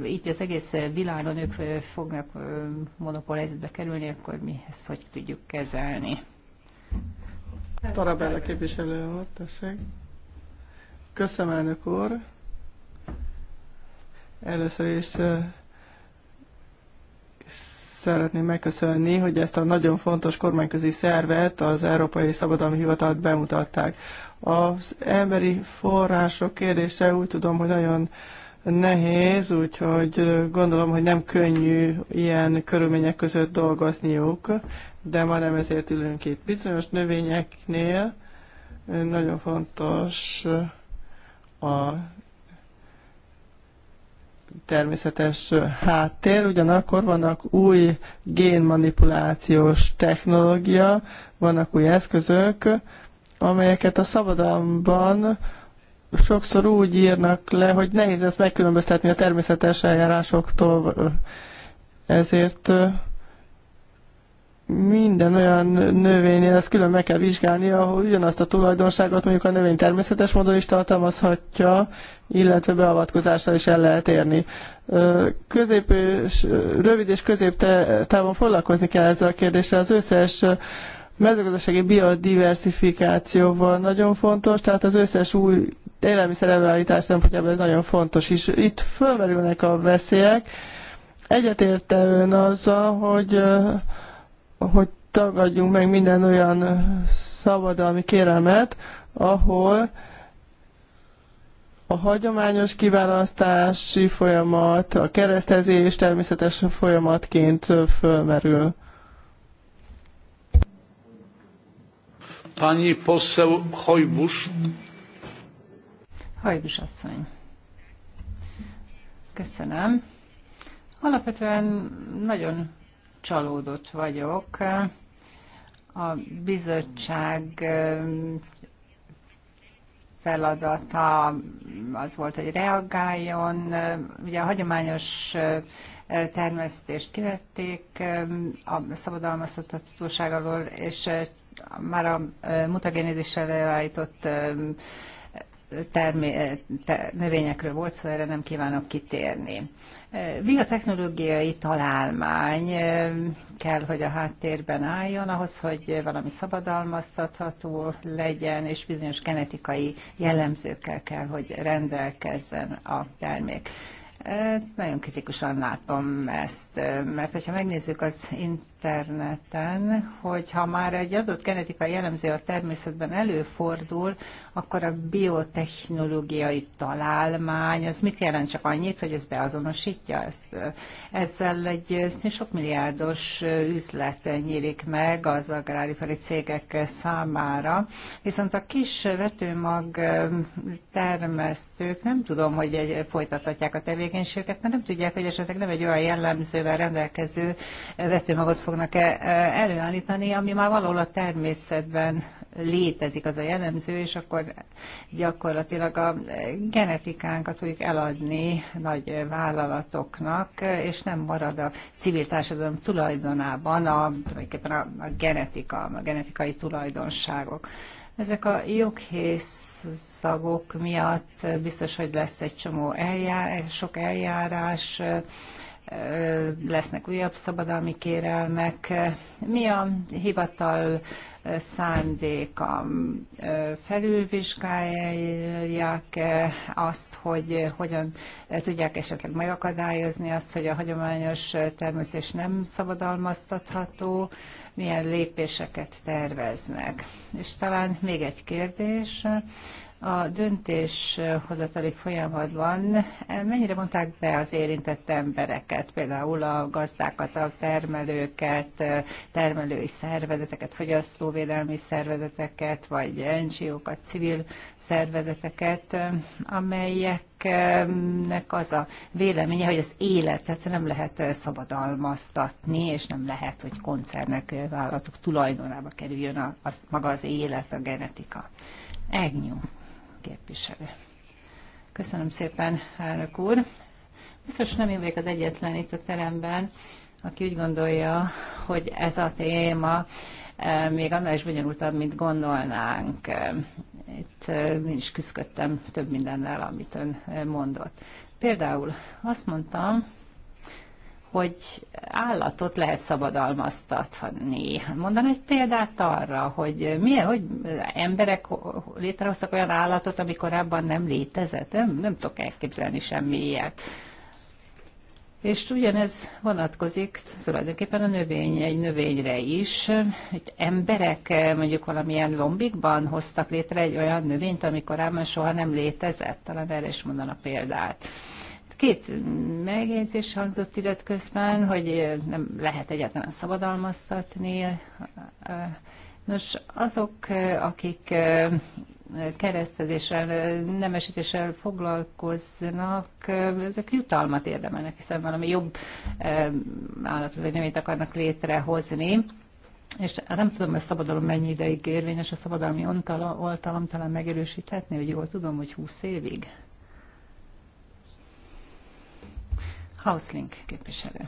itt mm, az egész világon ők fognak monopól helyzetbe kerülni, akkor mi ezt hogy tudjuk kezelni? Tarabella képviselő úr, tessék. Köszönöm, elnök úr. Először is szeretném megköszönni, hogy ezt a nagyon fontos kormányközi szervet, az Európai Szabadalmi Hivatalt bemutatták. Az emberi források kérdése úgy tudom, hogy nagyon nehéz, úgyhogy gondolom, hogy nem könnyű ilyen körülmények között dolgozniuk, de ma nem ezért ülünk itt. Bizonyos növényeknél nagyon fontos a természetes háttér, ugyanakkor vannak új génmanipulációs technológia, vannak új eszközök, amelyeket a szabadalomban sokszor úgy írnak le, hogy nehéz ezt megkülönböztetni a természetes eljárásoktól, ezért minden olyan növénynél ezt külön meg kell vizsgálni, ahol ugyanazt a tulajdonságot mondjuk a növény természetes módon is tartalmazhatja, illetve beavatkozással is el lehet érni. Közép, rövid és közép távon foglalkozni kell ezzel a kérdéssel. Az összes mezőgazdasági biodiversifikációval nagyon fontos, tehát az összes új élelmiszer előállítás szempontjából ez nagyon fontos is. Itt fölmerülnek a veszélyek. Egyetérte ön azzal, hogy hogy tagadjunk meg minden olyan szabadalmi kérelmet, ahol a hagyományos kiválasztási folyamat, a keresztezés természetes folyamatként fölmerül. Pani poseł Hojbusz. Hajbus asszony. Köszönöm. Alapvetően nagyon csalódott vagyok. A bizottság um, feladata az volt, hogy reagáljon. Ugye a hagyományos uh, termesztést kivették um, a szabadalmaztathatóság alól, és uh, már a uh, mutagénézissel elállított um, termé- te- növényekről volt szó, szóval erre nem kívánok kitérni biotechnológiai találmány kell, hogy a háttérben álljon ahhoz, hogy valami szabadalmaztatható legyen, és bizonyos genetikai jellemzőkkel kell, hogy rendelkezzen a termék. Nagyon kritikusan látom ezt, mert hogyha megnézzük az interneten, hogy ha már egy adott genetikai jellemző a természetben előfordul, akkor a biotechnológiai találmány, az mit jelent csak annyit, hogy ez beazonosítja? Ezt, ezzel egy sok milliárdos üzlet nyílik meg az agráripari cégek számára, viszont a kis vetőmag termesztők nem tudom, hogy folytathatják a tevékenységet, mert nem tudják, hogy esetleg nem egy olyan jellemzővel rendelkező vetőmagot fog fognak-e eh, előállítani, ami már valahol a természetben létezik az a jellemző, és akkor gyakorlatilag a genetikánkat fogjuk eladni nagy vállalatoknak, és nem marad a civil társadalom tulajdonában a, tulajdonképpen a, a genetika, a genetikai tulajdonságok. Ezek a joghészagok miatt biztos, hogy lesz egy csomó eljárás, sok eljárás, lesznek újabb szabadalmi kérelmek. Mi a hivatal szándéka? Felülvizsgálják azt, hogy hogyan tudják esetleg megakadályozni azt, hogy a hagyományos termesztés nem szabadalmaztatható, milyen lépéseket terveznek. És talán még egy kérdés a döntéshozatali folyamatban eh, mennyire mondták be az érintett embereket, például a gazdákat, a termelőket, eh, termelői szervezeteket, fogyasztóvédelmi szervezeteket, vagy NGO-kat, civil szervezeteket, eh, amelyeknek az a véleménye, hogy az életet nem lehet szabadalmaztatni, és nem lehet, hogy koncernek, vállalatok tulajdonába kerüljön a, az, maga az élet, a genetika. Egnyú képviselő. Köszönöm szépen, elnök úr. Biztos nem én vagyok az egyetlen itt a teremben, aki úgy gondolja, hogy ez a téma eh, még annál is bonyolultabb, mint gondolnánk. Itt eh, én is küzdöttem több mindennel, amit ön eh, mondott. Például azt mondtam, hogy állatot lehet szabadalmaztatni. Mondan egy példát arra, hogy milyen, hogy emberek létrehoztak olyan állatot, ami korábban nem létezett. Nem, nem tudok elképzelni semmi ilyet. És ugyanez vonatkozik tulajdonképpen a növény, egy növényre is. Hogy emberek eh, mondjuk valamilyen lombikban hoztak létre egy olyan növényt, ami korábban soha nem létezett. Talán erre is mondan a példát. Két megjegyzés hangzott idet közben, hogy nem lehet egyáltalán szabadalmaztatni. Nos, azok, akik keresztezéssel, nemesítéssel foglalkoznak, ezek jutalmat érdemelnek, hiszen valami jobb állatot vagy nemét akarnak létrehozni. És nem tudom, hogy szabadalom mennyi ideig érvényes, a szabadalmi oltalom talán megerősíthetné, hogy jól tudom, hogy 20 évig. Hauslink képviselő.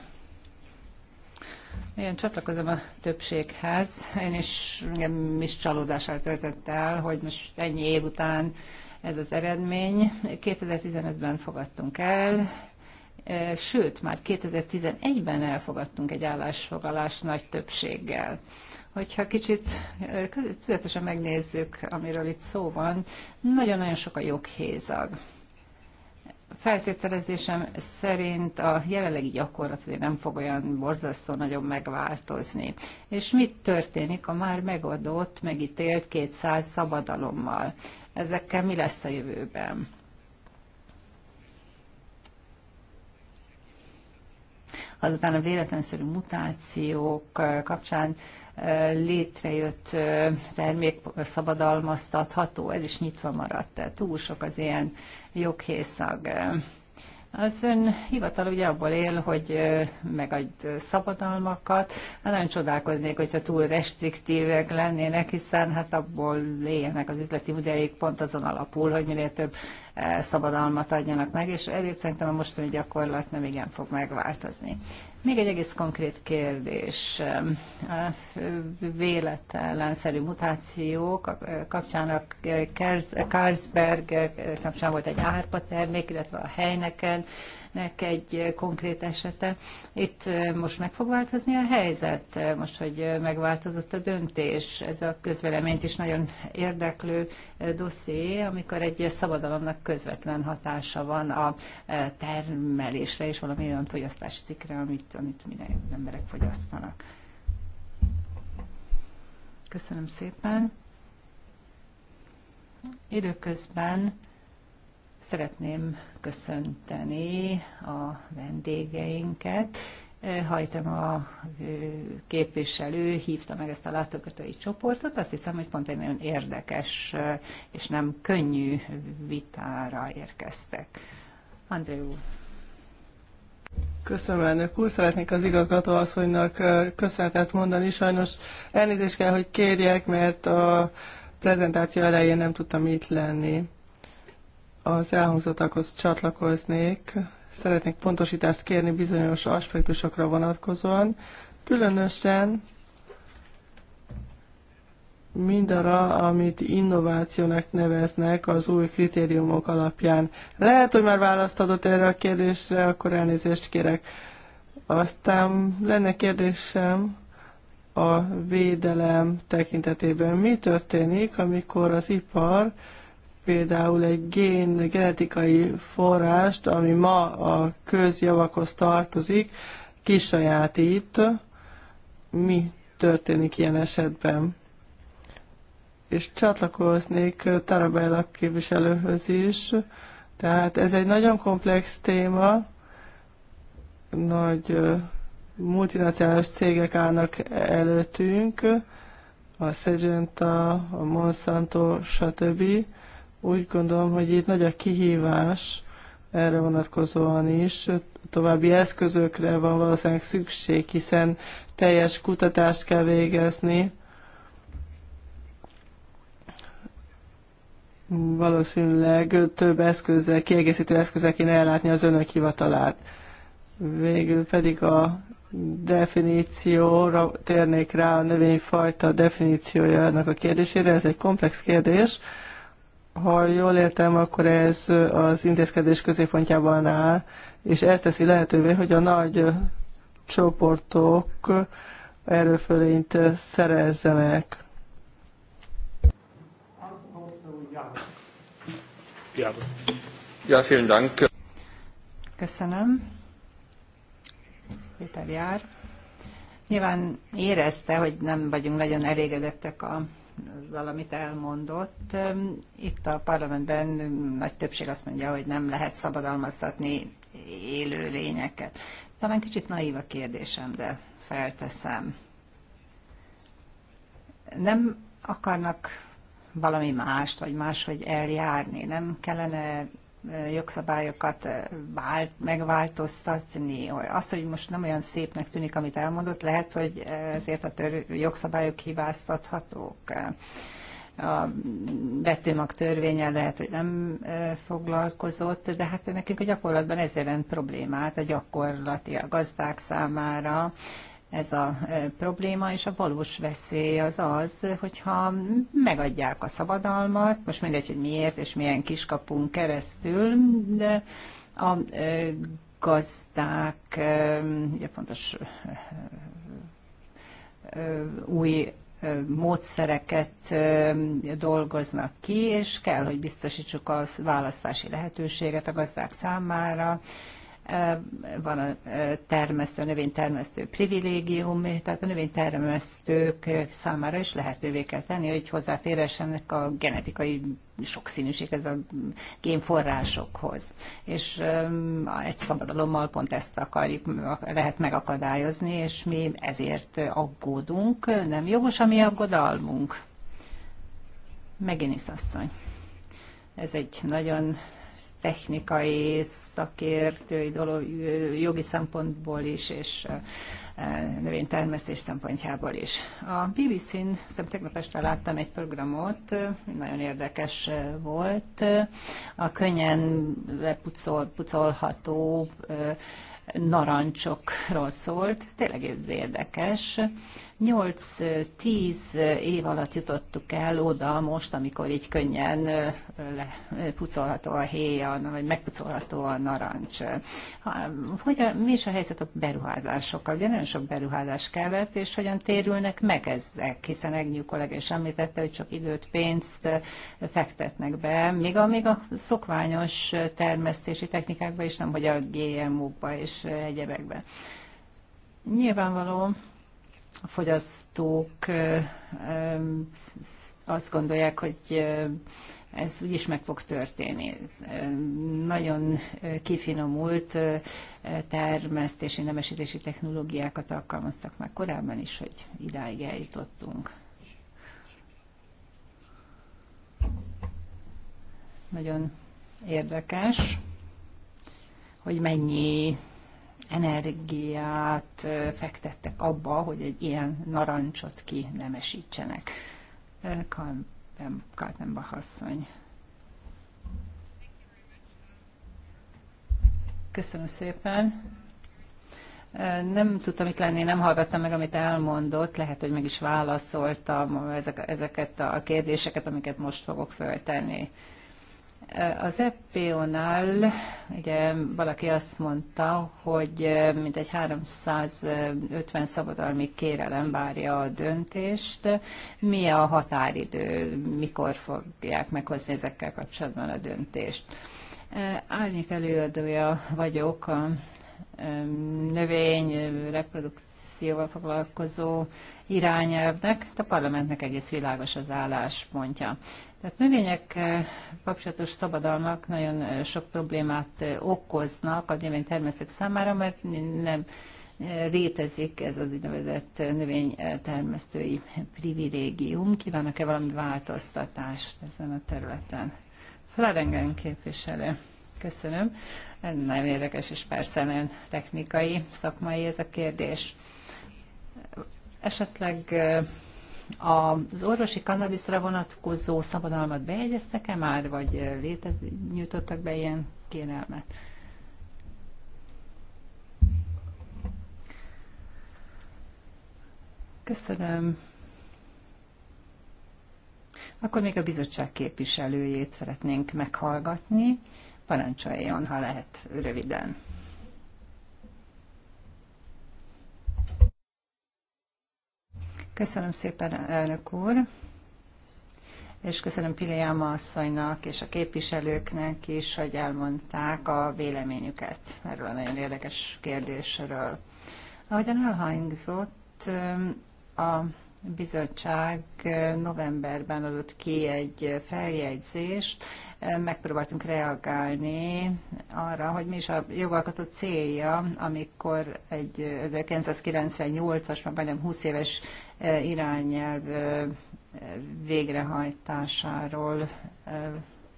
Én csatlakozom a többséghez. Én is, engem is csalódással töltött el, hogy most ennyi év után ez az eredmény. 2015-ben fogadtunk el, e, sőt, már 2011-ben elfogadtunk egy állásfogalás nagy többséggel. Hogyha kicsit e, tudatosan megnézzük, amiről itt szó van, nagyon-nagyon sok a joghézag. Feltételezésem szerint a jelenlegi gyakorlat nem fog olyan borzasztó nagyon megváltozni. És mit történik a már megadott, megítélt 200 szabadalommal? Ezekkel mi lesz a jövőben? azután a véletlenszerű mutációk kapcsán létrejött termék szabadalmaztatható, ez is nyitva maradt, túl sok az ilyen joghészag. Az ön hivatal ugye abból él, hogy megadj szabadalmakat. Hát nem csodálkoznék, hogyha túl restriktívek lennének, hiszen hát abból élnek az üzleti modelljék pont azon alapul, hogy minél több szabadalmat adjanak meg, és ezért szerintem a mostani gyakorlat nem igen fog megváltozni. Még egy egész konkrét kérdés. A véletlenszerű mutációk kapcsán a Karsberg kapcsán volt egy árpa termék, illetve a helyneken esetnek egy konkrét esete. Itt most meg fog változni a helyzet, most, hogy megváltozott a döntés. Ez a közveleményt is nagyon érdeklő dosszié, amikor egy szabadalomnak közvetlen hatása van a termelésre és valami olyan fogyasztási cikre, amit, amit minden emberek fogyasztanak. Köszönöm szépen. Időközben szeretném köszönteni a vendégeinket. Hajtam a képviselő, hívta meg ezt a látogatói csoportot. Azt hiszem, hogy pont egy nagyon érdekes és nem könnyű vitára érkeztek. André úr. Köszönöm, elnök úr. Szeretnék az igazgató asszonynak köszönetet mondani. Sajnos elnézést kell, hogy kérjek, mert a prezentáció elején nem tudtam itt lenni az elhangzottakhoz csatlakoznék. Szeretnék pontosítást kérni bizonyos aspektusokra vonatkozóan, különösen mindarra, amit innovációnak neveznek az új kritériumok alapján. Lehet, hogy már választ adott erre a kérdésre, akkor elnézést kérek. Aztán lenne kérdésem a védelem tekintetében. Mi történik, amikor az ipar például egy gén genetikai forrást, ami ma a közjavakhoz tartozik, kisajátít, mi történik ilyen esetben. És csatlakoznék Tarabella képviselőhöz is, tehát ez egy nagyon komplex téma, nagy multinacionális cégek állnak előttünk, a Syngenta, a Monsanto, stb. Úgy gondolom, hogy itt nagy a kihívás erre vonatkozóan is. További eszközökre van valószínűleg szükség, hiszen teljes kutatást kell végezni. Valószínűleg több eszközzel, kiegészítő eszközzel kéne ellátni az önök hivatalát. Végül pedig a definícióra térnék rá a növényfajta definíciója ennek a kérdésére. Ez egy komplex kérdés ha jól értem, akkor ez az intézkedés középpontjában áll, és ez teszi lehetővé, hogy a nagy csoportok erőfölényt szerezzenek. Ja, vielen Dank. Köszönöm. Péter Jár. Nyilván érezte, hogy nem vagyunk nagyon elégedettek a azzal, amit elmondott. Itt a parlamentben nagy többség azt mondja, hogy nem lehet szabadalmaztatni élő lényeket. Talán kicsit naív a kérdésem, de felteszem. Nem akarnak valami mást, vagy máshogy eljárni? Nem kellene jogszabályokat vált, megváltoztatni. Az, hogy most nem olyan szépnek tűnik, amit elmondott, lehet, hogy ezért a törv jogszabályok hibáztathatók. A betűmag törvénye lehet, hogy nem foglalkozott, de hát nekünk a gyakorlatban ez jelent problémát a gyakorlati a gazdák számára ez a probléma, és a valós veszély az az, hogyha megadják a szabadalmat, most mindegy, hogy miért és milyen kiskapunk keresztül, de a gazdák, ugye fontos új módszereket dolgoznak ki, és kell, hogy biztosítsuk a választási lehetőséget a gazdák számára, van a termesztő, a növénytermesztő privilégium, tehát a növénytermesztők számára is lehetővé kell tenni, hogy hozzáférhessenek a genetikai sokszínűséghez, a génforrásokhoz. És egy szabadalommal pont ezt akarjuk, lehet megakadályozni, és mi ezért aggódunk, nem jogos a mi aggodalmunk. is asszony. Ez egy nagyon technikai, szakértői dolog, jogi szempontból is, és növénytermesztés szempontjából is. A BBC-n, hiszem tegnap este láttam egy programot, nagyon érdekes volt, a könnyen lepucolható narancsokról szólt, ez tényleg érdekes. 8-10 év alatt jutottuk el oda most, amikor így könnyen pucolható a héja, vagy megpucolható a narancs. Hogy a, mi is a helyzet a beruházásokkal? Ugye nagyon sok beruházás kellett, és hogyan térülnek meg ezek, hiszen Egnyú kollega is említette, hogy csak időt, pénzt fektetnek be, még a, még a szokványos termesztési technikákba is, nem hogy a GMO-ba és egyebekbe. Nyilvánvaló, a fogyasztók azt gondolják, hogy ez úgyis meg fog történni. Nagyon kifinomult termesztési, nemesítési technológiákat alkalmaztak már korábban is, hogy idáig eljutottunk. Nagyon érdekes, hogy mennyi energiát fektettek abba, hogy egy ilyen narancsot ki esítsenek. Kaltenbach asszony. Köszönöm szépen. Nem tudtam itt lenni, nem hallgattam meg, amit elmondott. Lehet, hogy meg is válaszoltam ezeket a kérdéseket, amiket most fogok föltenni. Az EPO-nál ugye valaki azt mondta, hogy mintegy 350 szabadalmi kérelem várja a döntést. Mi a határidő, mikor fogják meghozni ezekkel kapcsolatban a döntést? Árnyék előadója vagyok a növény reprodukcióval foglalkozó irányelvnek, de a parlamentnek egész világos az álláspontja. Tehát növények eh, kapcsolatos szabadalmak nagyon eh, sok problémát eh, okoznak a természet számára, mert nem létezik ez az úgynevezett növénytermesztői privilégium. kívánok e valami változtatást ezen a területen? Flarengen képviselő. Köszönöm. Ez nagyon érdekes, és persze nagyon technikai, szakmai ez a kérdés. Esetleg az orvosi kannabiszra vonatkozó szabadalmat bejegyeztek e már, vagy létez, nyújtottak be ilyen kérelmet? Köszönöm. Akkor még a bizottság képviselőjét szeretnénk meghallgatni. Parancsoljon, ha lehet, röviden. Köszönöm szépen, elnök úr, és köszönöm Piliáma asszonynak és a képviselőknek is, hogy elmondták a véleményüket erről a nagyon érdekes kérdésről. Ahogyan elhangzott, a bizottság novemberben adott ki egy feljegyzést, megpróbáltunk reagálni arra, hogy mi is a jogalkotó célja, amikor egy 1998-as, már majdnem 20 éves irányelv végrehajtásáról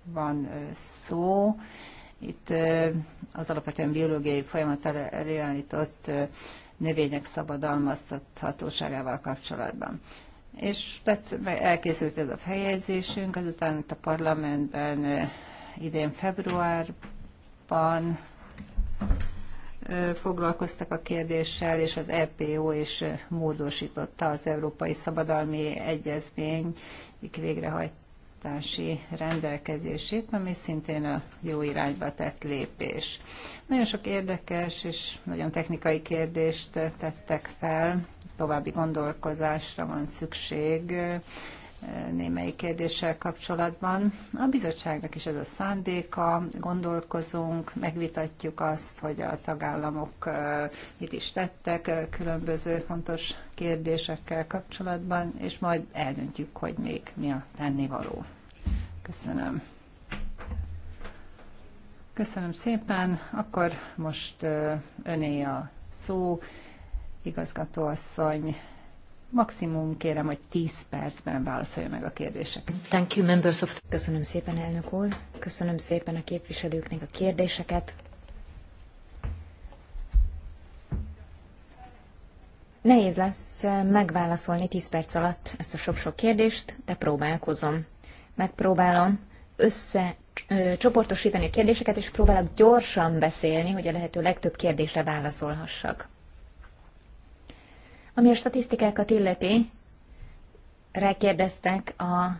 van szó. Itt az alapvetően biológiai folyamat előállított növények szabadalmaztathatóságával kapcsolatban és elkészült ez a feljegyzésünk, azután itt a parlamentben idén februárban foglalkoztak a kérdéssel, és az EPO is módosította az Európai Szabadalmi Egyezmény végrehajtási rendelkezését, ami szintén a jó irányba tett lépés. Nagyon sok érdekes és nagyon technikai kérdést tettek fel, további gondolkozásra van szükség némelyik kérdéssel kapcsolatban. A bizottságnak is ez a szándéka, gondolkozunk, megvitatjuk azt, hogy a tagállamok mit is tettek különböző fontos kérdésekkel kapcsolatban, és majd eldöntjük, hogy még mi a tennivaló. Köszönöm. Köszönöm szépen. Akkor most öné a szó igazgatóasszony. Maximum kérem, hogy 10 percben válaszolja meg a kérdéseket. Thank you, members of... Köszönöm szépen, elnök úr. Köszönöm szépen a képviselőknek a kérdéseket. Nehéz lesz eh, megválaszolni 10 perc alatt ezt a sok-sok kérdést, de próbálkozom. Megpróbálom össze csoportosítani a kérdéseket, és próbálok gyorsan beszélni, hogy a lehető legtöbb kérdésre válaszolhassak. Ami a statisztikákat illeti, rákérdeztek a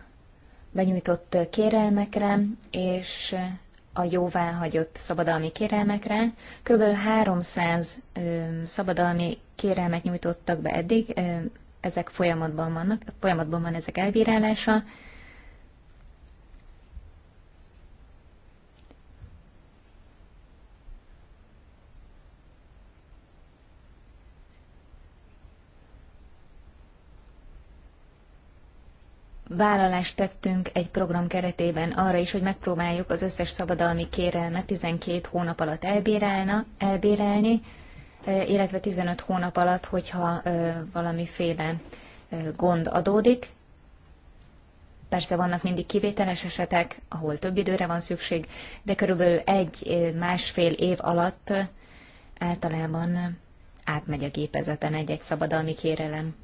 benyújtott kérelmekre és a jóváhagyott szabadalmi kérelmekre. Körülbelül 300 ö, szabadalmi kérelmet nyújtottak be eddig, ö, ezek folyamatban vannak, folyamatban van ezek elbírálása. vállalást tettünk egy program keretében arra is, hogy megpróbáljuk az összes szabadalmi kérelmet 12 hónap alatt elbírálna, elbírálni, illetve 15 hónap alatt, hogyha valamiféle gond adódik. Persze vannak mindig kivételes esetek, ahol több időre van szükség, de körülbelül egy-másfél év alatt általában átmegy a gépezeten egy-egy szabadalmi kérelem.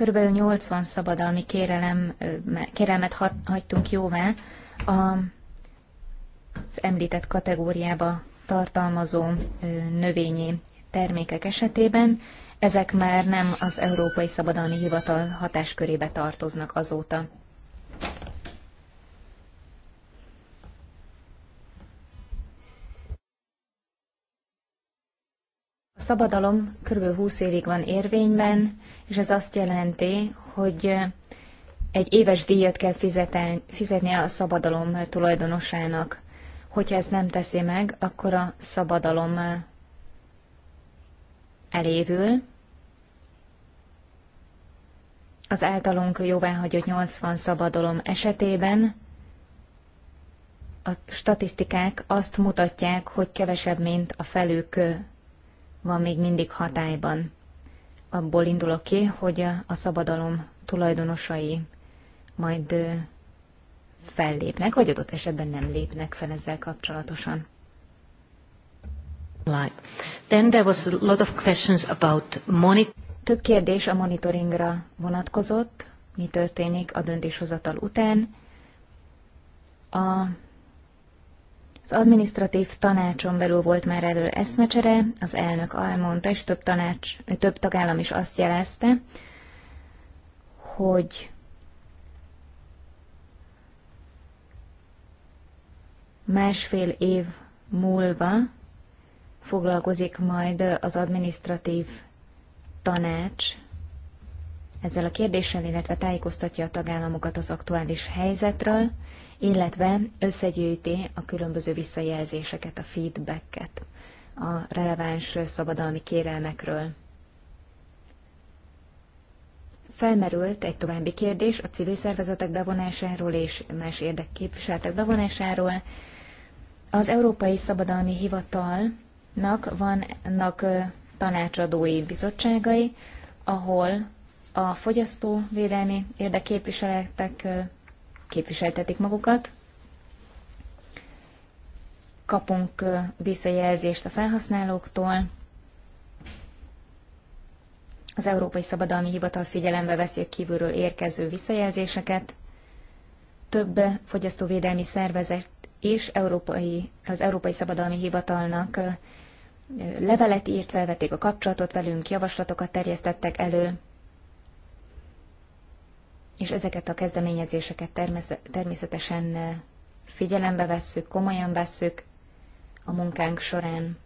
Körülbelül 80 szabadalmi kérelem, kérelmet hagytunk jóvá a, az említett kategóriába tartalmazó növényi termékek esetében. Ezek már nem az Európai Szabadalmi Hivatal hatáskörébe tartoznak azóta. szabadalom kb. 20 évig van érvényben, és ez azt jelenti, hogy egy éves díjat kell fizetnie a szabadalom tulajdonosának. Hogyha ezt nem teszi meg, akkor a szabadalom elévül. Az általunk jóváhagyott 80 szabadalom esetében a statisztikák azt mutatják, hogy kevesebb, mint a felük van még mindig hatályban. Abból indulok ki, hogy a szabadalom tulajdonosai majd fellépnek, vagy adott esetben nem lépnek fel ezzel kapcsolatosan. Then there was a lot of questions about Több kérdés a monitoringra vonatkozott, mi történik a döntéshozatal után. A az adminisztratív tanácson belül volt már erről eszmecsere, az elnök elmondta, és több, tanács, több tagállam is azt jelezte, hogy másfél év múlva foglalkozik majd az adminisztratív tanács ezzel a kérdéssel, illetve tájékoztatja a tagállamokat az aktuális helyzetről, illetve összegyűjti a különböző visszajelzéseket, a feedbacket a releváns szabadalmi kérelmekről. Felmerült egy további kérdés a civil szervezetek bevonásáról és más érdekképviseletek bevonásáról. Az Európai Szabadalmi Hivatalnak vannak tanácsadói bizottságai, ahol a fogyasztóvédelmi érdekképviseletek képviseltetik magukat. Kapunk visszajelzést a felhasználóktól. Az Európai Szabadalmi Hivatal figyelembe veszi a kívülről érkező visszajelzéseket. Több fogyasztóvédelmi szervezet és európai, az Európai Szabadalmi Hivatalnak levelet írt, felvették a kapcsolatot velünk, javaslatokat terjesztettek elő és ezeket a kezdeményezéseket természetesen eh, figyelembe vesszük, komolyan vesszük a munkánk során.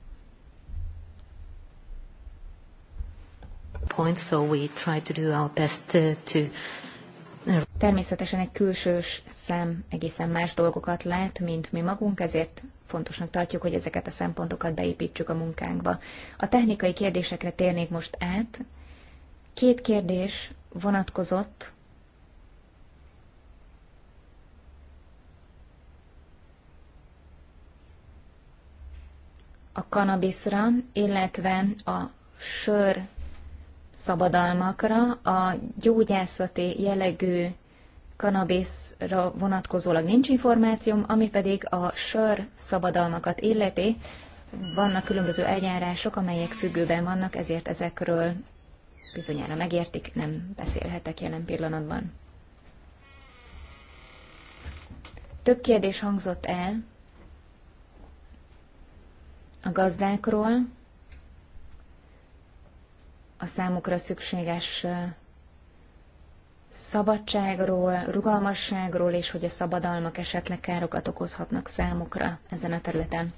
Point, so we try to do our best eh, to... Eh, természetesen egy külsős szem egészen más dolgokat lát, mint mi magunk, ezért fontosnak tartjuk, hogy ezeket a szempontokat beépítsük a munkánkba. A technikai kérdésekre térnék most át. Két kérdés vonatkozott a kanabiszra, illetve a sör szabadalmakra, a gyógyászati jellegű kanabiszra vonatkozólag nincs információm, ami pedig a sör szabadalmakat illeti. Vannak különböző eljárások, amelyek függőben vannak, ezért ezekről bizonyára megértik, nem beszélhetek jelen pillanatban. Több kérdés hangzott el a gazdákról, a számukra szükséges szabadságról, rugalmasságról, és hogy a szabadalmak esetleg károkat okozhatnak számukra ezen a területen.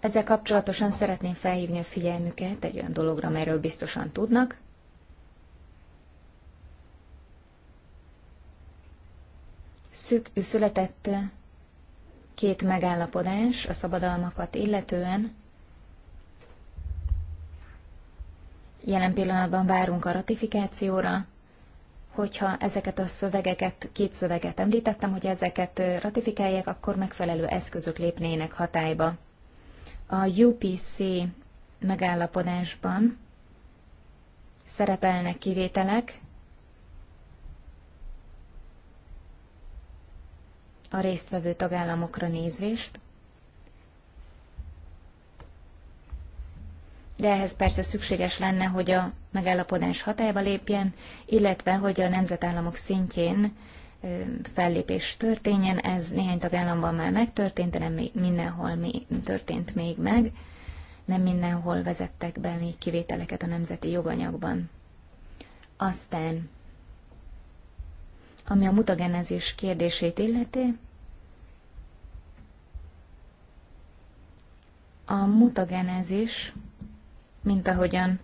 Ezzel kapcsolatosan szeretném felhívni a figyelmüket egy olyan dologra, amelyről biztosan tudnak. Szük, született két megállapodás a szabadalmakat illetően. Jelen pillanatban várunk a ratifikációra, hogyha ezeket a szövegeket, két szöveget említettem, hogy ezeket ratifikálják, akkor megfelelő eszközök lépnének hatályba. A UPC megállapodásban szerepelnek kivételek, a résztvevő tagállamokra nézvést, de ehhez persze szükséges lenne, hogy a megállapodás hatályba lépjen, illetve hogy a nemzetállamok szintjén fellépés történjen. Ez néhány tagállamban már megtörtént, de nem mindenhol mi történt még meg. Nem mindenhol vezettek be még kivételeket a nemzeti joganyagban. Aztán ami a mutagenezés kérdését illeti, a mutagenezés, mint ahogyan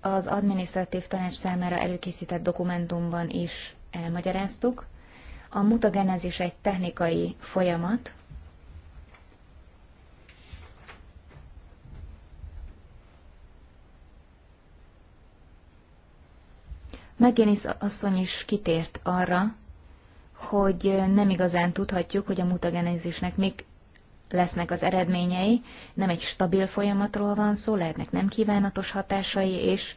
az adminisztratív tanács számára előkészített dokumentumban is elmagyaráztuk, a mutagenezés egy technikai folyamat, Megjelenis asszony is kitért arra, hogy nem igazán tudhatjuk, hogy a mutagenezisnek még lesznek az eredményei, nem egy stabil folyamatról van szó, lehetnek nem kívánatos hatásai, és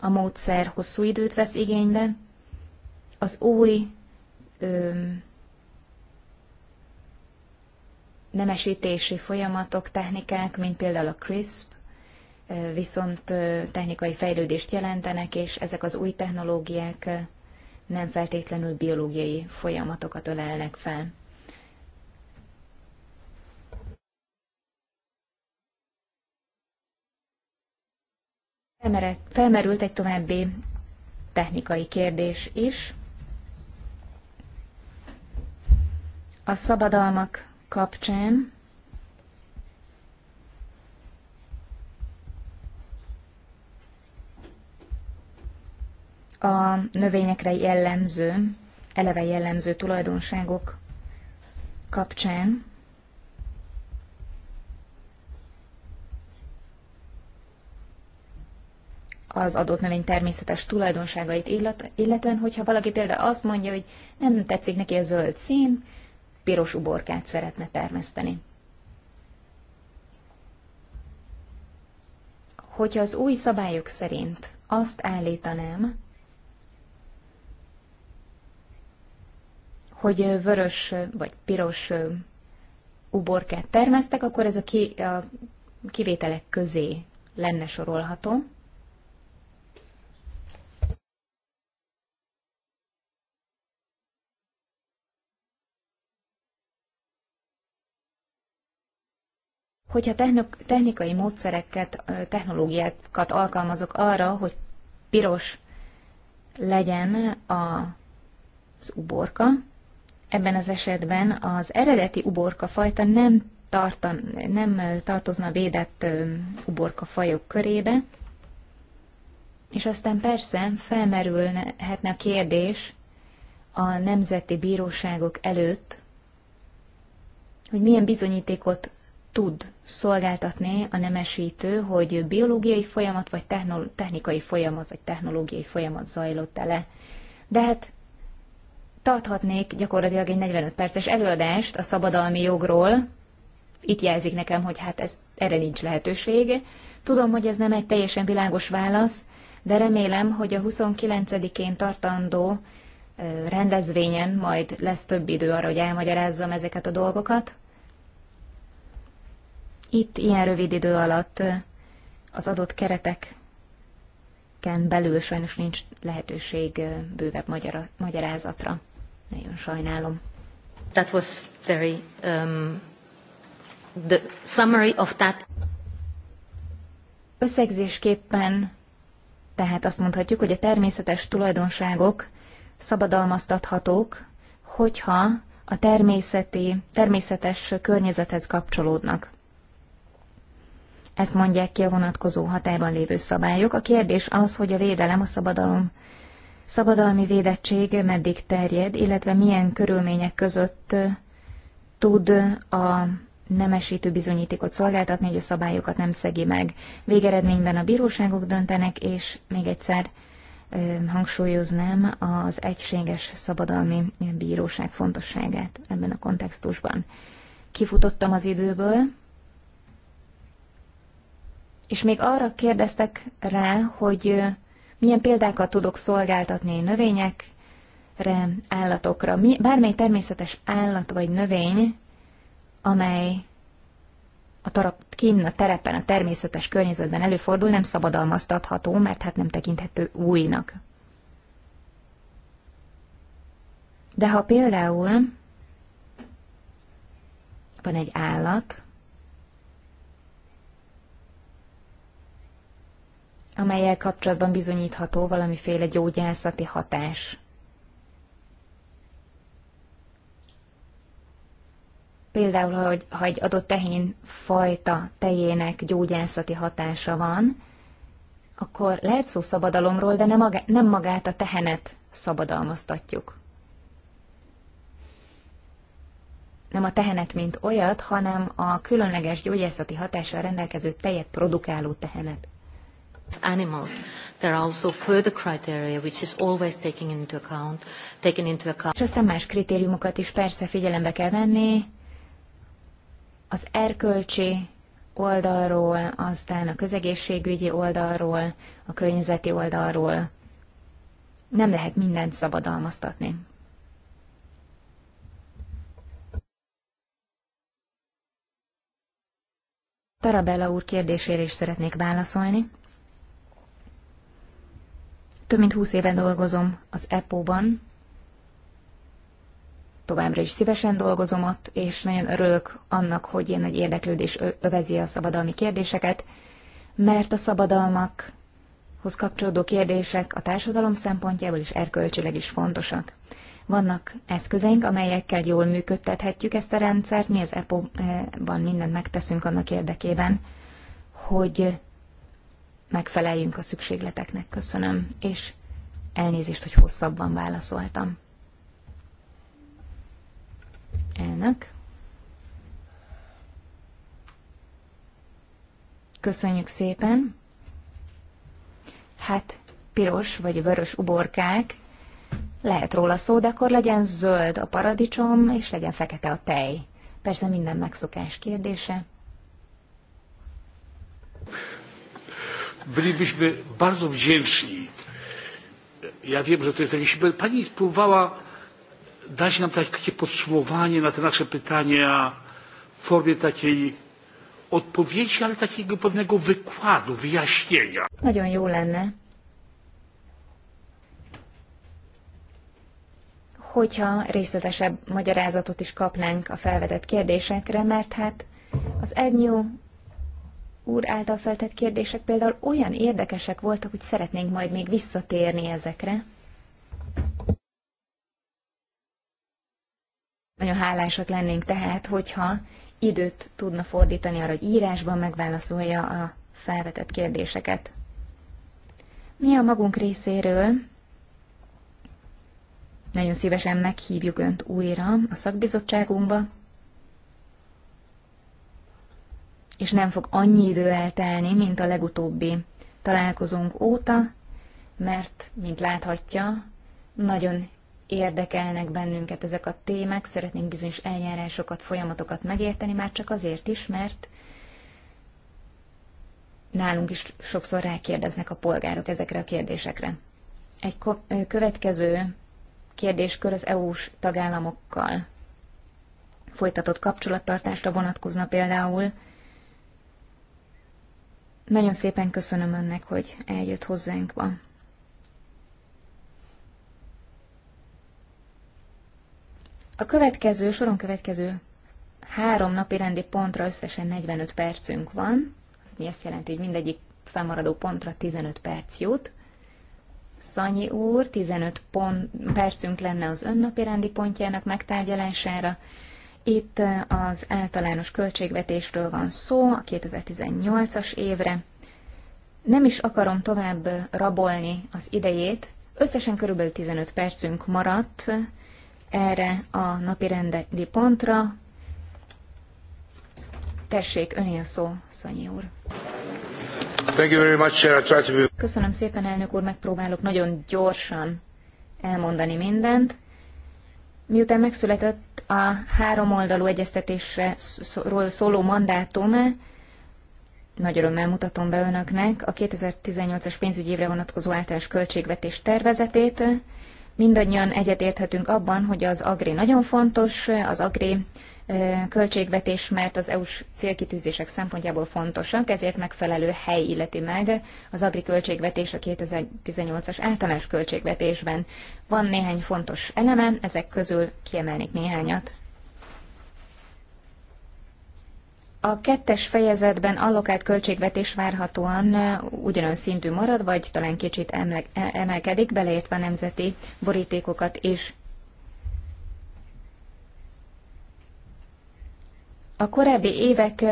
a módszer hosszú időt vesz igénybe. Az új ö, nemesítési folyamatok, technikák, mint például a CRISP, viszont technikai fejlődést jelentenek, és ezek az új technológiák nem feltétlenül biológiai folyamatokat ölelnek fel. Felmerült egy további technikai kérdés is. A szabadalmak kapcsán a növényekre jellemző, eleve jellemző tulajdonságok kapcsán. az adott növény természetes tulajdonságait illetően, hogyha valaki például azt mondja, hogy nem tetszik neki a zöld szín, piros uborkát szeretne termeszteni. Hogyha az új szabályok szerint azt állítanám, hogy vörös vagy piros uborkát termesztek, akkor ez a, ki, a kivételek közé lenne sorolható. Hogyha technikai módszereket, technológiákat alkalmazok arra, hogy piros legyen az uborka, Ebben az esetben az eredeti uborkafajta nem, tartan, nem tartozna védett uborka fajok körébe, és aztán persze felmerülhetne a kérdés a nemzeti bíróságok előtt, hogy milyen bizonyítékot tud szolgáltatni a nemesítő, hogy biológiai folyamat, vagy technikai folyamat, vagy technológiai folyamat zajlott le. De hát tarthatnék gyakorlatilag egy 45 perces előadást a szabadalmi jogról. Itt jelzik nekem, hogy hát ez, erre nincs lehetőség. Tudom, hogy ez nem egy teljesen világos válasz, de remélem, hogy a 29-én tartandó rendezvényen majd lesz több idő arra, hogy elmagyarázzam ezeket a dolgokat. Itt ilyen rövid idő alatt az adott kereteken belül sajnos nincs lehetőség bővebb magyarázatra. Nagyon sajnálom. That was very um, the summary of that. Összegzésképpen tehát azt mondhatjuk, hogy a természetes tulajdonságok szabadalmaztathatók, hogyha a természeti, természetes környezethez kapcsolódnak. Ezt mondják ki a vonatkozó hatályban lévő szabályok. A kérdés az, hogy a védelem a szabadalom szabadalmi védettség meddig terjed, illetve milyen körülmények között tud a nemesítő bizonyítékot szolgáltatni, hogy a szabályokat nem szegi meg. Végeredményben a bíróságok döntenek, és még egyszer hangsúlyoznám az egységes szabadalmi bíróság fontosságát ebben a kontextusban. Kifutottam az időből, és még arra kérdeztek rá, hogy milyen példákat tudok szolgáltatni növényekre, állatokra. Mi, bármely természetes állat vagy növény, amely a tarap, kín a terepen, a természetes környezetben előfordul, nem szabadalmaztatható, mert hát nem tekinthető újnak. De ha például van egy állat, amelyel kapcsolatban bizonyítható valamiféle gyógyászati hatás. Például, hogy, ha egy adott tehén fajta tejének gyógyászati hatása van, akkor lehet szó szabadalomról, de nem, maga, nem magát a tehenet szabadalmaztatjuk. Nem a tehenet, mint olyat, hanem a különleges gyógyászati hatással rendelkező tejet produkáló tehenet. Animals. There are also further criteria which is always taking into account, taken into account. És aztán más kritériumokat is persze figyelembe kell venni. Az erkölcsi oldalról, aztán a közegészségügyi oldalról, a környezeti oldalról. Nem lehet mindent szabadalmaztatni. Tarabella úr kérdésére is szeretnék válaszolni. Több mint húsz éve dolgozom az EPO-ban, továbbra is szívesen dolgozom ott, és nagyon örülök annak, hogy ilyen nagy érdeklődés övezi a szabadalmi kérdéseket, mert a szabadalmakhoz kapcsolódó kérdések a társadalom szempontjából is erkölcsileg is fontosak. Vannak eszközeink, amelyekkel jól működtethetjük ezt a rendszert, mi az EPO-ban mindent megteszünk annak érdekében, hogy megfeleljünk a szükségleteknek. Köszönöm, és elnézést, hogy hosszabban válaszoltam. Elnök. Köszönjük szépen. Hát, piros vagy vörös uborkák, lehet róla szó, de akkor legyen zöld a paradicsom, és legyen fekete a tej. Persze minden megszokás kérdése bylibyśmy bardzo wdzięczni. Ja wiem, że to jest jakieś... Pani spróbowała dać nam takie podsumowanie na te nasze pytania w formie takiej odpowiedzi, ale takiego pewnego wykładu, wyjaśnienia. Bardzo jó lenne, hogyha részletesebb magyarázatot is kapnánk a felvetett kérdésekre, mert hát az Egnyú úr által feltett kérdések például olyan érdekesek voltak, hogy szeretnénk majd még visszatérni ezekre. Nagyon hálásak lennénk tehát, hogyha időt tudna fordítani arra, hogy írásban megválaszolja a felvetett kérdéseket. Mi a magunk részéről nagyon szívesen meghívjuk Önt újra a szakbizottságunkba, és nem fog annyi idő eltelni, mint a legutóbbi találkozónk óta, mert, mint láthatja, nagyon érdekelnek bennünket ezek a témák, szeretnénk bizonyos eljárásokat, folyamatokat megérteni, már csak azért is, mert nálunk is sokszor rákérdeznek a polgárok ezekre a kérdésekre. Egy következő kérdéskör az EU-s tagállamokkal folytatott kapcsolattartásra vonatkozna például, nagyon szépen köszönöm önnek, hogy eljött hozzánk ma. A következő, soron következő három napi rendi pontra összesen 45 percünk van, mi azt jelenti, hogy mindegyik fennmaradó pontra 15 perc jut. Szanyi úr, 15 pont, percünk lenne az önnapi rendi pontjának megtárgyalására, itt az általános költségvetésről van szó a 2018-as évre. Nem is akarom tovább rabolni az idejét, összesen körülbelül 15 percünk maradt erre a napi rendeli pontra. Tessék, öné a szó, Szanyi úr. Köszönöm szépen, elnök úr, megpróbálok nagyon gyorsan elmondani mindent. Miután megszületett a három oldalú egyeztetésről szóló mandátum, nagy örömmel mutatom be önöknek a 2018-as pénzügyi évre vonatkozó általános költségvetés tervezetét. Mindannyian egyetérthetünk abban, hogy az agré nagyon fontos, az agré költségvetés, mert az EU-s célkitűzések szempontjából fontosak, ezért megfelelő hely illeti meg az agri költségvetés a 2018-as általános költségvetésben. Van néhány fontos eleme, ezek közül kiemelnék néhányat. A kettes fejezetben allokált költségvetés várhatóan ugyanolyan szintű marad, vagy talán kicsit emelkedik, beleértve nemzeti borítékokat és A korábbi évek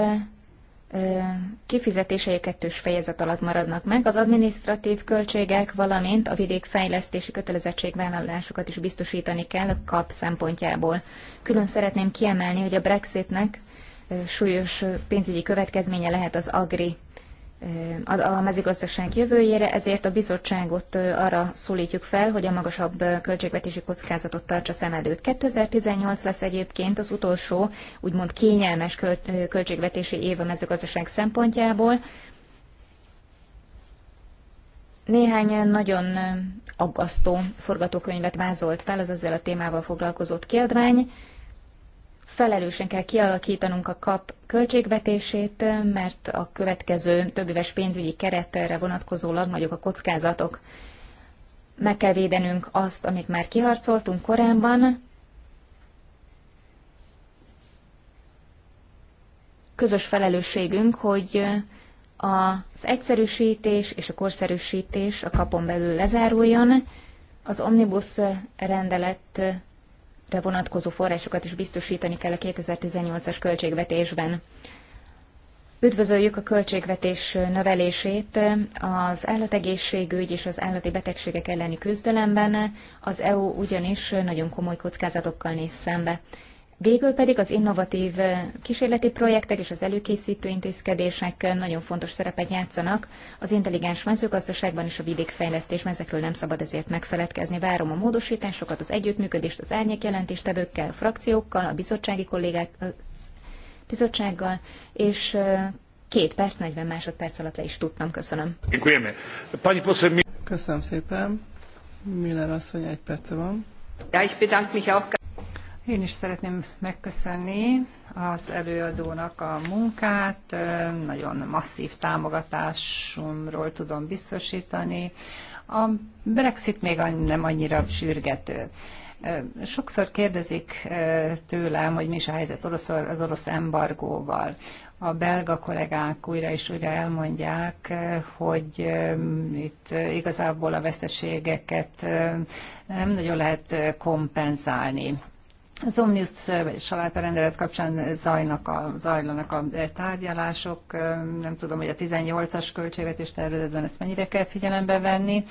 kifizetései kettős fejezet alatt maradnak meg, az adminisztratív költségek, valamint a vidékfejlesztési kötelezettségvállalásokat is biztosítani kell a kap szempontjából. Külön szeretném kiemelni, hogy a Brexitnek súlyos pénzügyi következménye lehet az agri a mezőgazdaság jövőjére, ezért a bizottságot arra szólítjuk fel, hogy a magasabb költségvetési kockázatot tartsa szem előtt. 2018 lesz egyébként az utolsó, úgymond kényelmes költségvetési év a mezőgazdaság szempontjából. Néhány nagyon aggasztó forgatókönyvet vázolt fel az ezzel a témával foglalkozott kiadvány felelősen kell kialakítanunk a kap költségvetését, mert a következő többéves pénzügyi keretre vonatkozólag nagyok a kockázatok. Meg kell védenünk azt, amit már kiharcoltunk korábban. Közös felelősségünk, hogy az egyszerűsítés és a korszerűsítés a kapon belül lezáruljon. Az omnibus rendelet Re vonatkozó forrásokat is biztosítani kell a 2018-as költségvetésben. Üdvözöljük a költségvetés növelését az állategészségügy és az állati betegségek elleni küzdelemben, az EU ugyanis nagyon komoly kockázatokkal néz szembe. Végül pedig az innovatív eh, kísérleti projektek és az előkészítő intézkedések eh, nagyon fontos szerepet játszanak az intelligens mezőgazdaságban és a vidékfejlesztésben, ezekről nem szabad ezért megfeledkezni. Várom a módosításokat, az együttműködést az árnyékjelentéstevőkkel, a frakciókkal, a bizottsági kollégák, a eh, bizottsággal, és két perc, 40 másodperc alatt le is tudtam. Köszönöm. Köszönöm szépen. Miller asszony, egy perce van. Ja, ich bedanke mich auch én is szeretném megköszönni az előadónak a munkát, nagyon masszív támogatásomról tudom biztosítani. A Brexit még nem annyira sürgető. Sokszor kérdezik eh, tőlem, hogy mi is a helyzet az orosz embargóval a belga kollégák újra és újra elmondják, eh, hogy eh, itt igazából a veszteségeket nem nagyon lehet kompenzálni. Az Omnius vagy rendelet kapcsán zajnak a, zajlanak a tárgyalások. Nem tudom, hogy a 18-as költségvetés tervezetben ezt mennyire kell figyelembe venni.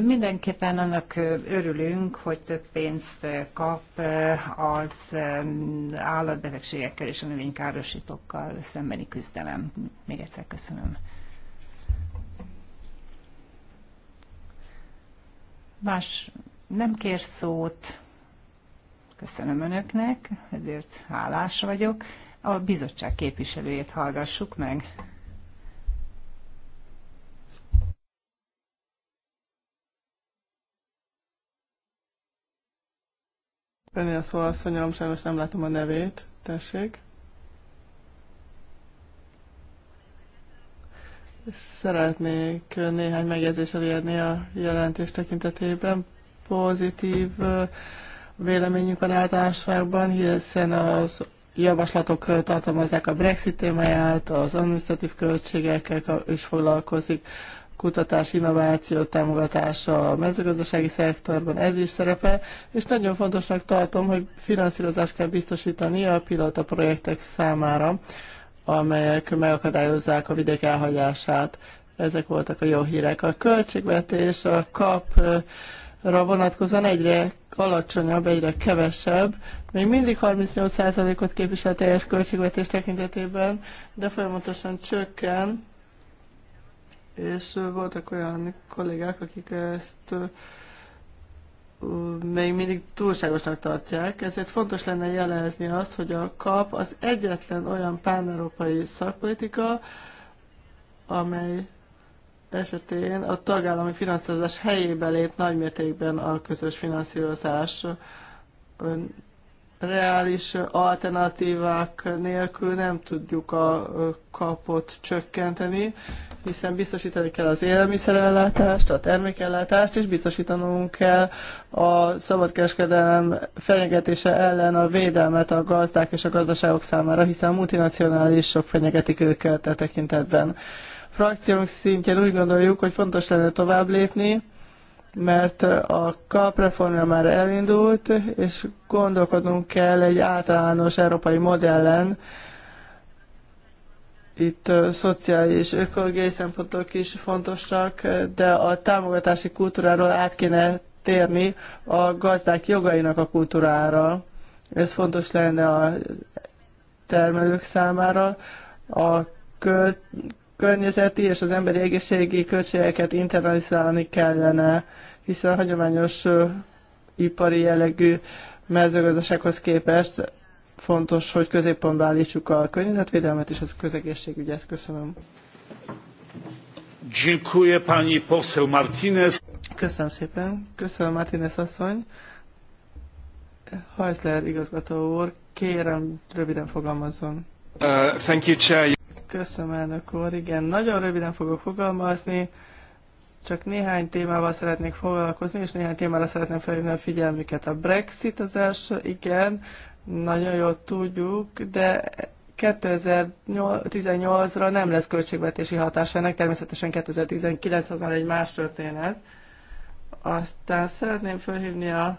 Mindenképpen annak örülünk, hogy több pénzt kap az állatbetegségekkel és a növénykárosítókkal szembeni küzdelem. Még egyszer köszönöm. Más nem kér szót köszönöm önöknek, ezért hálás vagyok. A bizottság képviselőjét hallgassuk meg. Önél a asszonyom, sajnos nem látom a nevét. Tessék. Szeretnék néhány megjegyzés elérni a jelentés tekintetében. Pozitív véleményünk van általánosságban, hiszen az javaslatok tartalmazzák a Brexit témáját, az administratív költségekkel is foglalkozik, kutatás, innováció támogatása a mezőgazdasági szektorban, ez is szerepel, és nagyon fontosnak tartom, hogy finanszírozást kell biztosítani a pilota projektek számára, amelyek megakadályozzák a vidék elhagyását. Ezek voltak a jó hírek. A költségvetés, a kapra vonatkozóan egyre alacsonyabb, egyre kevesebb. Még mindig 38%-ot képvisel teljes költségvetés tekintetében, de folyamatosan csökken, és voltak olyan kollégák, akik ezt még mindig túlságosnak tartják, ezért fontos lenne jelezni azt, hogy a KAP az egyetlen olyan pán-európai szakpolitika, amely esetén a tagállami finanszírozás helyébe lép nagymértékben a közös finanszírozás. Reális alternatívák nélkül nem tudjuk a kapot csökkenteni, hiszen biztosítani kell az élelmiszerellátást, a termékellátást, és biztosítanunk kell a szabadkereskedelem fenyegetése ellen a védelmet a gazdák és a gazdaságok számára, hiszen a multinacionálisok fenyegetik őket e tekintetben Frakciónk szintjén úgy gondoljuk, hogy fontos lenne tovább lépni, mert a KAP reformja már elindult, és gondolkodnunk kell egy általános európai modellen, itt szociális, ökológiai szempontok is fontosak, de a támogatási kultúráról át kéne térni a gazdák jogainak a kultúrára. Ez fontos lenne a termelők számára. A köl környezeti és az emberi egészségi költségeket internalizálni kellene, hiszen a hagyományos ipari jellegű mezőgazdasághoz képest fontos, hogy középpontba állítsuk a környezetvédelmet és a közegészségügyet. Köszönöm. Dziękuję pani poseł Martinez. Köszönöm szépen. Köszönöm Martinez asszony. Heisler igazgató úr, kérem röviden fogalmazzon. Uh, thank you, Chair. Köszönöm, elnök úr. Igen, nagyon röviden fogok fogalmazni. Csak néhány témával szeretnék foglalkozni, és néhány témára szeretném felhívni a figyelmüket. A Brexit az első, igen, nagyon jól tudjuk, de 2018-ra nem lesz költségvetési ennek, természetesen 2019 az már egy más történet. Aztán szeretném felhívni a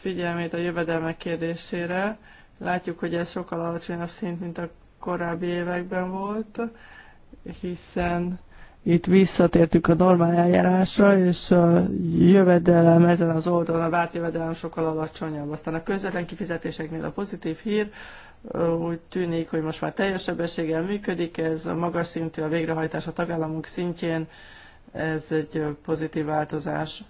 figyelmét a jövedelmek kérdésére. Látjuk, hogy ez sokkal alacsonyabb szint, mint a korábbi években volt, hiszen itt visszatértük a normál eljárásra, és a jövedelem ezen az oldalon, a várt jövedelem sokkal alacsonyabb. Aztán a közvetlen kifizetéseknél a pozitív hír, úgy tűnik, hogy most már teljes sebességgel működik, ez a magas szintű, a végrehajtás a tagállamok szintjén, ez egy pozitív változás.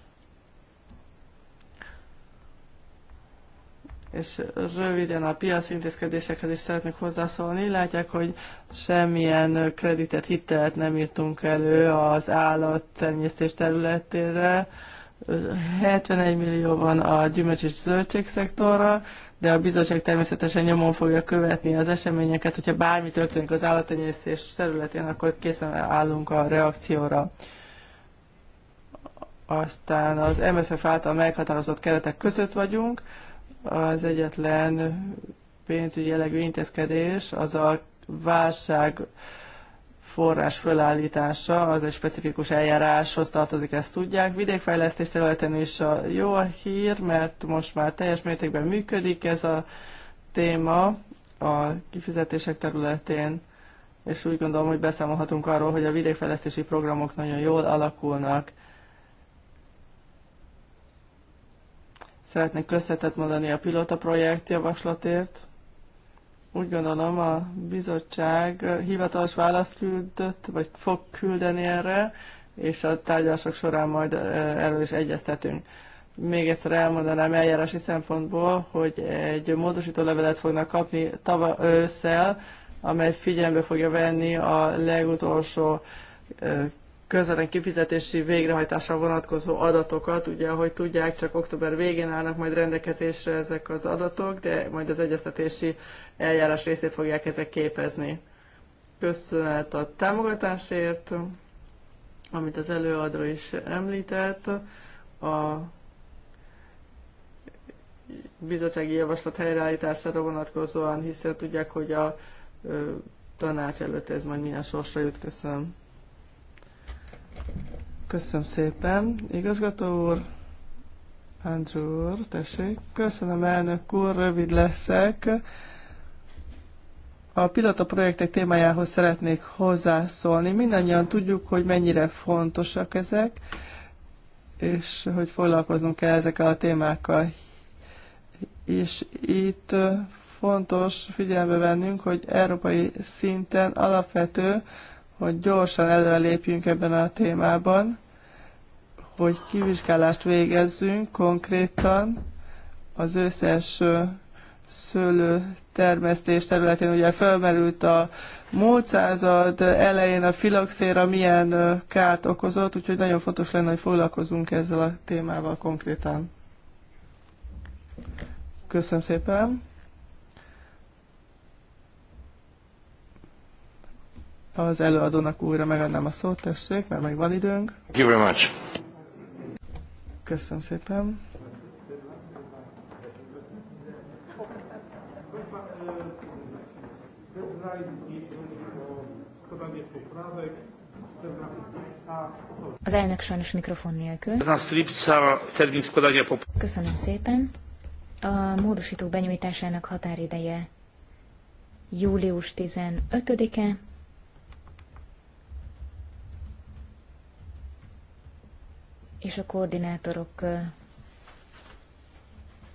és röviden a piaci intézkedésekhez is szeretnék hozzászólni. Látják, hogy semmilyen kreditet, hitelt nem írtunk elő az állattenyésztés területére. 71 millió van a gyümölcs és zöldség szektorra, de a bizottság természetesen nyomon fogja követni az eseményeket, hogyha bármi történik az állattenyésztés területén, akkor készen állunk a reakcióra aztán az MFF által meghatározott keretek között vagyunk, az egyetlen pénzügyi jellegű intézkedés az a válság forrás fölállítása, az egy specifikus eljáráshoz tartozik, ezt tudják. Vidékfejlesztés területen is a jó a hír, mert most már teljes mértékben működik ez a téma a kifizetések területén, és úgy gondolom, hogy beszámolhatunk arról, hogy a vidékfejlesztési programok nagyon jól alakulnak. Szeretnék köszönetet mondani a pilota projekt javaslatért. Úgy gondolom a bizottság hivatalos választ küldött, vagy fog küldeni erre, és a tárgyalások során majd erről is egyeztetünk. Még egyszer elmondanám eljárási szempontból, hogy egy módosító levelet fognak kapni tava ősszel, amely figyelembe fogja venni a legutolsó közvetlen kifizetési végrehajtásra vonatkozó adatokat. Ugye, ahogy tudják, csak október végén állnak majd rendelkezésre ezek az adatok, de majd az egyeztetési eljárás részét fogják ezek képezni. Köszönet a támogatásért, amit az előadó is említett. A bizottsági javaslat helyreállítására vonatkozóan, hiszen tudják, hogy a tanács előtt ez majd milyen sorsra jut. Köszönöm. Köszönöm szépen, igazgató úr. Andrew úr, tessék. Köszönöm, elnök úr, rövid leszek. A pilota projektek témájához szeretnék hozzászólni. Mindannyian tudjuk, hogy mennyire fontosak ezek, és hogy foglalkoznunk kell ezekkel a témákkal. És itt fontos figyelme vennünk, hogy európai szinten alapvető, hogy gyorsan előrelépjünk ebben a témában, hogy kivizsgálást végezzünk konkrétan az összes szőlő termesztés területén. Ugye felmerült a múlt század elején a filoxéra milyen kárt okozott, úgyhogy nagyon fontos lenne, hogy foglalkozunk ezzel a témával konkrétan. Köszönöm szépen! Az előadónak újra megadnám a szót, tessék, mert még van időnk. Thank you very much. Köszönöm szépen. Az elnök sajnos mikrofon nélkül. Köszönöm szépen. A módosítók benyújtásának határideje július 15-e, és a koordinátorok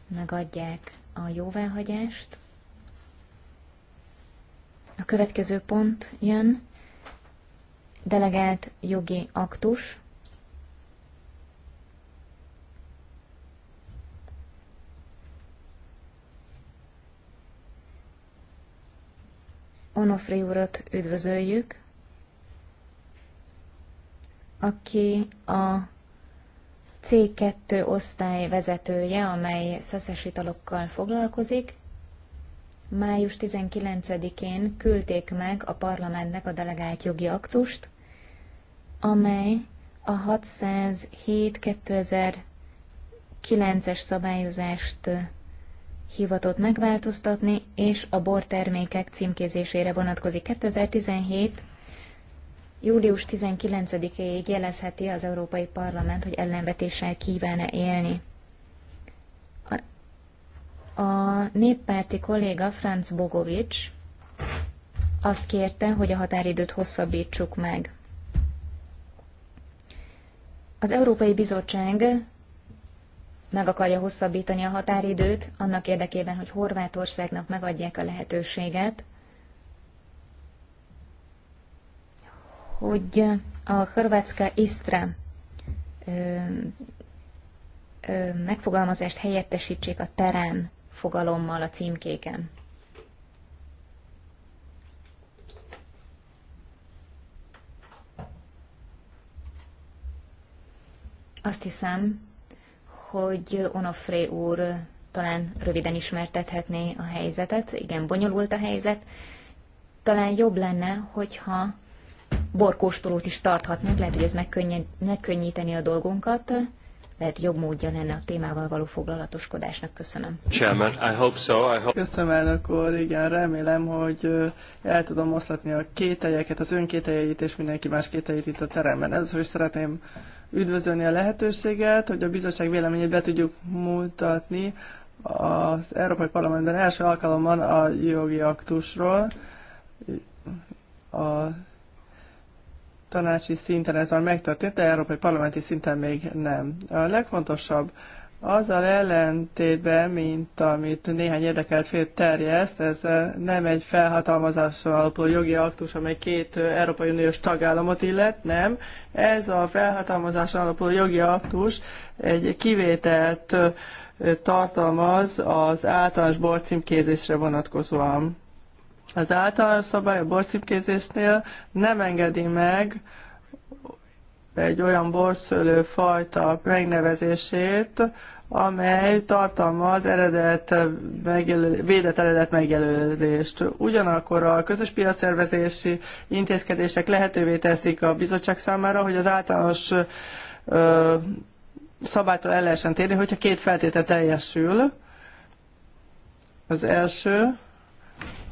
megadják a jóváhagyást. A következő pont jön, delegált jogi aktus. Onofri urat üdvözöljük, aki a C2 osztály vezetője, amely szaszes italokkal foglalkozik. Május 19-én küldték meg a parlamentnek a delegált jogi aktust, amely a 607-2009-es szabályozást hivatott megváltoztatni, és a bortermékek címkézésére vonatkozik. 2017 július 19 éig jelezheti az Európai Parlament, hogy ellenvetéssel kívánna élni. A, a néppárti kolléga Franz Bogovics azt kérte, hogy a határidőt hosszabbítsuk meg. Az Európai Bizottság meg akarja hosszabbítani a határidőt, annak érdekében, hogy Horvátországnak megadják a lehetőséget, hogy a Hrvatska Isztra ö, ö, megfogalmazást helyettesítsék a terán fogalommal a címkéken. Azt hiszem, hogy Onofré úr talán röviden ismertethetné a helyzetet. Igen, bonyolult a helyzet. Talán jobb lenne, hogyha borkóstolót is tarthatnánk, lehet, hogy ez megkönnyíteni a dolgunkat, lehet jobb módja lenne a témával való foglalatoskodásnak. Köszönöm. Chairman, I hope so. I hope... Köszönöm, elnök úr. Igen, remélem, hogy el tudom oszlatni a kételyeket, az ön és mindenki más kételjeit itt a teremben. Ez, hogy szeretném üdvözölni a lehetőséget, hogy a bizottság véleményét be tudjuk mutatni az Európai Parlamentben első alkalommal a jogi aktusról. A tanácsi szinten ez már megtörtént, de európai parlamenti szinten még nem. A legfontosabb azzal ellentétben, mint amit néhány érdekelt fél terjeszt, ez eh, nem egy felhatalmazáson alapuló jogi aktus, amely két eh, Európai Uniós tagállamot illet, nem. Ez a felhatalmazáson alapuló jogi aktus egy kivételt eh, tartalmaz az általános borcímkézésre vonatkozóan. Az általános szabály a borszipkézésnél nem engedi meg egy olyan borszőlő fajta megnevezését, amely tartalmaz eredet megjelöl, védett eredet megjelölést. Ugyanakkor a közös piacszervezési intézkedések lehetővé teszik a bizottság számára, hogy az általános ö, szabálytól el lehessen térni, hogyha két feltétel teljesül. Az első,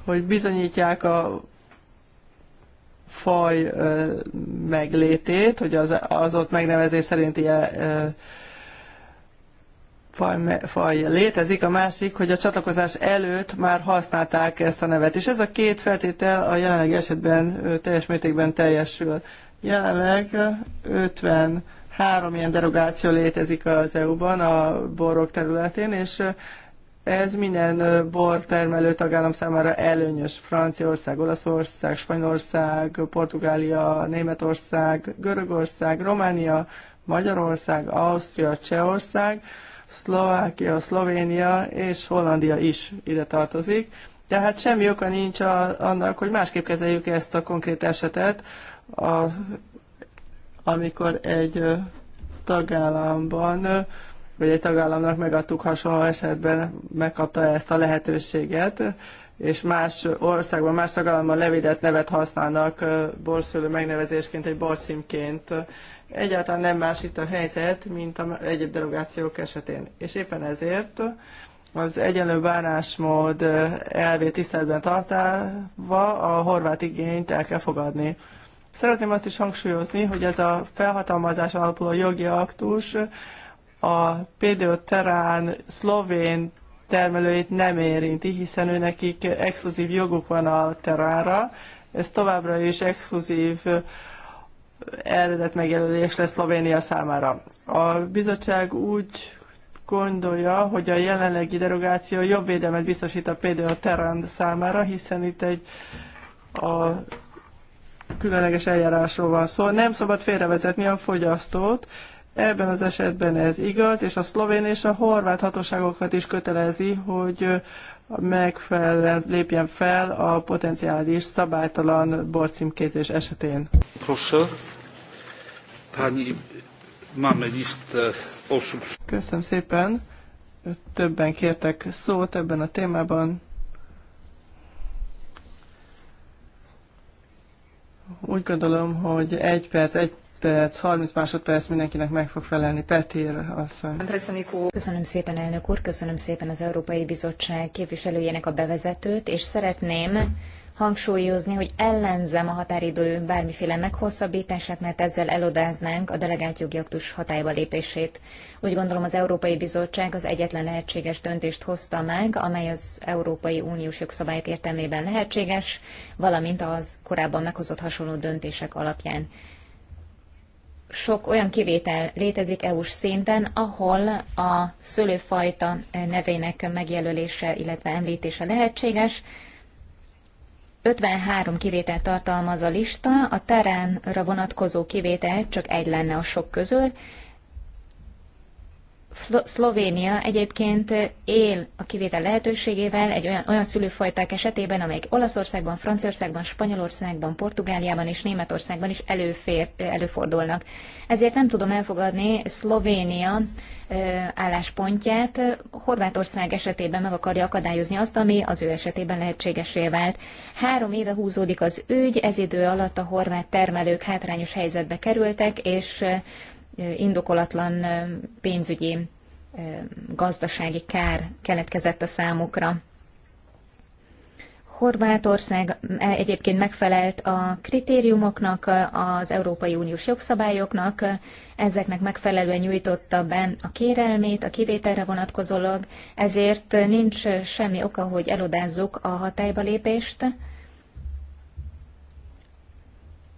hogy bizonyítják a faj meglétét, hogy az, az ott megnevezés szerinti faj, faj létezik, a másik, hogy a csatlakozás előtt már használták ezt a nevet. És ez a két feltétel a jelenlegi esetben teljes mértékben teljesül. Jelenleg 53 ilyen derogáció létezik az EU-ban a borok területén, és ez minden termelő tagállam számára előnyös. Franciaország, Olaszország, Spanyolország, Portugália, Németország, Görögország, Románia, Magyarország, Ausztria, Csehország, Szlovákia, Szlovénia és Hollandia is ide tartozik. Tehát semmi oka nincs a, annak, hogy másképp kezeljük ezt a konkrét esetet, a, amikor egy tagállamban vagy egy tagállamnak megadtuk hasonló esetben, megkapta ezt a lehetőséget, és más országban, más tagállamban levédett nevet használnak borszülő megnevezésként, egy borcímként. Egyáltalán nem más itt a helyzet, mint a egyéb derogációk esetén. És éppen ezért az egyenlő bánásmód elvét tiszteletben tartálva a horvát igényt el kell fogadni. Szeretném azt is hangsúlyozni, hogy ez a felhatalmazás alapuló jogi aktus a például Terán szlovén termelőit nem érinti, hiszen ő nekik exkluzív joguk van a terára. Ez továbbra is exkluzív eredet megjelölés lesz Szlovénia számára. A bizottság úgy gondolja, hogy a jelenlegi derogáció jobb védelmet biztosít a például Terán számára, hiszen itt egy a különleges eljárásról van szó. Szóval nem szabad félrevezetni a fogyasztót, Ebben az esetben ez igaz, és a szlovén és a horvát hatóságokat is kötelezi, hogy megfelel lépjen fel a potenciális szabálytalan borcímkézés esetén. Proszę, pani, e, Köszönöm szépen. Többen kértek szót ebben a témában. Úgy gondolom, hogy egy perc, egy perc, 30 másodperc mindenkinek meg fog felelni. Petér, asszony. Köszönöm szépen, elnök úr, köszönöm szépen az Európai Bizottság képviselőjének a bevezetőt, és szeretném hangsúlyozni, hogy ellenzem a határidő bármiféle meghosszabbítását, mert ezzel elodáznánk a delegált jogi aktus hatályba lépését. Úgy gondolom az Európai Bizottság az egyetlen lehetséges döntést hozta meg, amely az Európai Uniós jogszabályok értelmében lehetséges, valamint az korábban meghozott hasonló döntések alapján sok olyan kivétel létezik EU-s szinten, ahol a szőlőfajta nevének megjelölése, illetve említése lehetséges. 53 kivétel tartalmaz a lista, a teránra vonatkozó kivétel csak egy lenne a sok közül, Szlovénia egyébként él a kivétel lehetőségével egy olyan, olyan szülőfajták esetében, amelyik Olaszországban, Franciaországban, Spanyolországban, Portugáliában és Németországban is előfér, előfordulnak. Ezért nem tudom elfogadni Szlovénia álláspontját. Horvátország esetében meg akarja akadályozni azt, ami az ő esetében lehetségesé vált. Három éve húzódik az ügy, ez idő alatt a horvát termelők hátrányos helyzetbe kerültek, és indokolatlan pénzügyi gazdasági kár keletkezett a számukra. Horvátország egyébként megfelelt a kritériumoknak, az Európai Uniós jogszabályoknak, ezeknek megfelelően nyújtotta be a kérelmét, a kivételre vonatkozólag, ezért nincs semmi oka, hogy elodázzuk a hatályba lépést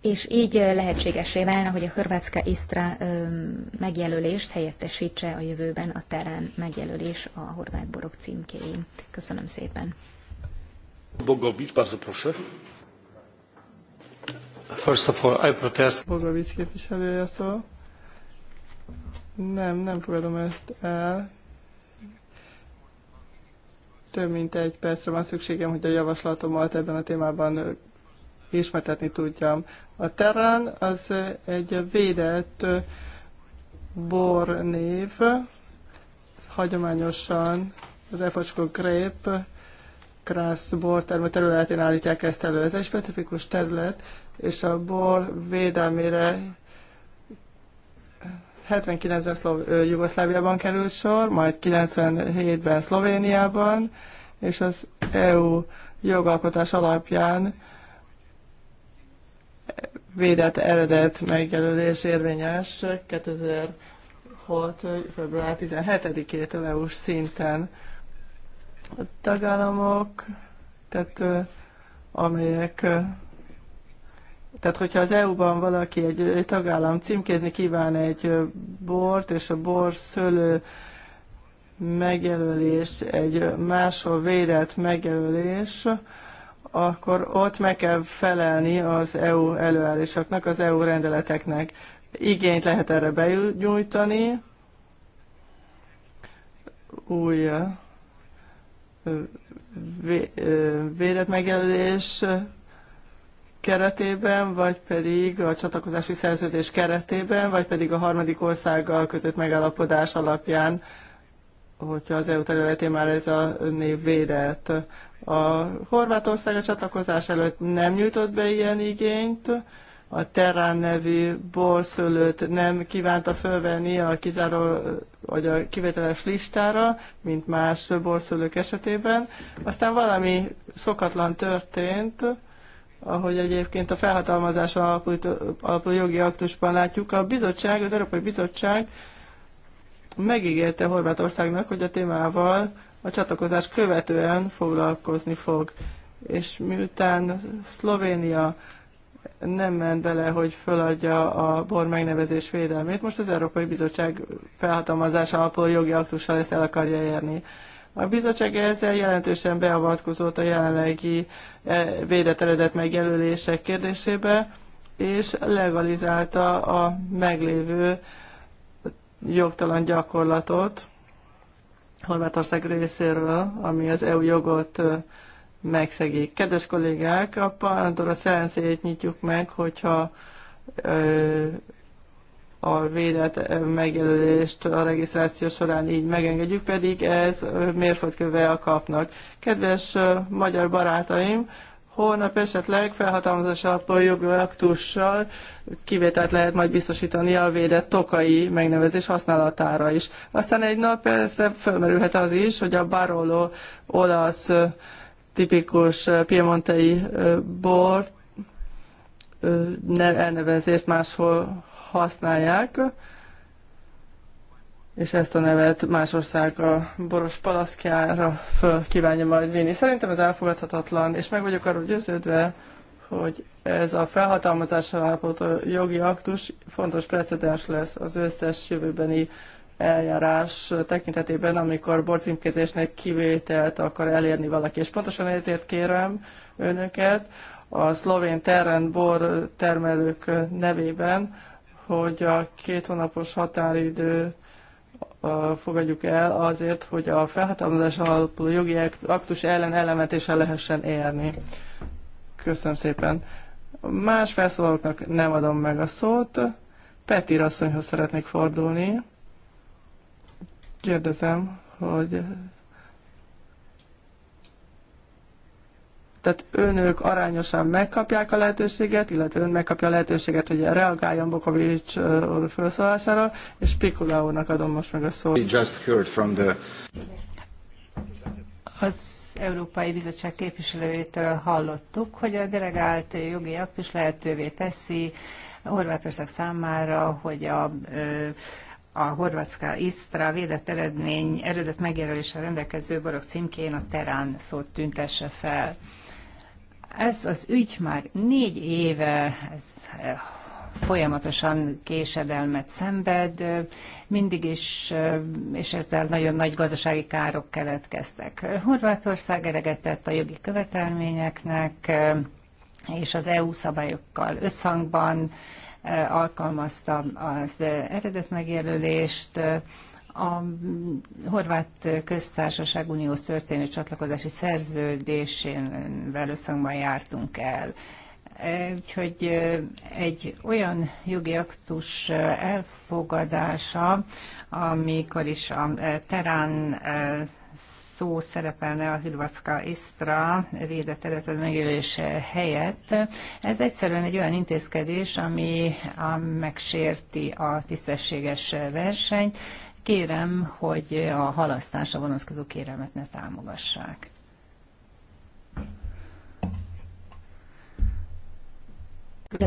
és így lehetségesé válna, hogy a Horvátszka Isztra megjelölést helyettesítse a jövőben a terán megjelölés a horvát borok címkéjén. Köszönöm szépen. Bogovic, bardzo proszę. First of all, I protest. Bogovic képviselője szó. Nem, nem fogadom ezt el. Több mint egy percre van szükségem, hogy a javaslatomat ebben a témában ismertetni tudjam. A terán az egy védett bornév, hagyományosan refacskó grép, krász bortermő területén állítják ezt elő. Ez egy specifikus terület, és a bor védelmére 79-ben Szlov- Jugoszláviában került sor, majd 97-ben Szlovéniában, és az EU jogalkotás alapján védett eredet megjelölés érvényes 2006. február 17-től eu szinten. A tagállamok, tehát amelyek tehát, hogyha az EU-ban valaki egy, egy tagállam címkézni kíván egy bort, és a bor szőlő megjelölés, egy máshol védett megjelölés, akkor ott meg kell felelni az EU előállásoknak, az EU rendeleteknek. Igényt lehet erre benyújtani, új védett megjelölés keretében, vagy pedig a csatlakozási szerződés keretében, vagy pedig a harmadik országgal kötött megállapodás alapján, hogyha az EU területén már ez a név védett. A Horvátország a csatlakozás előtt nem nyújtott be ilyen igényt, a Terán nevű borszőlőt nem kívánta fölvenni a kizáró, vagy a kivételes listára, mint más borszőlők esetében. Aztán valami szokatlan történt, ahogy egyébként a felhatalmazás alapú jogi aktusban látjuk, a bizottság, az Európai Bizottság megígérte Horvátországnak, hogy a témával a csatlakozás követően foglalkozni fog. És miután Szlovénia nem ment bele, hogy föladja a bor megnevezés védelmét, most az Európai Bizottság felhatalmazás alapul jogi aktussal ezt el akarja érni. A bizottság ezzel jelentősen beavatkozott a jelenlegi e, védett eredet megjelölések kérdésébe, és legalizálta a meglévő jogtalan gyakorlatot, Horvátország részéről, ami az EU jogot megszegik. Kedves kollégák, a Pandora szerencéjét nyitjuk meg, hogyha ö, a védett megjelölést a regisztráció során így megengedjük, pedig ez mérföldköve a kapnak. Kedves magyar barátaim, holnap esetleg felhatalmazás alapból jogi aktussal kivételt lehet majd biztosítani a védett tokai megnevezés használatára is. Aztán egy nap persze felmerülhet az is, hogy a baroló olasz tipikus piemontei bor elnevezést máshol használják, és ezt a nevet más ország a boros palaszkjára föl kívánja majd vinni. Szerintem ez elfogadhatatlan, és meg vagyok arról győződve, hogy ez a felhatalmazással állapotó jogi aktus fontos precedens lesz az összes jövőbeni eljárás tekintetében, amikor borcímkézésnek kivételt akar elérni valaki. És pontosan ezért kérem önöket a szlovén terren bor termelők nevében, hogy a két hónapos határidő fogadjuk el azért, hogy a felhatalmazás alapuló jogi aktus ellen ellenvetéssel lehessen élni. Köszönöm szépen. Más felszólalóknak nem adom meg a szót. Peti asszonyhoz szeretnék fordulni. Kérdezem, hogy Tehát önök arányosan megkapják a lehetőséget, illetve ön megkapja a lehetőséget, hogy reagáljon Bokovics úr felszólására, és Pikula úrnak adom most meg a szót. Az Európai Bizottság képviselőjétől hallottuk, hogy a delegált jogi aktus lehetővé teszi Horvátország számára, hogy a a horvátszka isztra védett eredmény eredet megjelölése rendelkező borok címkén a terán szót tüntesse fel. Ez az ügy már négy éve ez eh, folyamatosan késedelmet szenved, eh, mindig is, eh, és ezzel nagyon nagy gazdasági károk keletkeztek. Horvátország eregetett a jogi követelményeknek, és az EU szabályokkal összhangban alkalmazta az eredet megjelölést, a Horvát Köztársaság uniós történő csatlakozási szerződésével összhangban jártunk el. E, úgyhogy e, egy olyan jogi aktus elfogadása, amikor is a e, terán szó szerepelne a Hidvacka Isztra védett eredet megélése helyett. Ez egyszerűen egy olyan intézkedés, ami megsérti a tisztességes versenyt, Kérem, hogy a halasztásra vonatkozó kérelmet ne támogassák.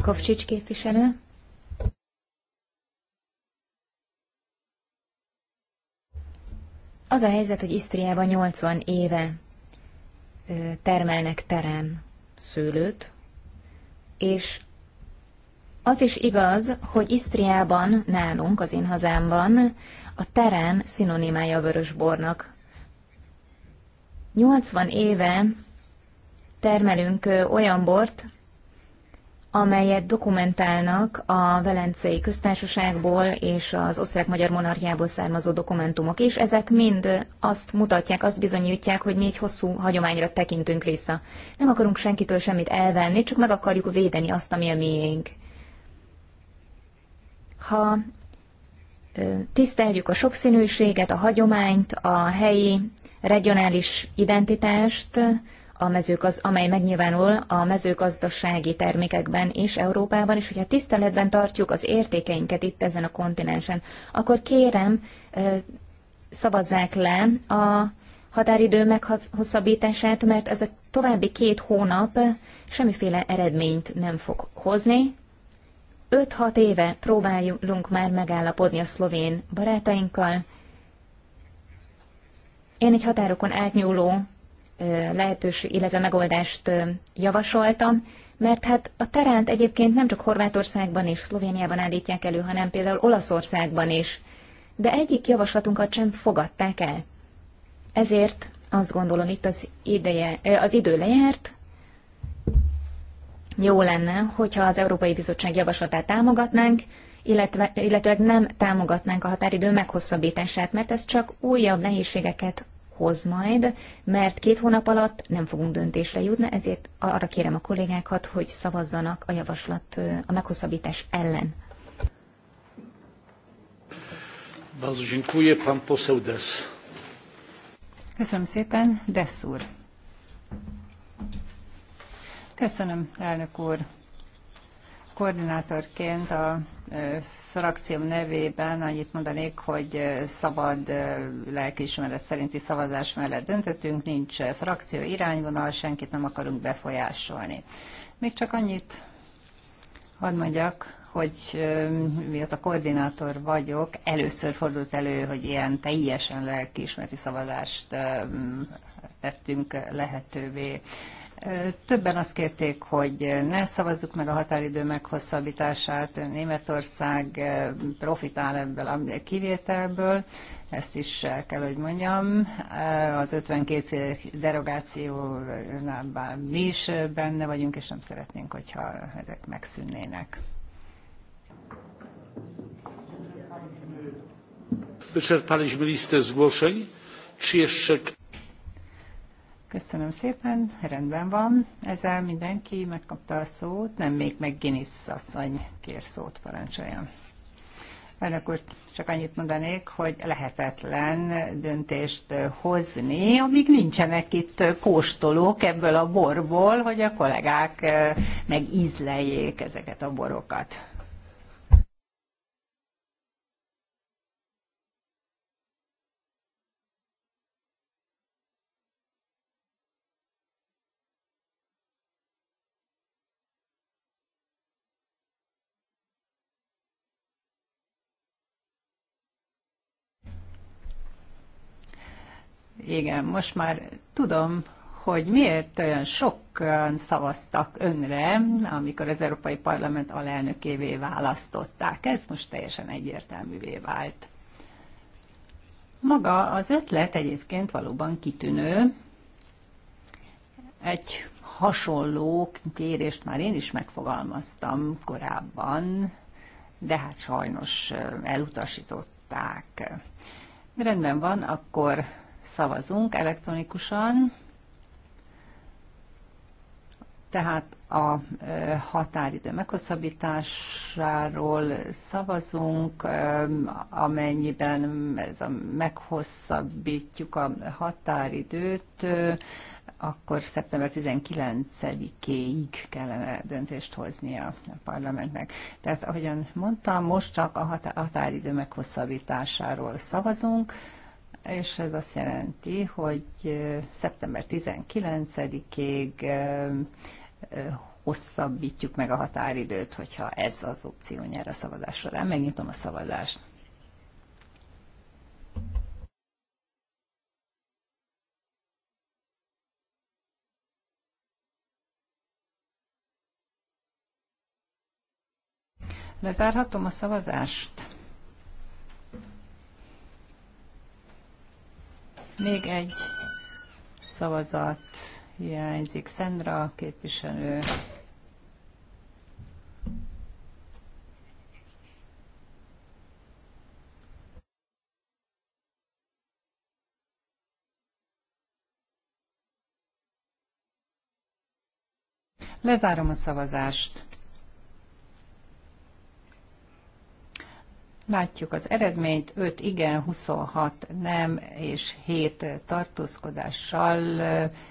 Kovcsics képviselő. Az a helyzet, hogy Isztriában 80 éve termelnek terem szőlőt, és az is igaz, hogy Isztriában, nálunk, az én hazámban a terán szinonimája a vörösbornak. 80 éve termelünk olyan bort, amelyet dokumentálnak a Velencei Köztársaságból és az osztrák-magyar monarchiából származó dokumentumok is. Ezek mind azt mutatják, azt bizonyítják, hogy mi egy hosszú hagyományra tekintünk vissza. Nem akarunk senkitől semmit elvenni, csak meg akarjuk védeni azt, ami a miénk. Ha tiszteljük a sokszínűséget, a hagyományt, a helyi regionális identitást, a mezőgaz, amely megnyilvánul a mezőgazdasági termékekben és Európában, és hogyha tiszteletben tartjuk az értékeinket itt ezen a kontinensen, akkor kérem, szavazzák le a határidő meghosszabbítását, mert ez a további két hónap semmiféle eredményt nem fog hozni, 5-6 éve próbálunk már megállapodni a szlovén barátainkkal. Én egy határokon átnyúló lehetőség, illetve megoldást javasoltam, mert hát a teránt egyébként nem csak Horvátországban és Szlovéniában állítják elő, hanem például Olaszországban is. De egyik javaslatunkat sem fogadták el. Ezért azt gondolom itt az, ideje, az idő lejárt, jó lenne, hogyha az Európai Bizottság javaslatát támogatnánk, illetve, illetőleg nem támogatnánk a határidő meghosszabbítását, mert ez csak újabb nehézségeket hoz majd, mert két hónap alatt nem fogunk döntésre jutni, ezért arra kérem a kollégákat, hogy szavazzanak a javaslat a meghosszabbítás ellen. Köszönöm szépen, Dessz úr. Köszönöm, elnök úr. Koordinátorként a frakcióm nevében annyit mondanék, hogy szabad lelkiismeret szerinti szavazás mellett döntöttünk, nincs frakció irányvonal, senkit nem akarunk befolyásolni. Még csak annyit hadd mondjak, hogy a koordinátor vagyok, először fordult elő, hogy ilyen teljesen lelkiismereti szavazást tettünk lehetővé. Többen azt kérték, hogy ne szavazzuk meg a határidő meghosszabbítását. Németország eh, profitál ebből a kivételből, ezt is el kell, hogy mondjam. Eh, az 52 derogációnál mi is benne vagyunk, és nem szeretnénk, hogyha ezek megszűnnének. Wyczerpaliśmy listę zgłoszeń. Czy jeszcze... Köszönöm szépen, rendben van. Ezzel mindenki megkapta a szót, nem még meg Guinness asszony kér szót, parancsoljon. Elnök úr, csak annyit mondanék, hogy lehetetlen döntést hozni, amíg nincsenek itt kóstolók ebből a borból, hogy a kollégák megízleljék ezeket a borokat. Igen, most már tudom, hogy miért olyan sokan szavaztak önre, amikor az Európai Parlament alelnökévé választották. Ez most teljesen egyértelművé vált. Maga az ötlet egyébként valóban kitűnő. Egy hasonló kérést már én is megfogalmaztam korábban, de hát sajnos elutasították. Rendben van, akkor szavazunk elektronikusan. Tehát a határidő meghosszabbításáról szavazunk, amennyiben ez a meghosszabbítjuk a határidőt, akkor szeptember 19-éig kellene döntést hoznia a parlamentnek. Tehát ahogyan mondtam, most csak a határidő meghosszabbításáról szavazunk és ez azt jelenti, hogy szeptember 19-ig hosszabbítjuk meg a határidőt, hogyha ez az opció nyer a szavazás során. Megnyitom a szavazást. Lezárhatom a szavazást. Még egy szavazat hiányzik. Szendra képviselő. Lezárom a szavazást. Látjuk az eredményt, 5 igen, 26 nem, és 7 tartózkodással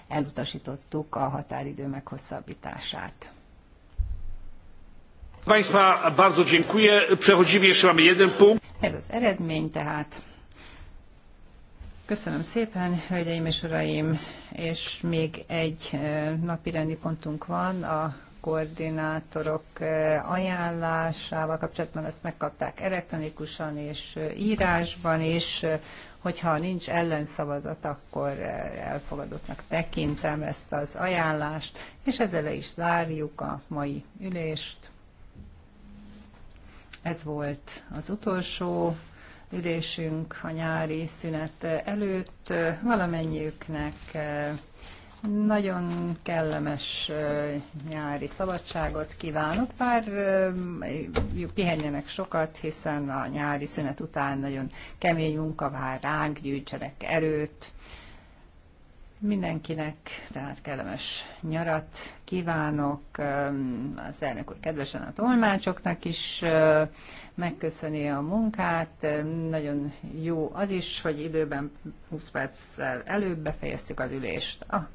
elutasítottuk a határidő meghosszabbítását. Państwa, bardzo dziękuję. Przechodzimy, jeszcze mamy jeden punkt. Ez az eredmény tehát. Köszönöm szépen, hölgyeim és uraim, és még egy napirendi pontunk van, a koordinátorok eh, ajánlásával kapcsolatban ezt megkapták elektronikusan és eh, írásban is. Hogyha nincs ellenszavazat, akkor eh, elfogadottnak tekintem ezt az ajánlást, és ezzel is zárjuk a mai ülést. Ez volt az utolsó ülésünk a nyári szünet előtt. Valamennyiüknek nagyon kellemes nyári szabadságot kívánok, bár pihenjenek sokat, hiszen a nyári szünet után nagyon kemény munka vár ránk, gyűjtsenek erőt. Mindenkinek tehát kellemes nyarat kívánok. Az elnök úr kedvesen a tolmácsoknak is megköszöni a munkát. Nagyon jó az is, hogy időben 20 perccel előbb befejeztük az ülést. A ah,